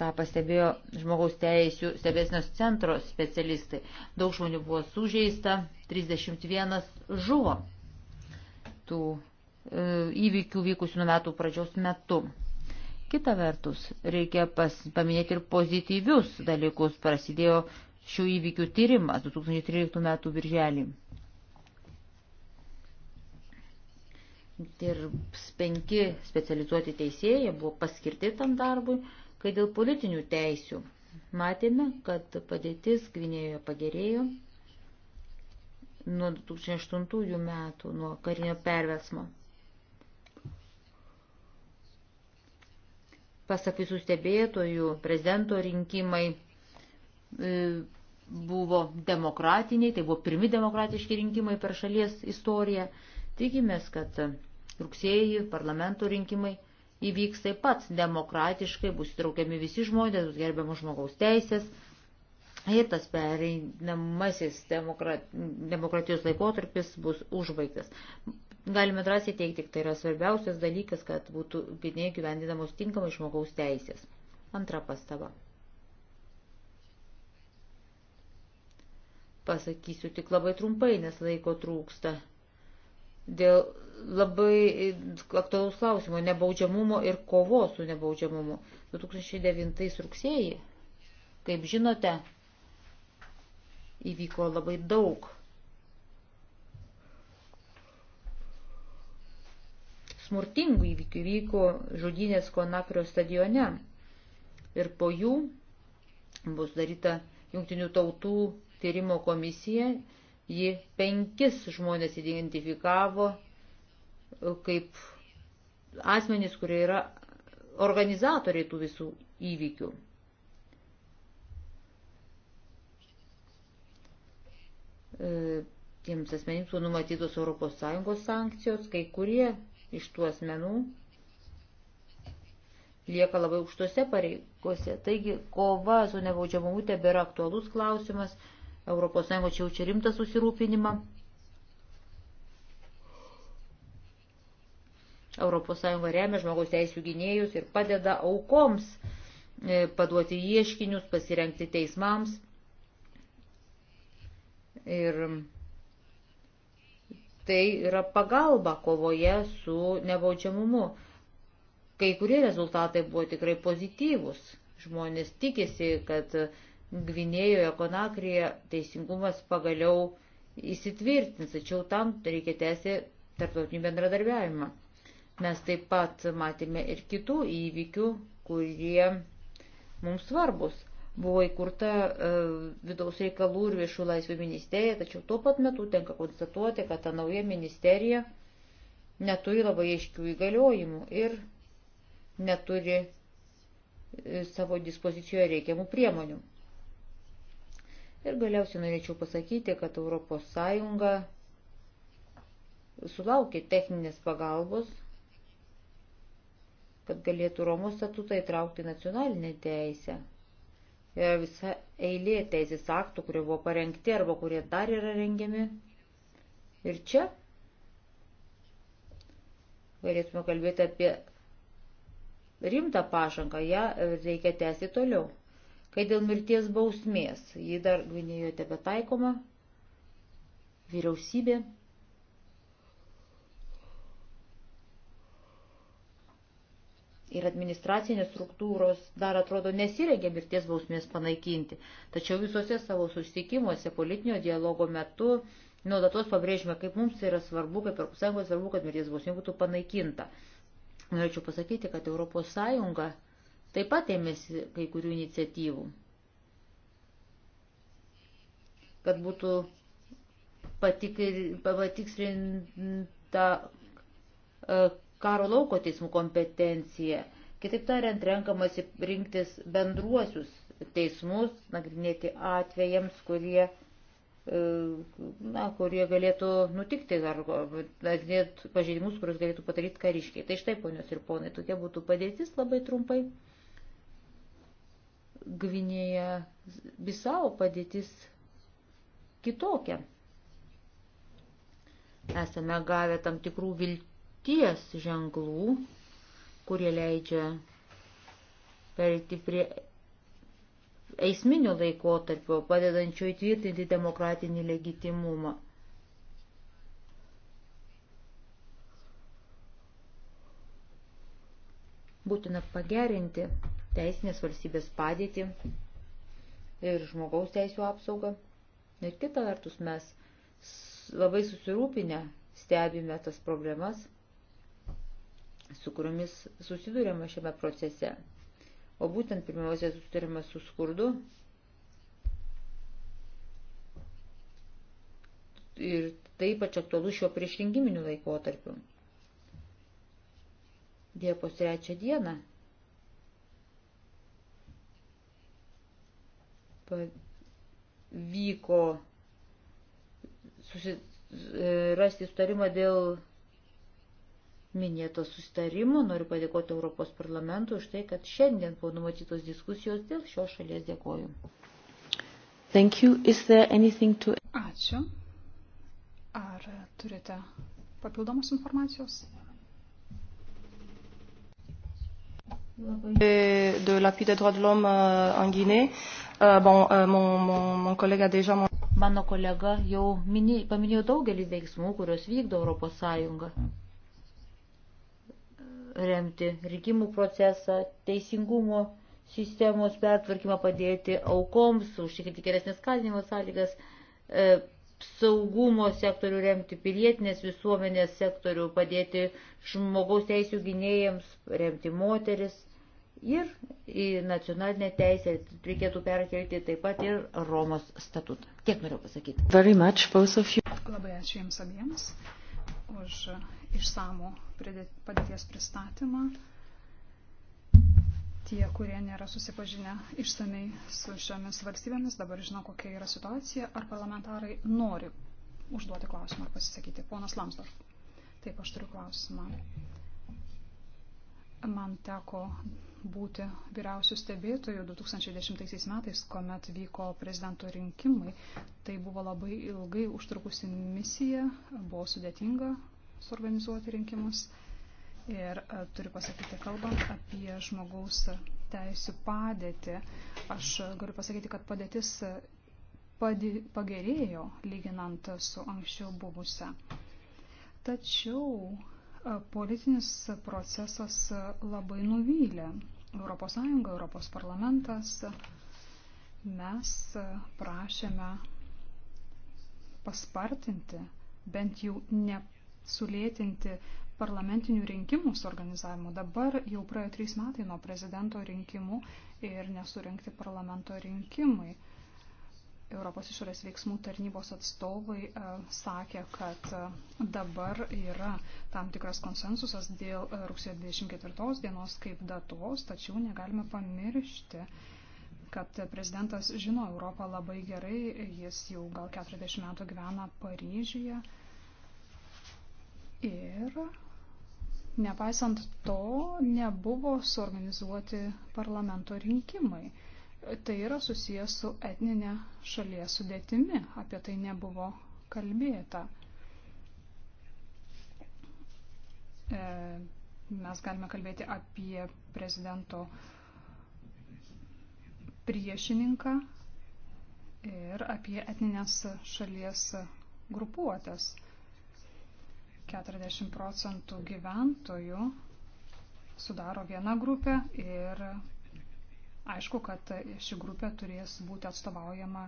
Ta pastebėjo žmogaus teisų stebėsnios centro specialistai. Daug žmonių buvo sužeista, 31 žuvo tų e, įvykių vykusių nuo metų pradžios metu. Kita vertus, reikia pas, paminėti ir pozityvius dalykus. Prasidėjo šių įvykių tyrimas 2013 metų birželį. Ir penki specializuoti teisėjai buvo paskirti tam darbui, Kai dėl politinių teisių matėme, kad padėtis Gvinėjoje pagerėjo nuo 2008 metų, nuo karinio pervesmo. Pasak visų stebėtojų, prezidento rinkimai e, buvo demokratiniai, tai buvo pirmi demokratiški rinkimai per šalies istoriją. Tikimės, kad rugsėjį parlamento rinkimai – įvyks taip pat demokratiškai, bus įtraukiami visi žmonės, bus gerbiamos žmogaus teisės. Ir tas pereinamasis demokratijos laikotarpis bus užbaigtas. Galime drąsiai teikti, tai yra svarbiausias dalykas, kad būtų pinėjai gyvendinamos tinkamai žmogaus teisės. Antra pastaba. Pasakysiu tik labai trumpai, nes laiko trūksta dėl labai aktualus klausimo nebaudžiamumo ir kovos su nebaudžiamumu. 2009 rugsėjį, kaip žinote, įvyko labai daug smurtingų įvykių, įvyko žudynės Konakrio stadione ir po jų bus daryta Jungtinių tautų tyrimo komisija Ji penkis žmonės identifikavo e, kaip asmenys, kurie yra organizatoriai tų visų įvykių. E, tiems asmenims buvo numatytos ES sankcijos, kai kurie iš tų asmenų lieka labai aukštose pareigose. Taigi kova su nebaudžiamumu tebėra aktualus klausimas ES čia jaučia rimtą susirūpinimą. ES remia žmogaus teisų gynėjus ir padeda aukoms e, paduoti ieškinius, pasirengti teismams. Ir tai yra pagalba kovoje su nebaudžiamumu. Kai kurie rezultatai buvo tikrai pozityvus. Žmonės tikisi, kad Gvinėjoje, Konakrėje teisingumas pagaliau įsitvirtins, tačiau tam reikia tęsti tarptautinį bendradarbiavimą. Mes taip pat matėme ir kitų įvykių, kurie mums svarbus. Buvo įkurta e, vidaus reikalų ir viešų laisvių ministerija, tačiau tuo pat metu tenka konstatuoti, kad ta nauja ministerija neturi labai aiškių įgaliojimų ir neturi e, savo dispozicijoje reikiamų priemonių. Ir galiausiai norėčiau pasakyti, kad ES sulaukė techninės pagalbos, kad galėtų Romos statutą įtraukti nacionalinę teisę. Yra e, visa eilė teisės aktų, kurie buvo parengti arba kurie dar yra rengiami. Ir čia galėtume kalbėti apie rimtą pažangą, ją reikia tęsti toliau. Kai dėl mirties bausmės, jį dar Gvinėjoje tebe taikoma, vyriausybė. Ir administracinės struktūros dar atrodo nesirengia mirties bausmės panaikinti. Tačiau visose savo susitikimuose politinio dialogo metu nuolatos pabrėžime, kaip mums tai yra svarbu, kaip Europos Sąjungos svarbu, kad mirties bausmė būtų panaikinta. Norėčiau pasakyti, kad Europos Sąjunga taip pat ėmėsi kai kurių iniciatyvų, kad būtų patikslinta e, karo lauko teismų kompetencija. Kitaip tariant, renkamasi rinktis bendruosius teismus, nagrinėti atvejams, kurie, e, na, kurie galėtų nutikti, ar pažeidimus, kuriuos galėtų padaryti kariškiai. Tai štai, ponios ir ponai, tokia būtų padėtis labai trumpai. Gvinėje Bisau padėtis kitokia. Esame gavę tam tikrų vilties ženklų, kurie leidžia perėti prie eisminio laikotarpio, padedančio įtvirtinti demokratinį legitimumą. Būtina pagerinti teisinės valstybės padėtį ir žmogaus teisų apsaugą. Ir kita vertus mes labai susirūpinę stebime tas problemas, su kuriomis susidurėme šiame procese. O būtent pirmiausia susidurėme su skurdu ir taip pat aktualu šio priešrinkiminiu laikotarpiu. Diepos trečią dieną pavyko susi, e, rasti sutarimą dėl minėto sustarimo. Noriu padėkoti Europos parlamentui už tai, kad šiandien buvo numatytos diskusijos dėl šios šalies dėkoju. Thank you. Is there anything to... Ačiū. Ar turite papildomos informacijos? Labai. De l'appui des droits de l'homme euh, en Guinée. Euh, bon, euh, mon, mon, mon collègue a déjà... Mano kolega jau minė, paminėjo daugelį veiksmų, kurios vykdo Europos Sąjunga. Remti rinkimų procesą, teisingumo sistemos pertvarkymą, padėti aukoms, užtikrinti geresnės kalinimo sąlygas, e, saugumo sektorių remti, pilietinės visuomenės sektorių padėti žmogaus teisų gynėjams, remti moteris, ir į nacionalinę teisę reikėtų perkelti taip pat ir Romos statutą. Tiek noriu pasakyti. Very much, both of you. Labai ačiū Jums abiems už išsamų padėties pristatymą. Tie, kurie nėra susipažinę išsamei su šiomis valstybėmis, dabar žino, kokia yra situacija, ar parlamentarai nori užduoti klausimą ar pasisakyti. Ponas Lamsdorf. Taip, aš turiu klausimą. Man teko būti vyriausių stebėtojų 2010 metais, kuomet vyko prezidento rinkimai. Tai buvo labai ilgai užtrukusi misija, buvo sudėtinga suorganizuoti rinkimus. Ir e, turiu pasakyti, kalbant apie žmogaus teisų padėtį, aš galiu pasakyti, kad padėtis padė, pagerėjo lyginant su anksčiau buvusią. Tačiau Politinis procesas labai nuvylė ES, ES parlamentas. Mes prašėme paspartinti, bent jau nesulėtinti parlamentinių rinkimų suorganizavimo. Dabar jau praėjo trys metai nuo prezidento rinkimų ir nesurinkti parlamento rinkimai. Europos išorės veiksmų tarnybos atstovai e, sakė, kad e, dabar yra tam tikras konsensusas dėl e, rugsėjo 24 dienos kaip datos, tačiau negalime pamiršti, kad prezidentas žino Europą labai gerai, jis jau gal 40 metų gyvena Paryžiuje. Ir nepaisant to nebuvo suorganizuoti parlamento rinkimai. Tai yra susijęs su etninė šalies sudėtimi. Apie tai nebuvo kalbėta. E, mes galime kalbėti apie prezidento priešininką ir apie etninės šalies grupuotės. 40 procentų gyventojų sudaro viena grupė ir aišku, kad ši grupė turės būti atstovaujama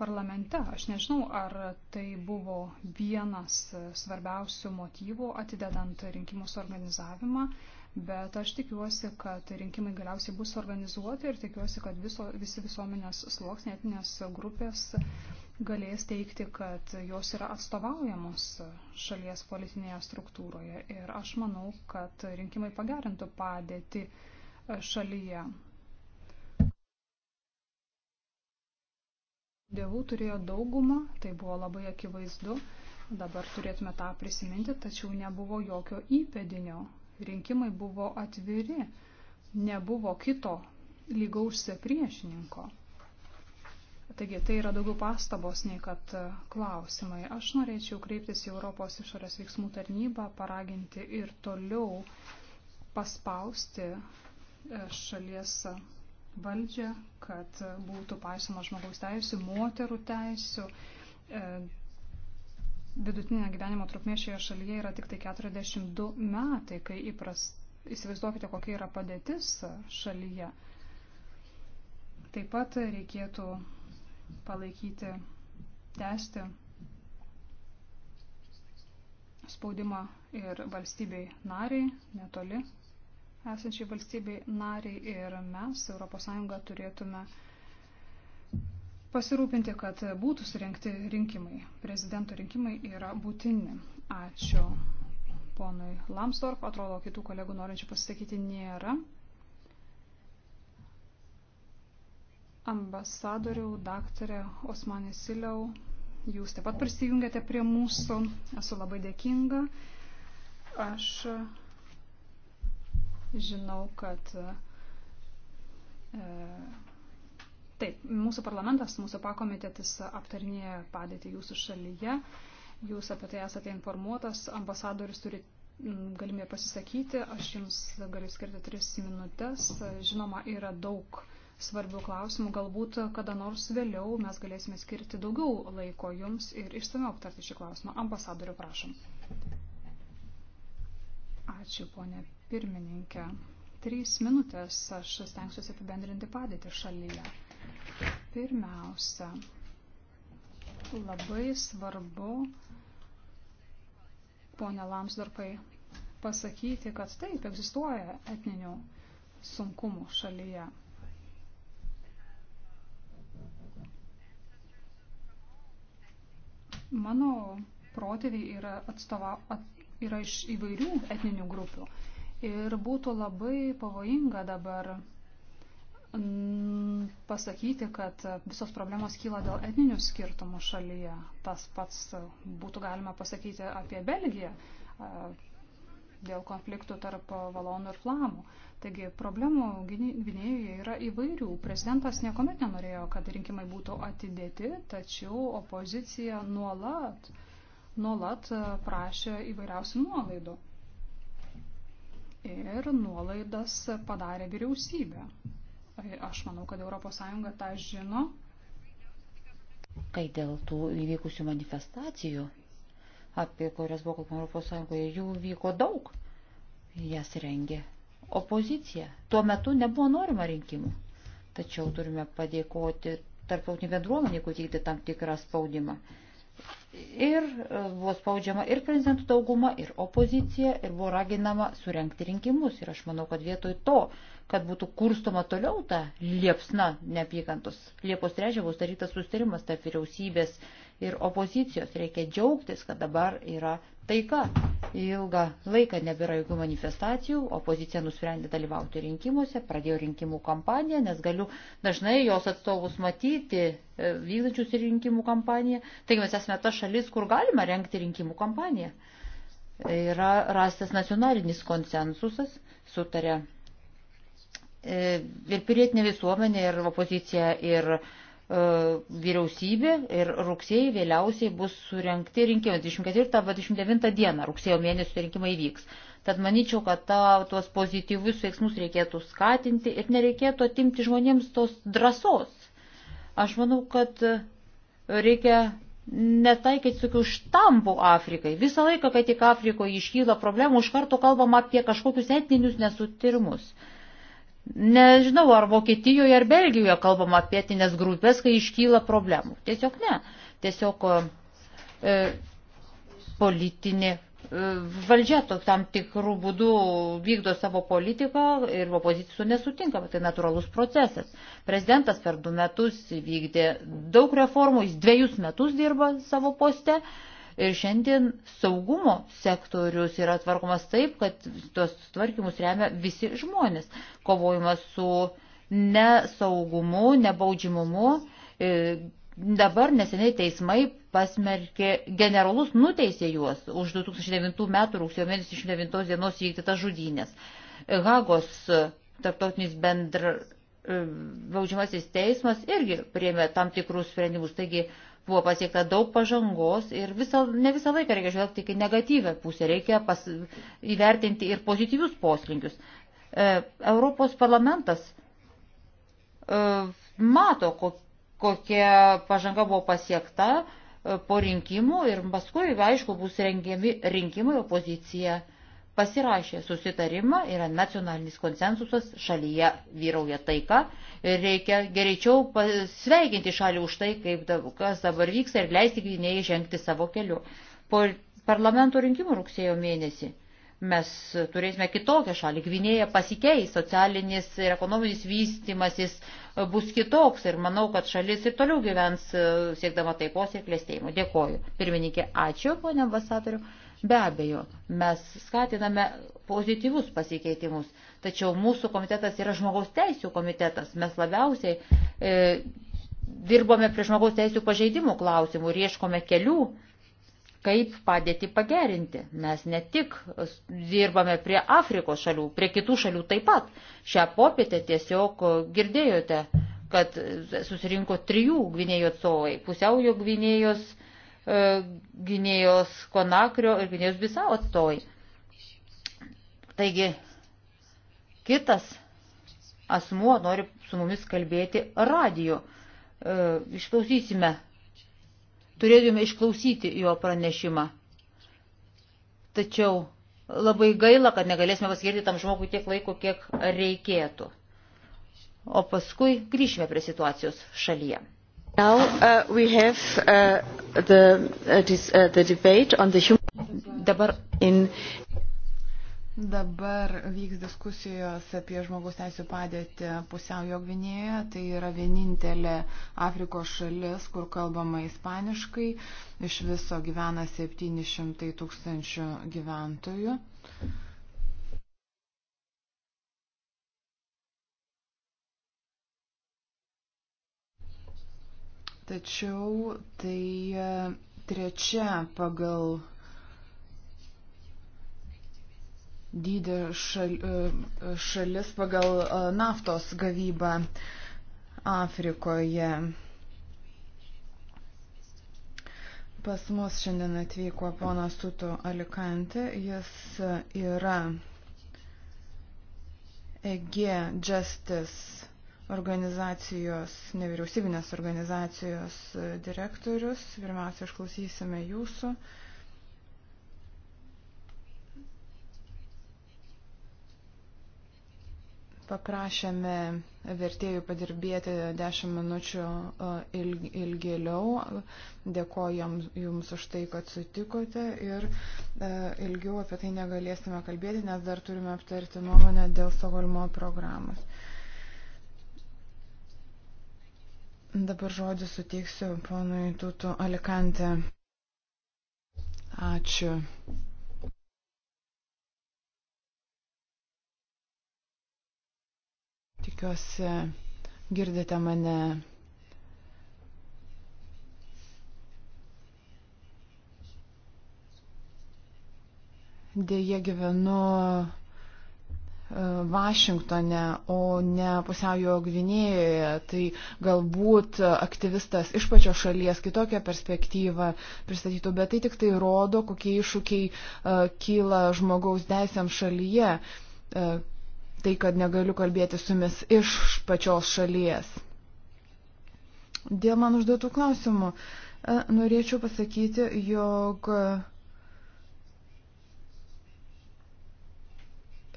parlamente. Aš nežinau, ar tai buvo vienas svarbiausių motyvų atidedant rinkimus organizavimą, bet aš tikiuosi, kad rinkimai galiausiai bus organizuoti ir tikiuosi, kad viso, visi visuomenės sluoksniai, etinės grupės galės teikti, kad jos yra atstovaujamos šalies politinėje struktūroje. Ir aš manau, kad rinkimai pagerintų padėti šalyje. Dievų turėjo daugumą, tai buvo labai akivaizdu, dabar turėtume tą prisiminti, tačiau nebuvo jokio įpėdinio. Rinkimai buvo atviri, nebuvo kito lygausio priešininko. Taigi tai yra daugiau pastabos nei kad e, klausimai. Aš norėčiau kreiptis į Europos išorės veiksmų tarnybą, paraginti ir toliau paspausti e, šalies valdžią, kad būtų paisoma žmogaus teisų, moterų teisų. E, vidutinė gyvenimo trukmė šioje šalyje yra tik tai 42 metai, kai įpras, įsivaizduokite, kokia yra padėtis šalyje. Taip pat reikėtų palaikyti, tęsti spaudimą ir valstybei nariai netoli esančiai valstybei nariai ir mes, ES, turėtume pasirūpinti, kad būtų surinkti rinkimai. Prezidento rinkimai yra būtini. Ačiū ponui Lamsdorf. Atrodo, kitų kolegų norinčių pasisakyti nėra. Ambasadoriau, daktarė Osmanė Siliau, jūs taip pat prisijungiate prie mūsų. Esu labai dėkinga. Aš Žinau, kad e, Taip, mūsų parlamentas, mūsų pakomitėtis aptarinėja padėtį jūsų šalyje. Jūs apie tai esate informuotas, ambasadorius turi galimybę pasisakyti, aš jums galiu skirti tris minutės. Žinoma, yra daug svarbių klausimų, galbūt kada nors vėliau mes galėsime skirti daugiau laiko jums ir išsameu aptarti šį klausimą. Ambasadoriu, prašom. Ačiū, ponė pirmininkė. Trys minutės aš stengsiuosi apibendrinti padėtį šalyje. Pirmiausia, labai svarbu, ponia Lamsdorpai, pasakyti, kad taip egzistuoja etninių sunkumų šalyje. Mano protėviai yra, atstova, at, yra iš įvairių etninių grupių. Ir būtų labai pavojinga dabar mm, pasakyti, kad visos problemos kyla dėl etninių skirtumų šalyje. Tas pats būtų galima pasakyti apie Belgiją dėl konfliktų tarp valonų ir flamų. Taigi problemų Gvinėjoje yra įvairių. Prezidentas niekuomet nenorėjo, kad rinkimai būtų atidėti, tačiau opozicija nuolat, nuolat prašė įvairiausių nuolaidų ir nuolaidas padarė vyriausybė. Aš manau, kad ES tą žino. Kai dėl tų įvykusių manifestacijų, apie kurias buvo kalbama ES, jų vyko daug, jas rengė opozicija. Tuo metu nebuvo norima rinkimų. Tačiau turime padėkoti tarptautinį bendruomenį, kur vykdė tam tikrą spaudimą. Ir e, buvo spaudžiama ir prezidentų dauguma, ir opozicija, ir buvo raginama surenkti rinkimus. Ir aš manau, kad vietoj to, kad būtų kurstoma toliau ta liepsna neapykantos, Liepos 3 bus darytas sustarimas tarp vyriausybės ir opozicijos. Reikia džiaugtis, kad dabar yra taika. Ilgą laiką nebėra jokių manifestacijų, opozicija nusprendė dalyvauti rinkimuose, pradėjo rinkimų kampaniją, nes galiu dažnai jos atstovus matyti e, vykdančius rinkimų kampaniją. Taigi mes esame ta šalis, kur galima renkti rinkimų kampaniją. Yra rastas nacionalinis konsensusas, sutarė e, ir pilietinė visuomenė, ir opozicija, ir E, vyriausybė ir rugsėjai vėliausiai bus surenkti rinkimai. 24 tai arba 29 dieną rugsėjo mėnesio rinkimai vyks. Tad manyčiau, kad ta, tuos pozityvius veiksmus reikėtų skatinti ir nereikėtų atimti žmonėms tos drąsos. Aš manau, kad reikia netaikyti tokių štampų Afrikai. Visą laiką, kai tik Afrikoje iškyla problemų, iš karto kalbam apie kažkokius etninius nesutirimus. Uh, Nežinau, ar Vokietijoje ar Belgijoje kalbama apie etinės grupės, kai iškyla problemų. Tiesiog ne. Tiesiog e, e politinė e, valdžia to, tam tikrų būdų vykdo savo politiką ir opozicijų nesutinka, tai natūralus procesas. Prezidentas per du metus vykdė daug reformų, jis dviejus metus dirba savo poste. E, Ir šiandien saugumo sektorius yra tvarkomas taip, kad tuos tvarkymus remia visi žmonės. Kovojimas su nesaugumu, nebaudžimumu. E, dabar neseniai teismai pasmerkė generalus, nuteisė juos už 2009 metų rugsėjo mėnesį 9 dienos įvykdytas žudynės. Hagos tarptautinis bendra e, baudžiamasis teismas irgi priemė tam tikrus sprendimus. Taigi Buvo pasiekta daug pažangos ir visą, ne visą laiką reikia žvelgti tik į negatyvę pusę, reikia pas, įvertinti ir pozityvius poslinkius. E, Europos parlamentas e, mato, ko, kokia pažanga buvo pasiekta e, po rinkimų ir paskui, aišku, bus rengiami rinkimai opozicija. E, pasirašė susitarimą, yra nacionalinis konsensusas, šalyje vyrauja taika ir reikia greičiau sveikinti šalį už tai, kaip, kas dabar vyksta ir leisti gynėjai žengti savo keliu. Po parlamento rinkimų rugsėjo mėnesį mes turėsime kitokią šalį. Gvinėja pasikeis, socialinis ir ekonominis vystimasis bus kitoks ir manau, kad šalis ir toliau gyvens siekdama taikos ir klėstėjimo. Dėkoju. Pirmininkė, ačiū, ponė ambasadoriu. Be abejo, mes skatiname pozityvus pasikeitimus, tačiau mūsų komitetas yra žmogaus teisų komitetas. Mes labiausiai e, dirbome prie žmogaus teisų pažeidimų klausimų ir ieškome kelių, kaip padėti pagerinti. Mes ne tik dirbame prie Afrikos šalių, prie kitų šalių taip pat. Šią popietę tiesiog girdėjote, kad susirinko trijų gvinėjų atstovai - pusiaujo gvinėjos, E, Gynėjos Konakrio ir Gynėjos Bisau atstovai. Taigi, kitas asmuo nori su mumis kalbėti radiju. E, išklausysime, turėtume išklausyti jo pranešimą. Tačiau labai gaila, kad negalėsime paskirti tam žmogui tiek laiko, kiek reikėtų. O paskui grįšime prie situacijos šalyje. Now uh, we have uh, the, uh, this, uh, the debate on the human dabar in Dabar vyks diskusijos apie žmogaus teisų padėtį pusiaujo Gvinėje. Tai yra vienintelė Afrikos šalis, kur kalbama ispaniškai. Iš viso gyvena 700 tūkstančių gyventojų. Tačiau tai e, trečia pagal dydį šal, e, šalis pagal e, naftos gavybą Afrikoje. Pas mus šiandien atvyko ponas Tuto Alikantė. Jis yra EG Justice organizacijos, nevyriausybinės organizacijos direktorius. Pirmiausia, išklausysime jūsų. Paprašėme vertėjų padirbėti 10 minučių e, ilgėliau. Dėkoju Jums už tai, kad sutikote ir e, ilgiau apie tai negalėsime kalbėti, nes dar turime aptarti nuomonę dėl Stokholmo programos. Dabar žodį suteiksiu ponui Tutu Alikantė. Ačiū. Tikiuosi, girdite mane. Dėje gyvenu Vašingtone, o ne pusiaujo Gvinėjoje, tai galbūt aktyvistas iš pačios šalies kitokią perspektyvą pristatytų, bet tai tik tai rodo, kokie iššūkiai uh, kyla žmogaus teisėm šalyje. Uh, tai, kad negaliu kalbėti su jumis iš pačios šalies. Dėl man užduotų klausimų e, norėčiau pasakyti, jog uh,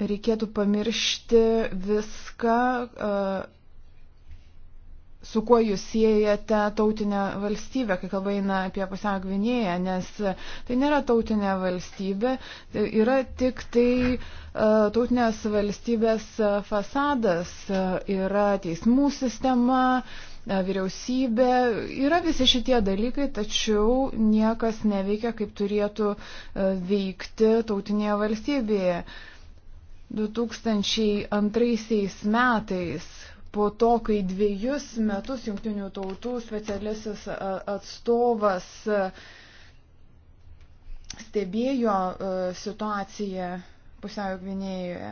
reikėtų pamiršti viską, su kuo jūs siejate tautinę valstybę, kai kalba eina apie pusiau Gvinėją, nes tai nėra tautinė valstybė, tai yra tik tai tautinės valstybės fasadas, yra teismų sistema, vyriausybė, yra visi šitie dalykai, tačiau niekas neveikia, kaip turėtų veikti tautinėje valstybėje. 2002 metais, po to, kai dviejus metus jungtinių tautų specialisis e, atstovas e, stebėjo e, situaciją pusiau Gvinėjoje.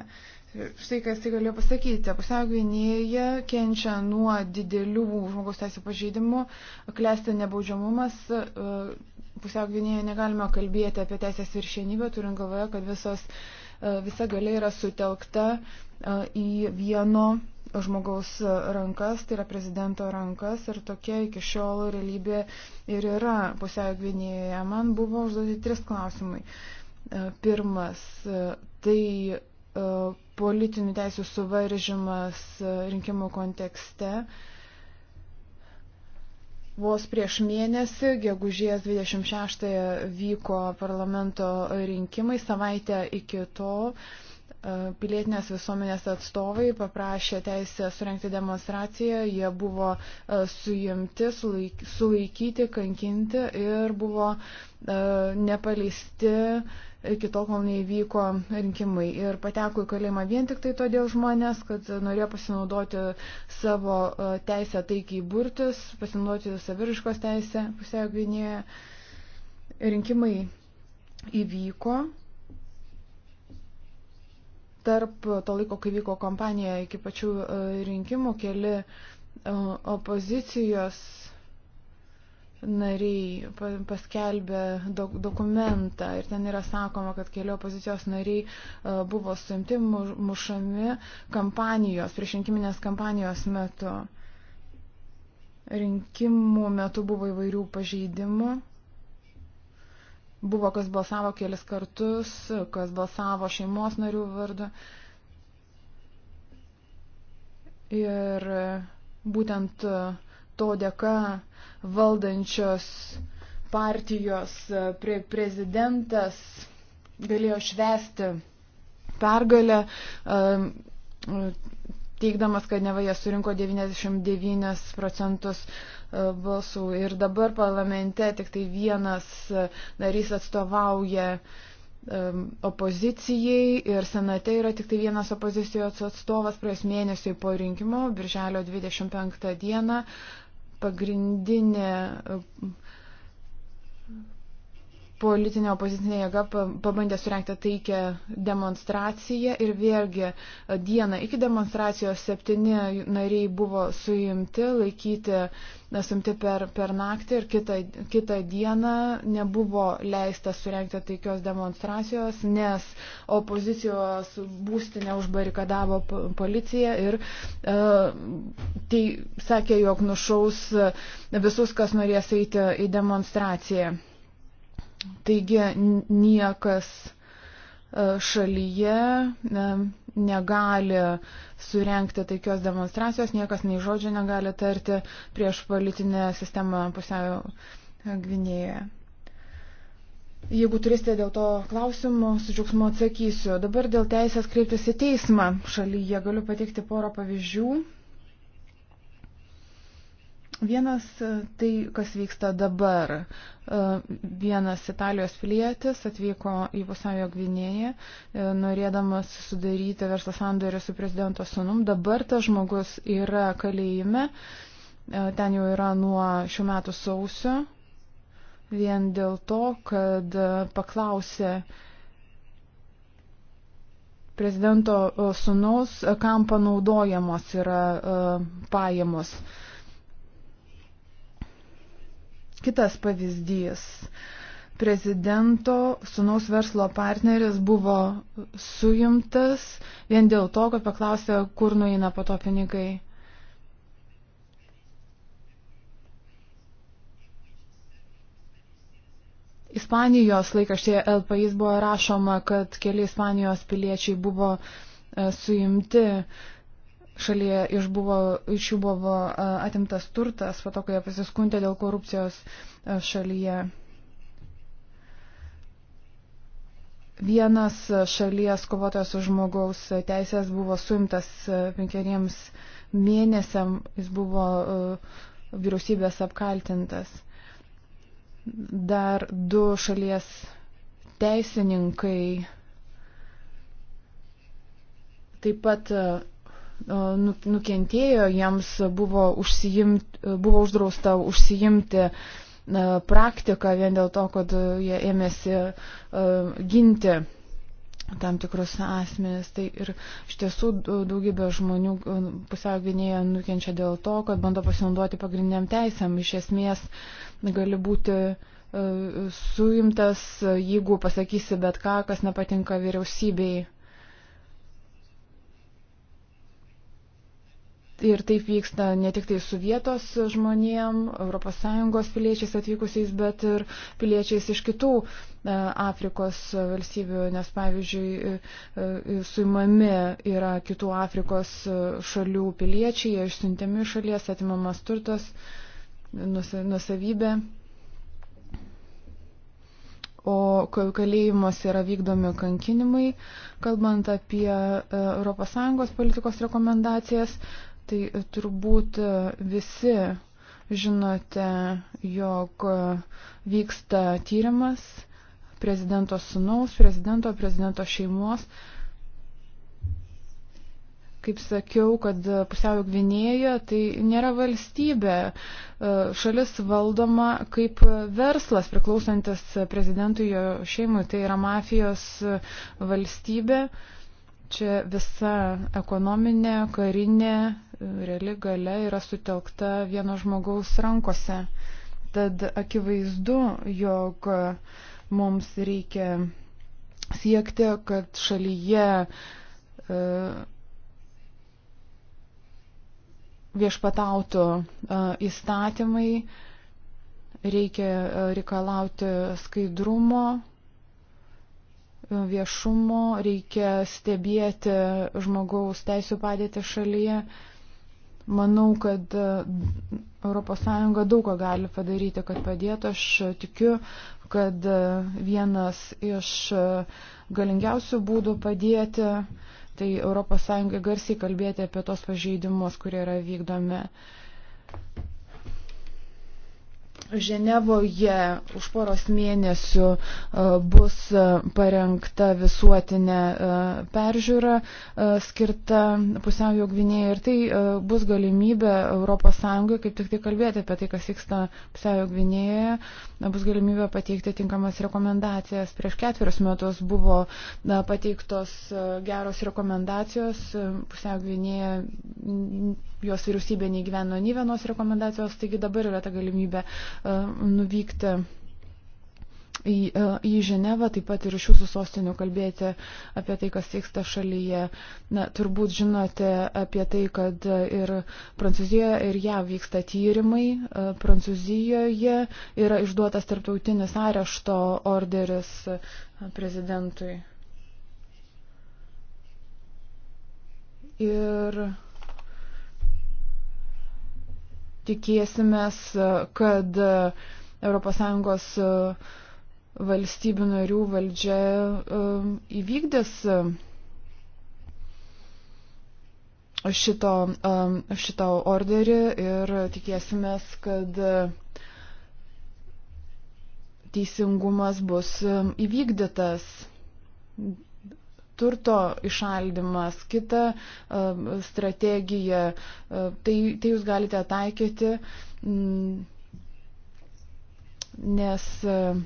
Štai kas tai galiu pasakyti. Pusiau Gvinėje kenčia nuo didelių žmogaus teisų pažeidimų, klesti nebaudžiamumas. Pusiau Gvinėje negalime kalbėti apie teisės viršienybę, turint galvoje, kad visos uh, E, visa galia yra sutelkta e, į vieno žmogaus rankas, tai yra prezidento rankas ir tokia iki šiol realybė ir yra pusiau Gvinėje. Man buvo užduoti tris klausimai. E, pirmas, tai politinių teisų suvaržymas rinkimų kontekste. Uh, Vos prieš mėnesį, gegužės 26-ąją vyko parlamento rinkimai, savaitę iki to E, pilietinės visuomenės atstovai paprašė teisę surenkti demonstraciją, jie buvo e, suimti, sulaikyti, kankinti ir buvo e, nepaleisti iki tol, kol neįvyko rinkimai. Ir pateko į kalėjimą vien tik tai todėl žmonės, kad norėjo pasinaudoti savo teisę taikiai burtis, pasinaudoti saviriškos teisę pusėje gvinėje. Rinkimai įvyko tarp to laiko, kai vyko kompanija iki pačių e, rinkimų, keli e, opozicijos nariai paskelbė dok dokumentą ir ten yra sakoma, kad keli opozicijos nariai e, buvo suimti, mušami kampanijos, priešrinkiminės kampanijos metu. Rinkimų metu buvo įvairių pažeidimų Buvo, kas balsavo kelis kartus, kas balsavo šeimos narių vardu. Ir būtent to dėka valdančios partijos pre prezidentas galėjo švesti pergalę. Um, teikdamas, kad neva jie surinko 99 procentus e, balsų ir dabar parlamente tik tai vienas e, narys atstovauja e, opozicijai ir senate yra tik tai vienas opozicijos atstovas praėjus mėnesiui po rinkimo, birželio 25 dieną, pagrindinė politinė opozicinė jėga pabandė surenkti taikę demonstraciją ir vėlgi e, dieną iki demonstracijos septyni nariai buvo suimti, laikyti suimti per, per naktį ir kitą, kitą dieną nebuvo leista surenkti taikios demonstracijos, nes opozicijos būstinę užbarikadavo policija ir e, tai sakė, jog nušaus visus, kas norės eiti į demonstraciją. Taigi niekas e, šalyje e, negali surenkti taikios demonstracijos, niekas nei žodžio negali tarti prieš politinę sistemą pusiau Gvinėje. Jeigu turėsite dėl to klausimų, su džiugsmu atsakysiu. Dabar dėl teisės kreiptis į teismą šalyje galiu pateikti porą pavyzdžių. Vienas e, tai, kas vyksta dabar. E, vienas Italijos pilietis atvyko į Pusiaujo Gvinėją, e, norėdamas sudaryti verslo sandorį su prezidento sunum. Dabar tas žmogus yra kalėjime, ten jau yra nuo šių metų sausio, vien dėl to, kad paklausė prezidento sunaus, kam panaudojamos yra pajamos. Uh, Kitas pavyzdys. Prezidento sunaus verslo partneris buvo suimtas vien dėl to, kad paklausė, kur nueina po to pinigai. Ispanijos laikraštėje El Pais buvo rašoma, kad keli Ispanijos piliečiai buvo e, suimti šalyje iš, buvo, iš jų buvo atimtas turtas, po to, kai jie pasiskundė dėl korupcijos šalyje. Vienas šalies kovotojas už žmogaus teisės buvo suimtas penkeriems mėnesiam, jis buvo vyriausybės apkaltintas. Dar du šalies teisininkai taip pat Nu, nukentėjo, jiems buvo, užsijimt, buvo uždrausta užsijimti e, praktiką vien dėl to, kad jie ėmėsi e, ginti tam tikrus asmenis. Tai ir iš tiesų daugybė žmonių e, pusiau gynėje nukenčia dėl to, kad bando pasinaudoti pagrindiniam teisėm. Iš esmės gali būti suimtas, jeigu pasakysi bet ką, kas nepatinka vyriausybei Ir taip vyksta ne tik tai su vietos žmonėm, ES piliečiais atvykusiais, bet ir piliečiais iš kitų e, Afrikos valstybių, nes pavyzdžiui, e, e, suimami yra kitų Afrikos šalių piliečiai, jie išsiuntėmi šalies, atimamas turtas, nusavybė. O kalėjimuose yra vykdomi kankinimai, kalbant apie ES politikos rekomendacijas, tai turbūt visi žinote, jog vyksta tyrimas prezidento sunaus, prezidento, prezidento šeimos. Kaip sakiau, kad pusiaujo gvinėja tai nėra valstybė, šalis valdoma kaip verslas priklausantis prezidentui jo šeimui, tai yra mafijos valstybė. Uh, Čia visa ekonominė, karinė, reali gale yra sutelkta vieno žmogaus rankose. Tad akivaizdu, jog mums reikia siekti, kad šalyje e, viešpatautų e, įstatymai, reikia e, reikalauti skaidrumo, viešumo, reikia stebėti žmogaus teisų padėtį šalyje. Manau, kad ES daug ko gali padaryti, kad padėtų. Aš tikiu, kad e, vienas iš e, galingiausių būdų padėti, tai ES garsiai kalbėti apie tos pažeidimus, kurie yra vykdomi. Ženevoje už poros mėnesių e, bus e, parengta visuotinė e, peržiūra skirta pusiaujo gvinėjai ir tai bus galimybė ES, kaip tik tai kalbėti apie tai, kas vyksta pusiaujo gvinėje, bus galimybė pateikti tinkamas rekomendacijas. Prieš ketverius metus buvo pateiktos geros rekomendacijos, pusiaujo gvinėje jos vyriausybė neįgyveno nei vienos rekomendacijos, taigi dabar yra ta galimybė e, nuvykti į, e, į Ženevą, taip pat ir iš jūsų sostinių kalbėti apie tai, kas vyksta šalyje. Na, turbūt žinote apie tai, kad ir Prancūzijoje, ir ją vyksta tyrimai. E, Prancūzijoje yra išduotas tarptautinis arešto orderis prezidentui. Ir tikėsimės, kad ES e, valstybių narių valdžia e, įvykdys e, šito, šito orderį ir tikėsimės, kad teisingumas bus įvykdytas turto išaldimas, kita um, strategija. Um, tai, tai jūs galite taikyti, mm, nes um,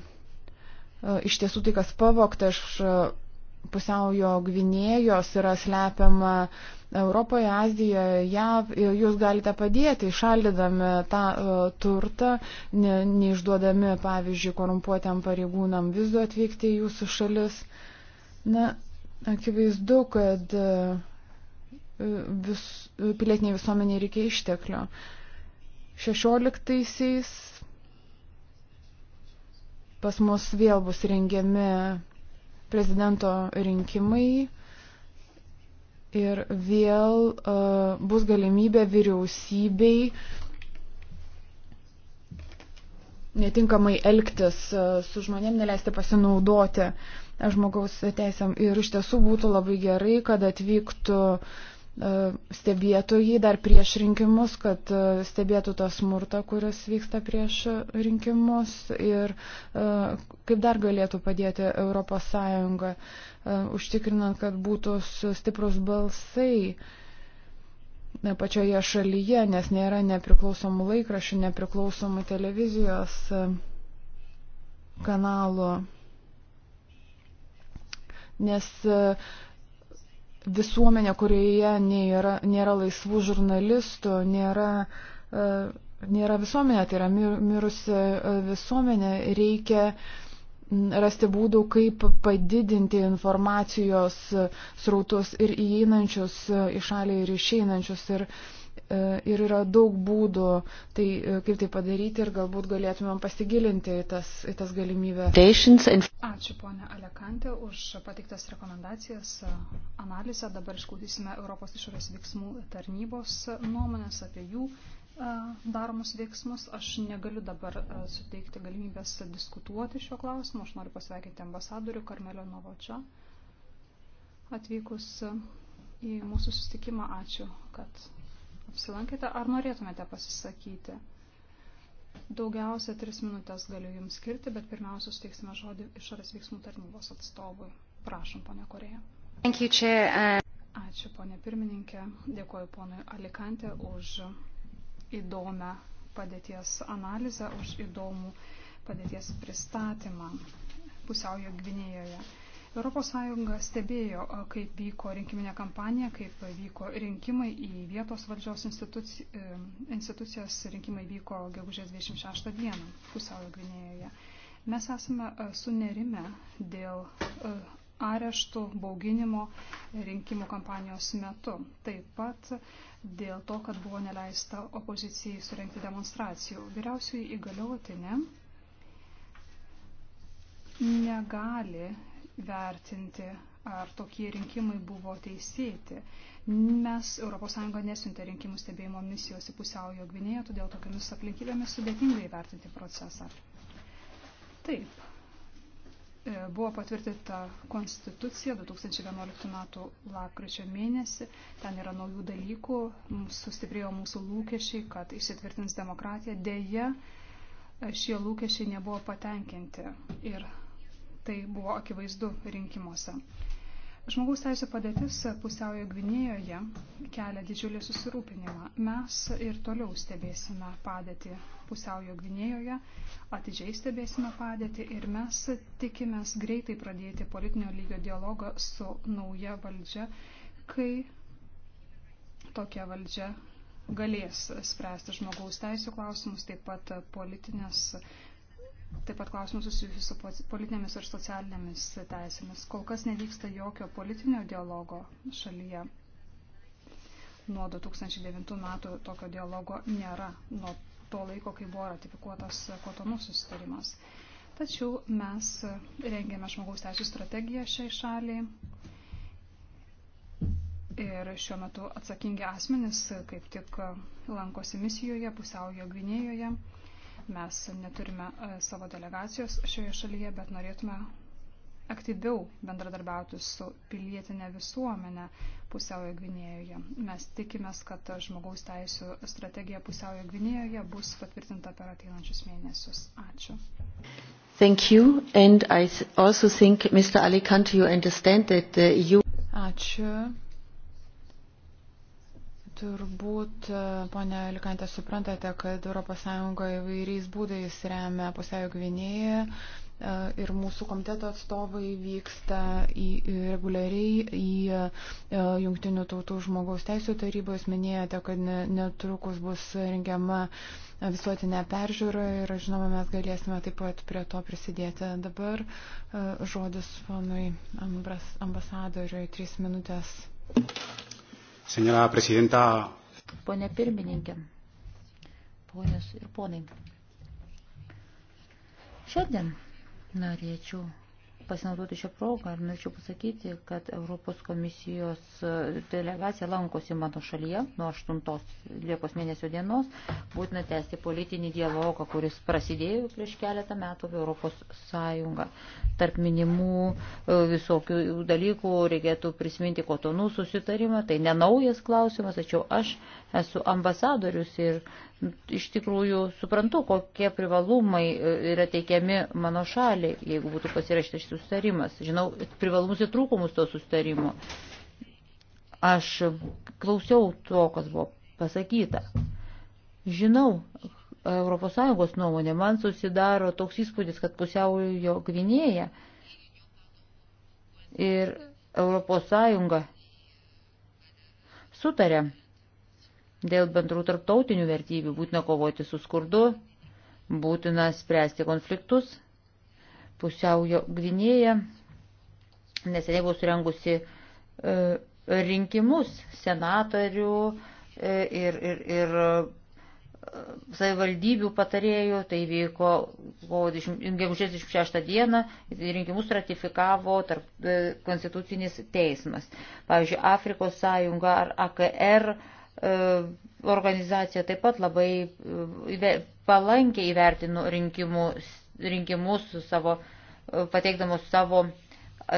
uh, iš tiesų tai, kas pavokta iš uh, pusiaujo gvinėjos yra slepiama Europoje, Azijoje, JAV ir jūs galite padėti išaldydami tą uh, turtą, ne, neišduodami, pavyzdžiui, korumpuotėm pareigūnam vizų atvykti į jūsų šalis. Na, Akivaizdu, kad e, vis, pilietiniai visuomeniai reikia išteklio. 16-aisiais pas mus vėl bus rengiami prezidento rinkimai ir vėl uh, bus galimybė vyriausybei netinkamai elgtis uh, su žmonėm, neleisti pasinaudoti uh, žmogaus teisėm. Ir iš tiesų būtų labai gerai, kad atvyktų e, stebėtojai dar prieš rinkimus, kad e, stebėtų tą smurtą, kuris vyksta prieš rinkimus ir e, kaip dar galėtų padėti ES, užtikrinant, kad būtų stiprus balsai pačioje šalyje, nes nėra nepriklausomų laikrašių, nepriklausomų televizijos kanalų nes e, visuomenė, kurioje nėra, nėra laisvų žurnalistų, nėra, e, nėra visuomenė, tai yra mirusi e, visuomenė, reikia rasti būdų, kaip padidinti informacijos srautus ir įeinančius į šalį ir išeinančius. Ir, uh, E, ir yra daug būdų, tai e, kaip tai padaryti ir galbūt galėtumėm pasigilinti į tas, į tas galimybės. Ačiū ponė Alekantė už pateiktas rekomendacijas, e, analizę. Dabar išklausysime Europos išorės veiksmų tarnybos nuomonės apie jų daromus veiksmus. Aš negaliu dabar suteikti galimybės diskutuoti šio klausimu. Aš noriu pasveikinti ambasadorių Karmelio Novočio atvykus į mūsų sustikimą. Ačiū, kad apsilankėte. Ar norėtumėte pasisakyti? Daugiausia tris minutės galiu jums skirti, bet pirmiausia, suteiksime žodį išorės veiksmų tarnybos atstovui. Prašom, ponia Korėja. Uh, Ačiū, ponia pirmininkė. Dėkuoju ponui Alikantė už įdomią padėties analizę, už įdomų padėties pristatymą pusiaujo Gvinėjoje. ES stebėjo, kaip vyko rinkiminė kampanija, kaip vyko rinkimai į vietos valdžios instituci... E, institucijas. Rinkimai vyko gegužės 26 dieną pusiaujo Gvinėjoje. Mes esame sunerime dėl areštų, bauginimo rinkimų kampanijos metu. Taip pat dėl to, kad buvo neleista opozicijai surenkti demonstracijų. Vyriausiai įgaliotinė negali vertinti, ar tokie rinkimai buvo teisėti. Mes ES nesiuntė rinkimų stebėjimo misijos į pusiaujo Gvinėje, todėl tokiamis aplinkybėmis sudėtingai vertinti procesą. Taip, e, buvo patvirtinta konstitucija 2011 m. lapkričio mėnesį. Ten yra naujų dalykų, sustiprėjo mūsų lūkesčiai, kad įsitvirtins demokratija. Deja, šie lūkesčiai nebuvo patenkinti ir Tai buvo akivaizdu rinkimuose. Žmogaus teisų padėtis pusiaujo Gvinėjoje kelia didžiulį susirūpinimą. Mes ir toliau stebėsime padėtį pusiaujo Gvinėjoje, atidžiai stebėsime padėtį ir mes tikimės greitai pradėti politinio lygio dialogą su nauja valdžia, kai tokia valdžia galės spręsti žmogaus teisų klausimus, taip pat politinės Taip pat klausimus susijusius su politinėmis ir socialinėmis teisėmis. Kol kas nevyksta jokio politinio dialogo šalyje. Nuo 2009 metų tokio dialogo nėra, nuo to laiko, kai buvo ratifikuotas kotonų susitarimas. Tačiau mes rengėme žmogaus teisų strategiją šiai šaliai. Ir šiuo metu atsakingi asmenys kaip tik lankosi misijoje, pusiaujo Gvinėjoje Mes neturime e, savo delegacijos šioje šalyje, bet norėtume aktyviau bendradarbiauti su pilietinė visuomenė pusiaujo Gvinėjoje. Mes tikimės, kad žmogaus teisų strategija pusiaujo Gvinėjoje bus patvirtinta per ateinančius mėnesius. Ačiū. Thank you. And I also think, Mr. Alicante, you understand that the uh, EU. Ačiū. Turbūt, e, ponia Likantė, suprantate, kad ES įvairiais būdais remia pusiau gvinėje e, ir mūsų komiteto atstovai vyksta į, reguliariai į e, Junktinių tautų žmogaus teisų tarybos. Minėjote, kad netrukus bus rengiama visuotinė peržiūra ir, žinoma, mes galėsime taip pat prie to prisidėti. Dabar žodis ponui ambasadoriui, trys minutės. Thank you. Senora prezidenta. Pone pirmininkė, ponios ir ponai. Šiandien norėčiau pasinaudoti šią progą ir norėčiau pasakyti, kad Europos komisijos e, delegacija lankosi mano šalyje nuo 8 Liepos mėnesio dienos. Būtina tęsti politinį dialogą, kuris prasidėjo prieš keletą metų Europos Sąjungą. Tarp minimų e, visokių dalykų reikėtų prisiminti kotonų susitarimą. Tai nenaujas klausimas, tačiau aš esu ambasadorius ir iš tikrųjų suprantu, kokie privalumai e, yra teikiami mano šaliai, jeigu būtų pasirašytas šis sustarimas. Žinau privalumus ir trūkumus to sustarimo. Aš klausiau to, kas buvo pasakyta. Žinau, ES nuomonė, man susidaro toks įspūdis, kad pusiaujo Gvinėja ir ES sutarė Dėl bendrų tarptautinių vertybių būtina kovoti su skurdu, būtina spręsti konfliktus. Pusiaujo Gvinėja neseniai buvo surengusi e, rinkimus senatorių e, ir, ir, ir e, savivaldybių patarėjų, tai vyko gegužės 26 dieną, rinkimus ratifikavo tarp, e, konstitucinis teismas. Pavyzdžiui, Afrikos sąjunga ar AKR e, E, organizacija taip pat labai e, palankiai įvertino rinkimų, rinkimus savo, e, pateikdamos savo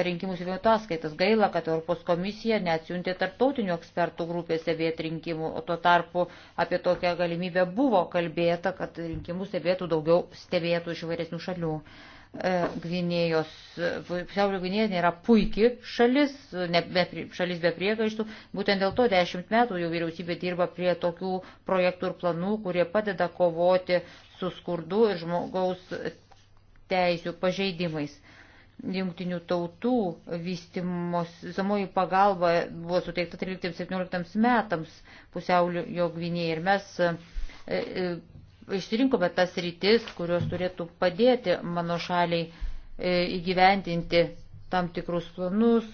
rinkimus ir ataskaitas. Gaila, kad Europos komisija neatsiuntė tarptautinių ekspertų grupės stebėti rinkimų, o tuo tarpu apie tokią galimybę buvo kalbėta, kad rinkimus stebėtų daugiau stebėtų iš įvairesnių šalių. Uh, E, Gvinėjos, e, Šiaurė Gvinėja nėra puikia šalis, ne, be, šalis be priekaištų. Būtent dėl to dešimt metų jau vyriausybė dirba prie tokių projektų ir planų, kurie padeda kovoti su skurdu ir žmogaus teisių pažeidimais. Jungtinių tautų vystimos samoji pagalba buvo suteikta 13-17 metams pusiaulio Gvinėjai ir mes e, išsirinkome tas rytis, kurios turėtų padėti mano šaliai e, įgyvendinti tam tikrus planus,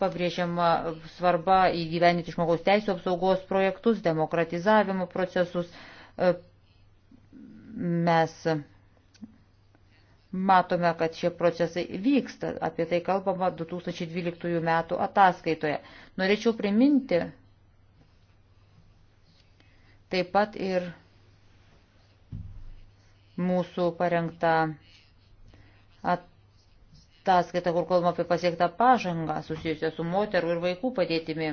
pabrėžiama svarba įgyvendinti žmogaus teisų apsaugos projektus, demokratizavimo procesus. E, mes matome, kad šie procesai vyksta, apie tai kalbama 2012 metų ataskaitoje. Norėčiau priminti taip pat ir mūsų parengta ataskaita, kur kalbama apie pasiektą pažangą susijusią su moterų ir vaikų padėtimi.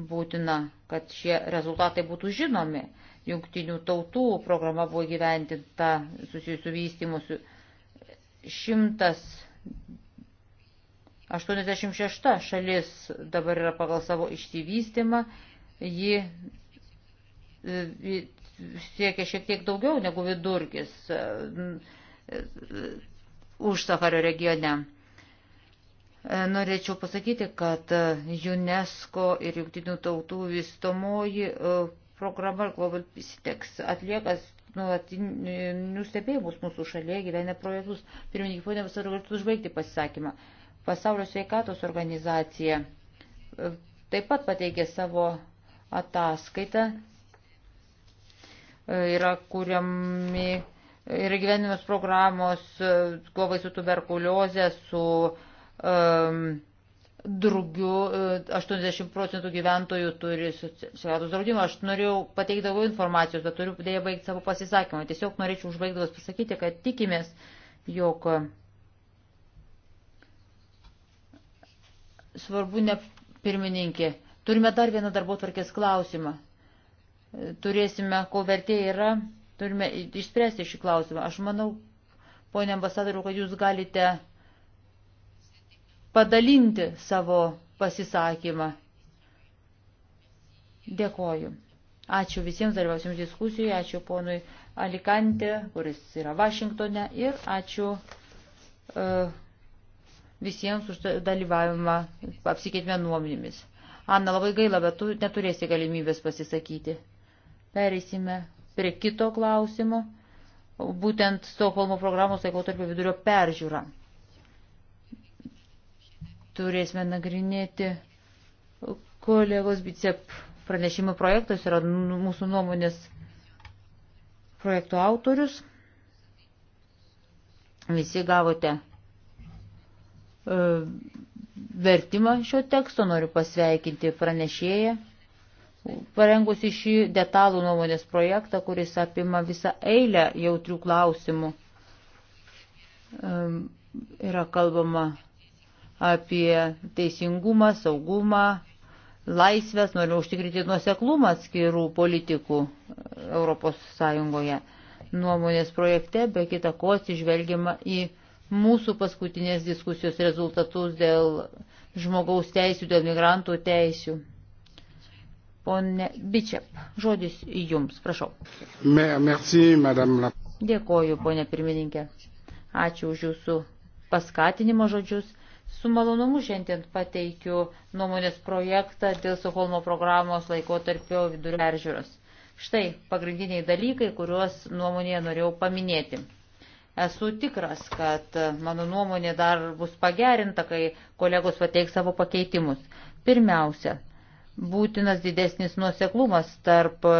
Būtina, kad šie rezultatai būtų žinomi. Jungtinių tautų programa buvo gyventinta susijusiu vystimusiu 186 šalis dabar yra pagal savo išsivystimą. Ji siekia šiek tiek daugiau negu vidurkis e, e, už Sahario regione. E, norėčiau pasakyti, kad UNESCO ir Junktinių tautų vystomoji programa Global Pistex atlieka nuolatinius stebėjimus mūsų šalyje, gyvena projektus. Pirmininkai, ponė, visą galėtų užbaigti pasisakymą. Pasaulio sveikatos organizacija taip pat pateikė savo ataskaitą E, yra kūriami ir gyvenimas programos e, kovai su tuberkuliozė, su um, drugiu, 80 e, procentų gyventojų turi sveikatos draudimą. Aš norėjau pateikti daugiau informacijos, bet turiu dėja baigti savo pasisakymą. Tiesiog norėčiau užbaigdamas pasakyti, kad tikimės, jog svarbu ne pirmininkė. Turime dar vieną darbo tvarkės klausimą turėsime, ko vertė yra, turime išspręsti šį klausimą. Aš manau, ponė ambasadoriu, kad jūs galite padalinti savo pasisakymą. Dėkoju. Ačiū visiems dalyvausiems diskusijoje, ačiū ponui Alikantė, kuris yra Vašingtone ir ačiū uh, visiems už dalyvavimą, apsikeitime nuomonėmis. Anna, labai gaila, bet tu neturėsi galimybės pasisakyti. Pereisime prie kito klausimo, būtent Stokholmo programos laikotarpio vidurio peržiūra. Turėsime nagrinėti kolegos bicep pranešimo projektas, yra nu, mūsų nuomonės projektų autorius. Visi gavote e, vertimą šio teksto, noriu pasveikinti pranešėją parengusi šį detalų nuomonės projektą, kuris apima visą eilę jautrių klausimų. Yra kalbama apie teisingumą, saugumą, laisvės, noriu užtikrinti nuoseklumą atskirų politikų ES. Nuomonės projekte be kita ko atsižvelgiama į mūsų paskutinės diskusijos rezultatus dėl žmogaus teisių, dėl migrantų teisių. Pone Bičiap, žodis jums, prašau. Merci, madame. Dėkoju, ponė pirmininkė. Ačiū už jūsų paskatinimo žodžius. Su malonumu šiandien pateikiu nuomonės projektą dėl Suholmo programos laikotarpio vidurio peržiūros. Štai pagrindiniai dalykai, kuriuos nuomonėje norėjau paminėti. Esu tikras, kad mano nuomonė dar bus pagerinta, kai kolegos pateiks savo pakeitimus. Pirmiausia, būtinas didesnis nuoseklumas tarp e,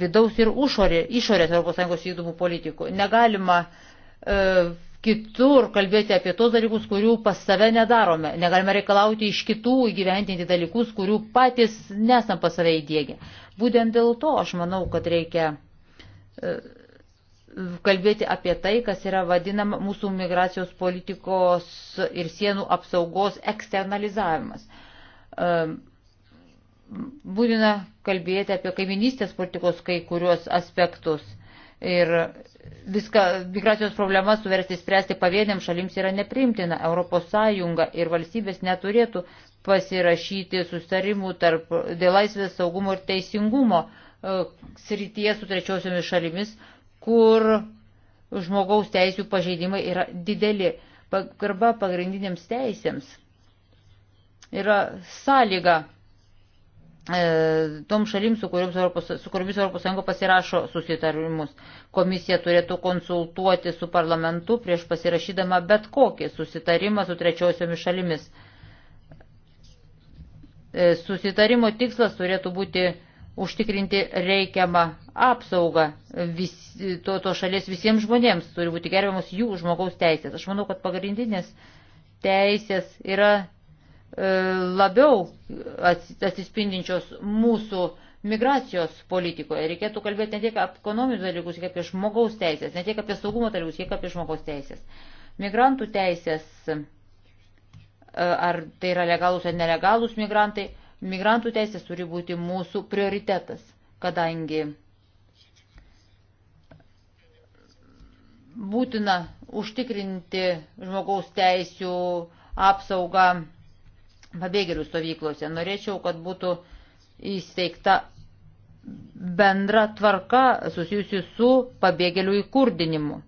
vidaus ir užorė, išorės ES vykdomų politikų. Negalima e, kitur kalbėti apie tos dalykus, kurių pas save nedarome. Negalime reikalauti iš kitų įgyventinti dalykus, kurių patys nesam pas save įdėgę. Būtent dėl to aš manau, kad reikia e, kalbėti apie tai, kas yra vadinama mūsų migracijos politikos ir sienų apsaugos eksternalizavimas. E, Um, būtina kalbėti apie kaiminystės politikos kai kuriuos aspektus. Ir viską, migracijos problemas suversti spręsti pavieniam šalims yra neprimtina. ES ir valstybės neturėtų pasirašyti sustarimų tarp dėl laisvės saugumo ir teisingumo uh, srityje su trečiosiomis šalimis, kur žmogaus teisų pažeidimai yra dideli. Pagarba pagrindiniams teisėms yra sąlyga e, tom šalims, su kuriomis Europos, su kuriomis Europos Sąjunga pasirašo susitarimus. Komisija turėtų konsultuoti su parlamentu prieš pasirašydama bet kokį susitarimą su trečiosiomis šalimis. E, susitarimo tikslas turėtų būti užtikrinti reikiamą apsaugą vis, to, to šalies visiems žmonėms, turi būti gerbiamos jų žmogaus teisės. Aš manau, kad pagrindinės teisės yra E, labiau atsispindinčios mūsų migracijos politikoje. Reikėtų kalbėti ne tiek apie ekonominius dalykus, kiek apie žmogaus teisės, ne tiek apie saugumo dalykus, kiek apie žmogaus teisės. Migrantų teisės, e, ar tai yra legalūs ar nelegalūs migrantai, migrantų teisės turi būti mūsų prioritetas, kadangi būtina užtikrinti žmogaus teisių apsaugą pabėgėlių stovyklose. Norėčiau, kad būtų įsteigta bendra tvarka susijusi su pabėgėlių įkurdinimu.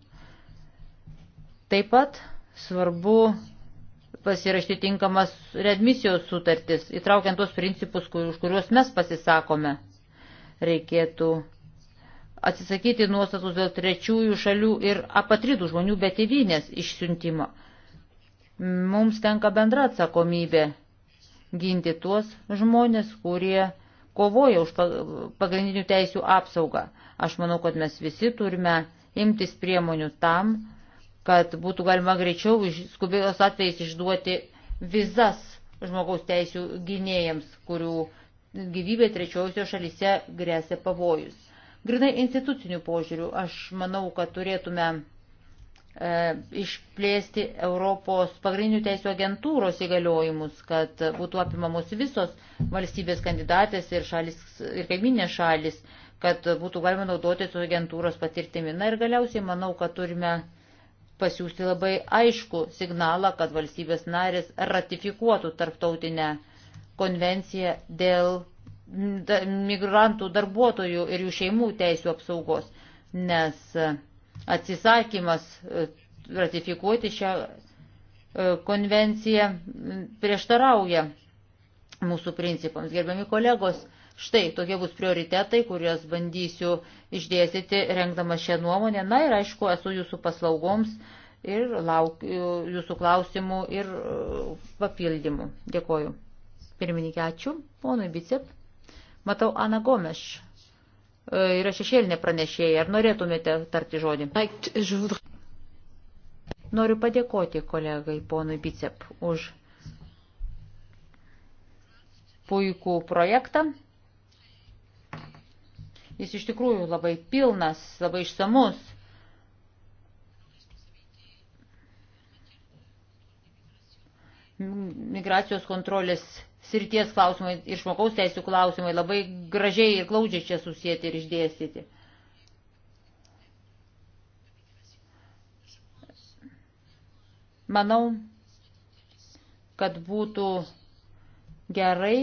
Taip pat svarbu pasirašti tinkamas redmisijos sutartis, įtraukiant tos principus, kur, už kuriuos mes pasisakome. Reikėtų atsisakyti nuostatus dėl trečiųjų šalių ir apatridų žmonių be tėvynės išsiuntimo. Mums tenka bendra atsakomybė ginti tuos žmonės, kurie kovoja už pagrindinių teisių apsaugą. Aš manau, kad mes visi turime imtis priemonių tam, kad būtų galima greičiau skubėjos atvejais išduoti vizas žmogaus teisių gynėjams, kurių gyvybė trečiosios šalyse grėsia pavojus. Grinai institucinių požiūrių aš manau, kad turėtume E, išplėsti Europos pagrindinių teisų agentūros įgaliojimus, kad būtų apimamos visos valstybės kandidatės ir, šalis, ir kaiminės šalis, kad būtų galima naudotis su agentūros patirtimi. Na ir galiausiai manau, kad turime pasiūsti labai aišku signalą, kad valstybės narės ratifikuotų tarptautinę konvenciją dėl migrantų darbuotojų ir jų šeimų teisų apsaugos, nes atsisakymas e, ratifikuoti šią e, konvenciją prieštarauja mūsų principams. Gerbiami kolegos, štai tokie bus prioritetai, kuriuos bandysiu išdėstyti rengdama šią nuomonę. Na ir aišku, esu jūsų paslaugoms ir laukiu jūsų klausimų ir e, papildymų. Dėkoju. Pirmininkė, ačiū. Ponui Bicep. Matau Ana Gomeš E, yra šešėlinė pranešėja. Ar norėtumėte tarti žodį? Noriu padėkoti kolegai ponui Bicep už puikų projektą. Jis iš tikrųjų labai pilnas, labai išsamus. Migracijos kontrolės srities klausimai ir žmogaus teisų klausimai labai gražiai ir glaudžiai čia susijęti ir išdėstyti. Manau, kad būtų gerai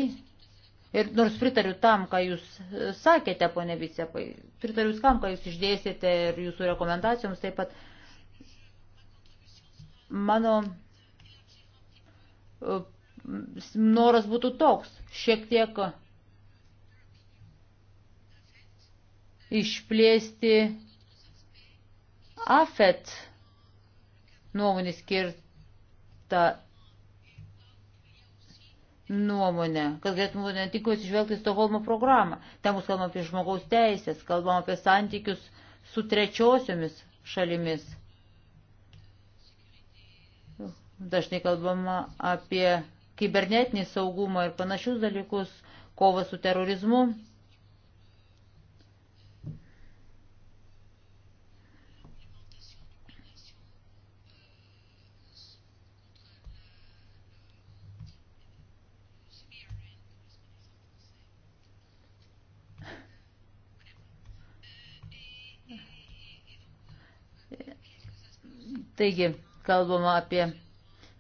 ir nors pritariu tam, ką jūs sakėte, ponė Vicepai, pritariu tam, ką jūs išdėstėte ir jūsų rekomendacijoms taip pat. Mano noras būtų toks, šiek tiek išplėsti afet nuomonį skirtą nuomonę, kad galėtume ne tik atsižvelgti Stoholmo programą. Ten bus kalbama apie žmogaus teisės, kalbama apie santykius su trečiosiomis šalimis. Dažnai kalbama apie kibernetinį saugumą ir panašius dalykus, kovą su terorizmu. Taigi, kalbama apie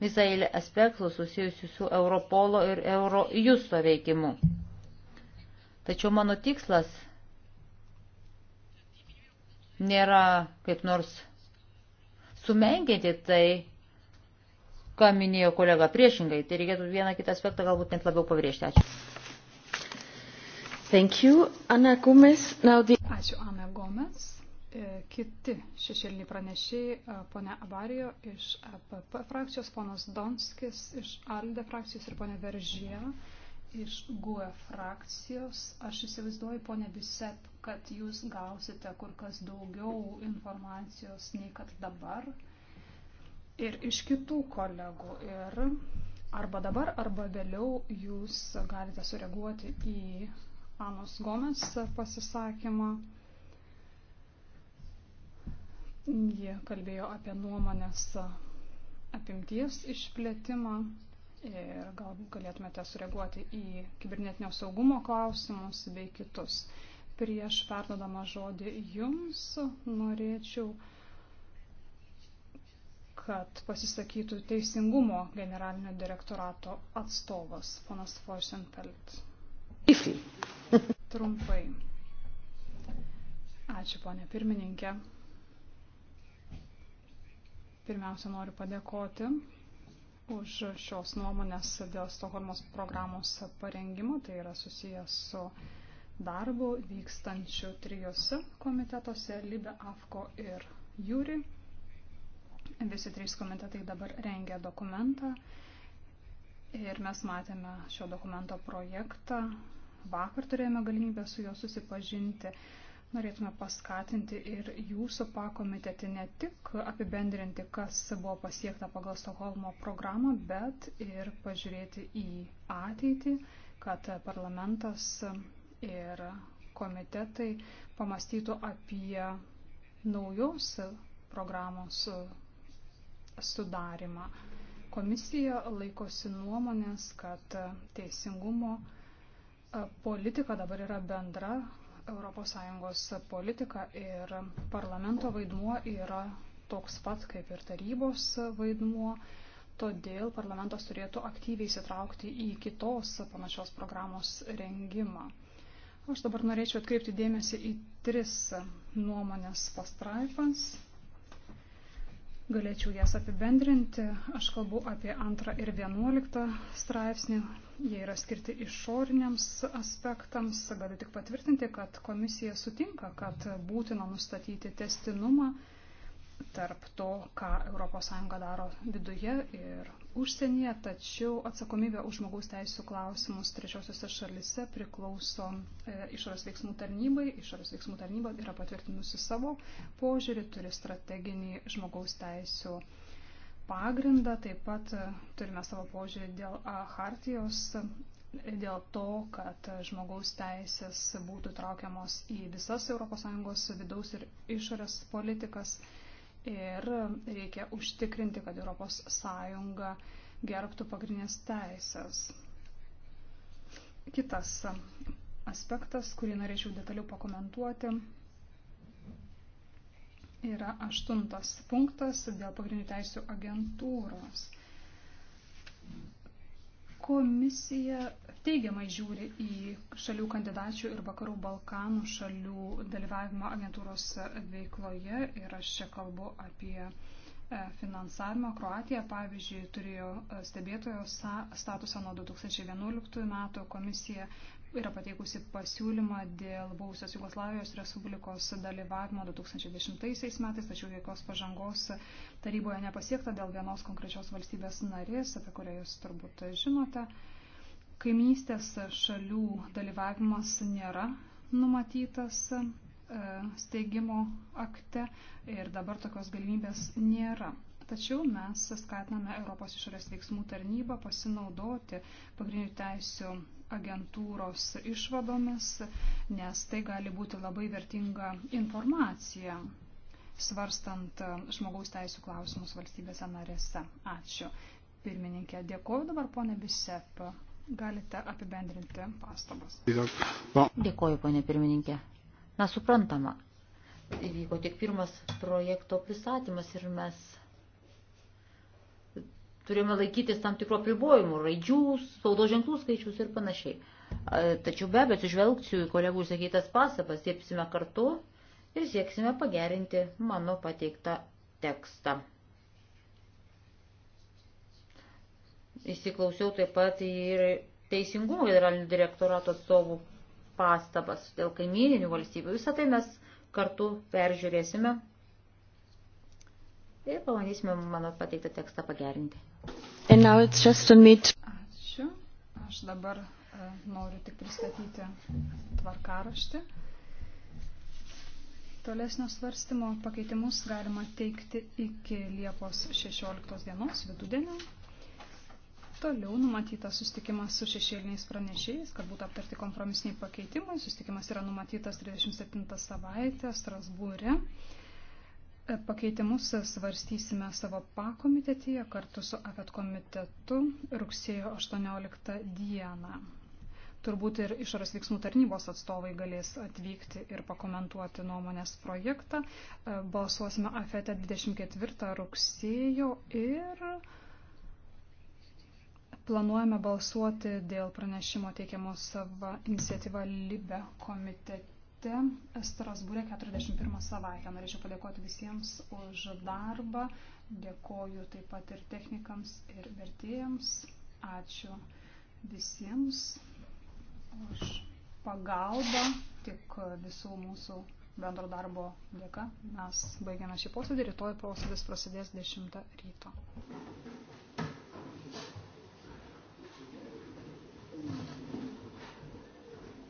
visą eilę aspektų susijusių su Europolo ir Eurojusto veikimu. Tačiau mano tikslas nėra kaip nors sumenkinti tai, ką minėjo kolega priešingai. Tai reikėtų vieną kitą aspektą galbūt net labiau pabrėžti. Ačiū. Thank you, Ana Gomes. Now the... Ačiū, Ana Gomes. E, kiti šešėliniai pranešėjai, e, ponia Abarijo iš APP e frakcijos, ponas Donskis iš ALDE frakcijos ir ponia Veržė iš GUE frakcijos. Aš įsivaizduoju, ponia Bisep, kad jūs gausite kur kas daugiau informacijos nei kad dabar ir iš kitų kolegų. Ir arba dabar, arba vėliau jūs galite sureaguoti į Anos Gomes pasisakymą. Jie kalbėjo apie nuomonės apimties išplėtimą ir gal galėtumėte sureaguoti į kibernetinio saugumo klausimus bei kitus. Prieš perdodama žodį jums norėčiau, kad pasisakytų teisingumo generalinio direktorato atstovas, ponas Forsenfeld. Trumpai. Ačiū, ponė pirmininkė. Pirmiausia, noriu padėkoti už šios nuomonės dėl Stokholmos programos parengimo. Tai yra susijęs su darbu vykstančiu trijose komitetuose - Libe, Afko ir Jūri. Visi trys komitetai dabar rengia dokumentą ir mes matėme šio dokumento projektą. Vakar turėjome galimybę su juo susipažinti. Norėtume paskatinti ir jūsų pakomitetį ne tik apibendrinti, kas buvo pasiekta pagal Stokholmo programą, bet ir pažiūrėti į ateitį, kad parlamentas ir komitetai pamastytų apie naujos programos sudarimą. Komisija laikosi nuomonės, kad teisingumo politika dabar yra bendra ES politika ir parlamento vaidmuo yra toks pat kaip ir tarybos vaidmuo, todėl parlamentas turėtų aktyviai įsitraukti į kitos panašios programos rengimą. Aš dabar norėčiau atkreipti dėmesį į tris nuomonės pastraipas. Galėčiau jas apibendrinti. Aš kalbu apie antrą ir vienuoliktą straipsnį. Jie yra skirti išoriniams aspektams. Galiu tik patvirtinti, kad komisija sutinka, kad būtina nustatyti testinumą tarp to, ką ES daro viduje ir užsienyje, tačiau atsakomybė už žmogaus teisų klausimus trečiosiuose šalise priklauso e, išorės veiksmų tarnybai. Išorės veiksmų tarnyba yra patvirtinusi savo požiūrį, turi strateginį žmogaus teisų pagrindą, taip pat e, turime savo požiūrį dėl A hartijos dėl to, kad žmogaus teisės būtų traukiamos į visas ES vidaus ir išorės politikas ir reikia užtikrinti, kad ES gerbtų pagrindinės teisės. Kitas aspektas, kurį norėčiau detaliau pakomentuoti, yra aštuntas punktas dėl pagrindinių teisų agentūros. Komisija teigiamai žiūri į šalių kandidačių ir vakarų Balkanų šalių dalyvavimą agentūros veikloje. Ir aš čia kalbu apie e, finansavimą. Kroatija, pavyzdžiui, turėjo e, stebėtojo statusą nuo 2011 metų. Komisija yra pateikusi pasiūlymą dėl buvusios Jugoslavijos Respublikos dalyvavimo 2010 metais, tačiau jokios pažangos taryboje nepasiekta dėl vienos konkrečios valstybės narės, apie kurią jūs turbūt žinote. Kaimynystės šalių dalyvavimas nėra numatytas e, steigimo akte ir dabar tokios galimybės nėra. Tačiau mes skatiname Europos išorės veiksmų tarnybą pasinaudoti pagrindinių teisių agentūros išvadomis, nes tai gali būti labai vertinga informacija, svarstant žmogaus teisų klausimus valstybėse narėse. Ačiū. Pirmininkė, dėkoju dabar ponė Bisep. Galite apibendrinti pastabas. Dėkoju, ponė pirmininkė. Na, suprantama, įvyko tik pirmas projekto pristatymas ir mes turime laikytis tam tikro pribojimų, raidžių, spaudos ženklų skaičius ir panašiai. Tačiau be abejo, atsižvelgsiu į kolegų išsakytas pasabas, siepsime kartu ir sieksime pagerinti mano pateiktą tekstą. įsiklausiau taip pat ir teisingumo generalinio direktorato atstovų pastabas dėl kaimininių valstybių. Visą tai mes kartu peržiūrėsime ir pamanysime mano pateiktą tekstą pagerinti. Ačiū. Aš dabar e, noriu tik pristatyti tvarkaraštį. Tolesnio svarstymo pakeitimus galima teikti iki Liepos 16 dienos vidudienio. Toliau numatytas sustikimas su šešėliniais pranešėjais, kad būtų aptarti kompromisiniai pakeitimai. Sustikimas yra numatytas 37 savaitę Strasbūre. E, pakeitimus svarstysime savo pakomitetyje kartu su AFET komitetu rugsėjo 18 dieną. Turbūt ir išorės veiksmų tarnybos atstovai galės atvykti ir pakomentuoti nuomonės projektą. E, balsuosime AFET e 24 rugsėjo ir Planuojame balsuoti dėl pranešimo teikiamo savo iniciatyvą Libe komitete Strasbūrė 41 savaitę. Norėčiau padėkoti visiems už darbą. Dėkoju taip pat ir technikams ir vertėjams. Ačiū visiems už pagalbą, tik visų mūsų bendro darbo dėka. Mes baigiame šį posėdį, rytoj posėdis prasidės 10 ryto.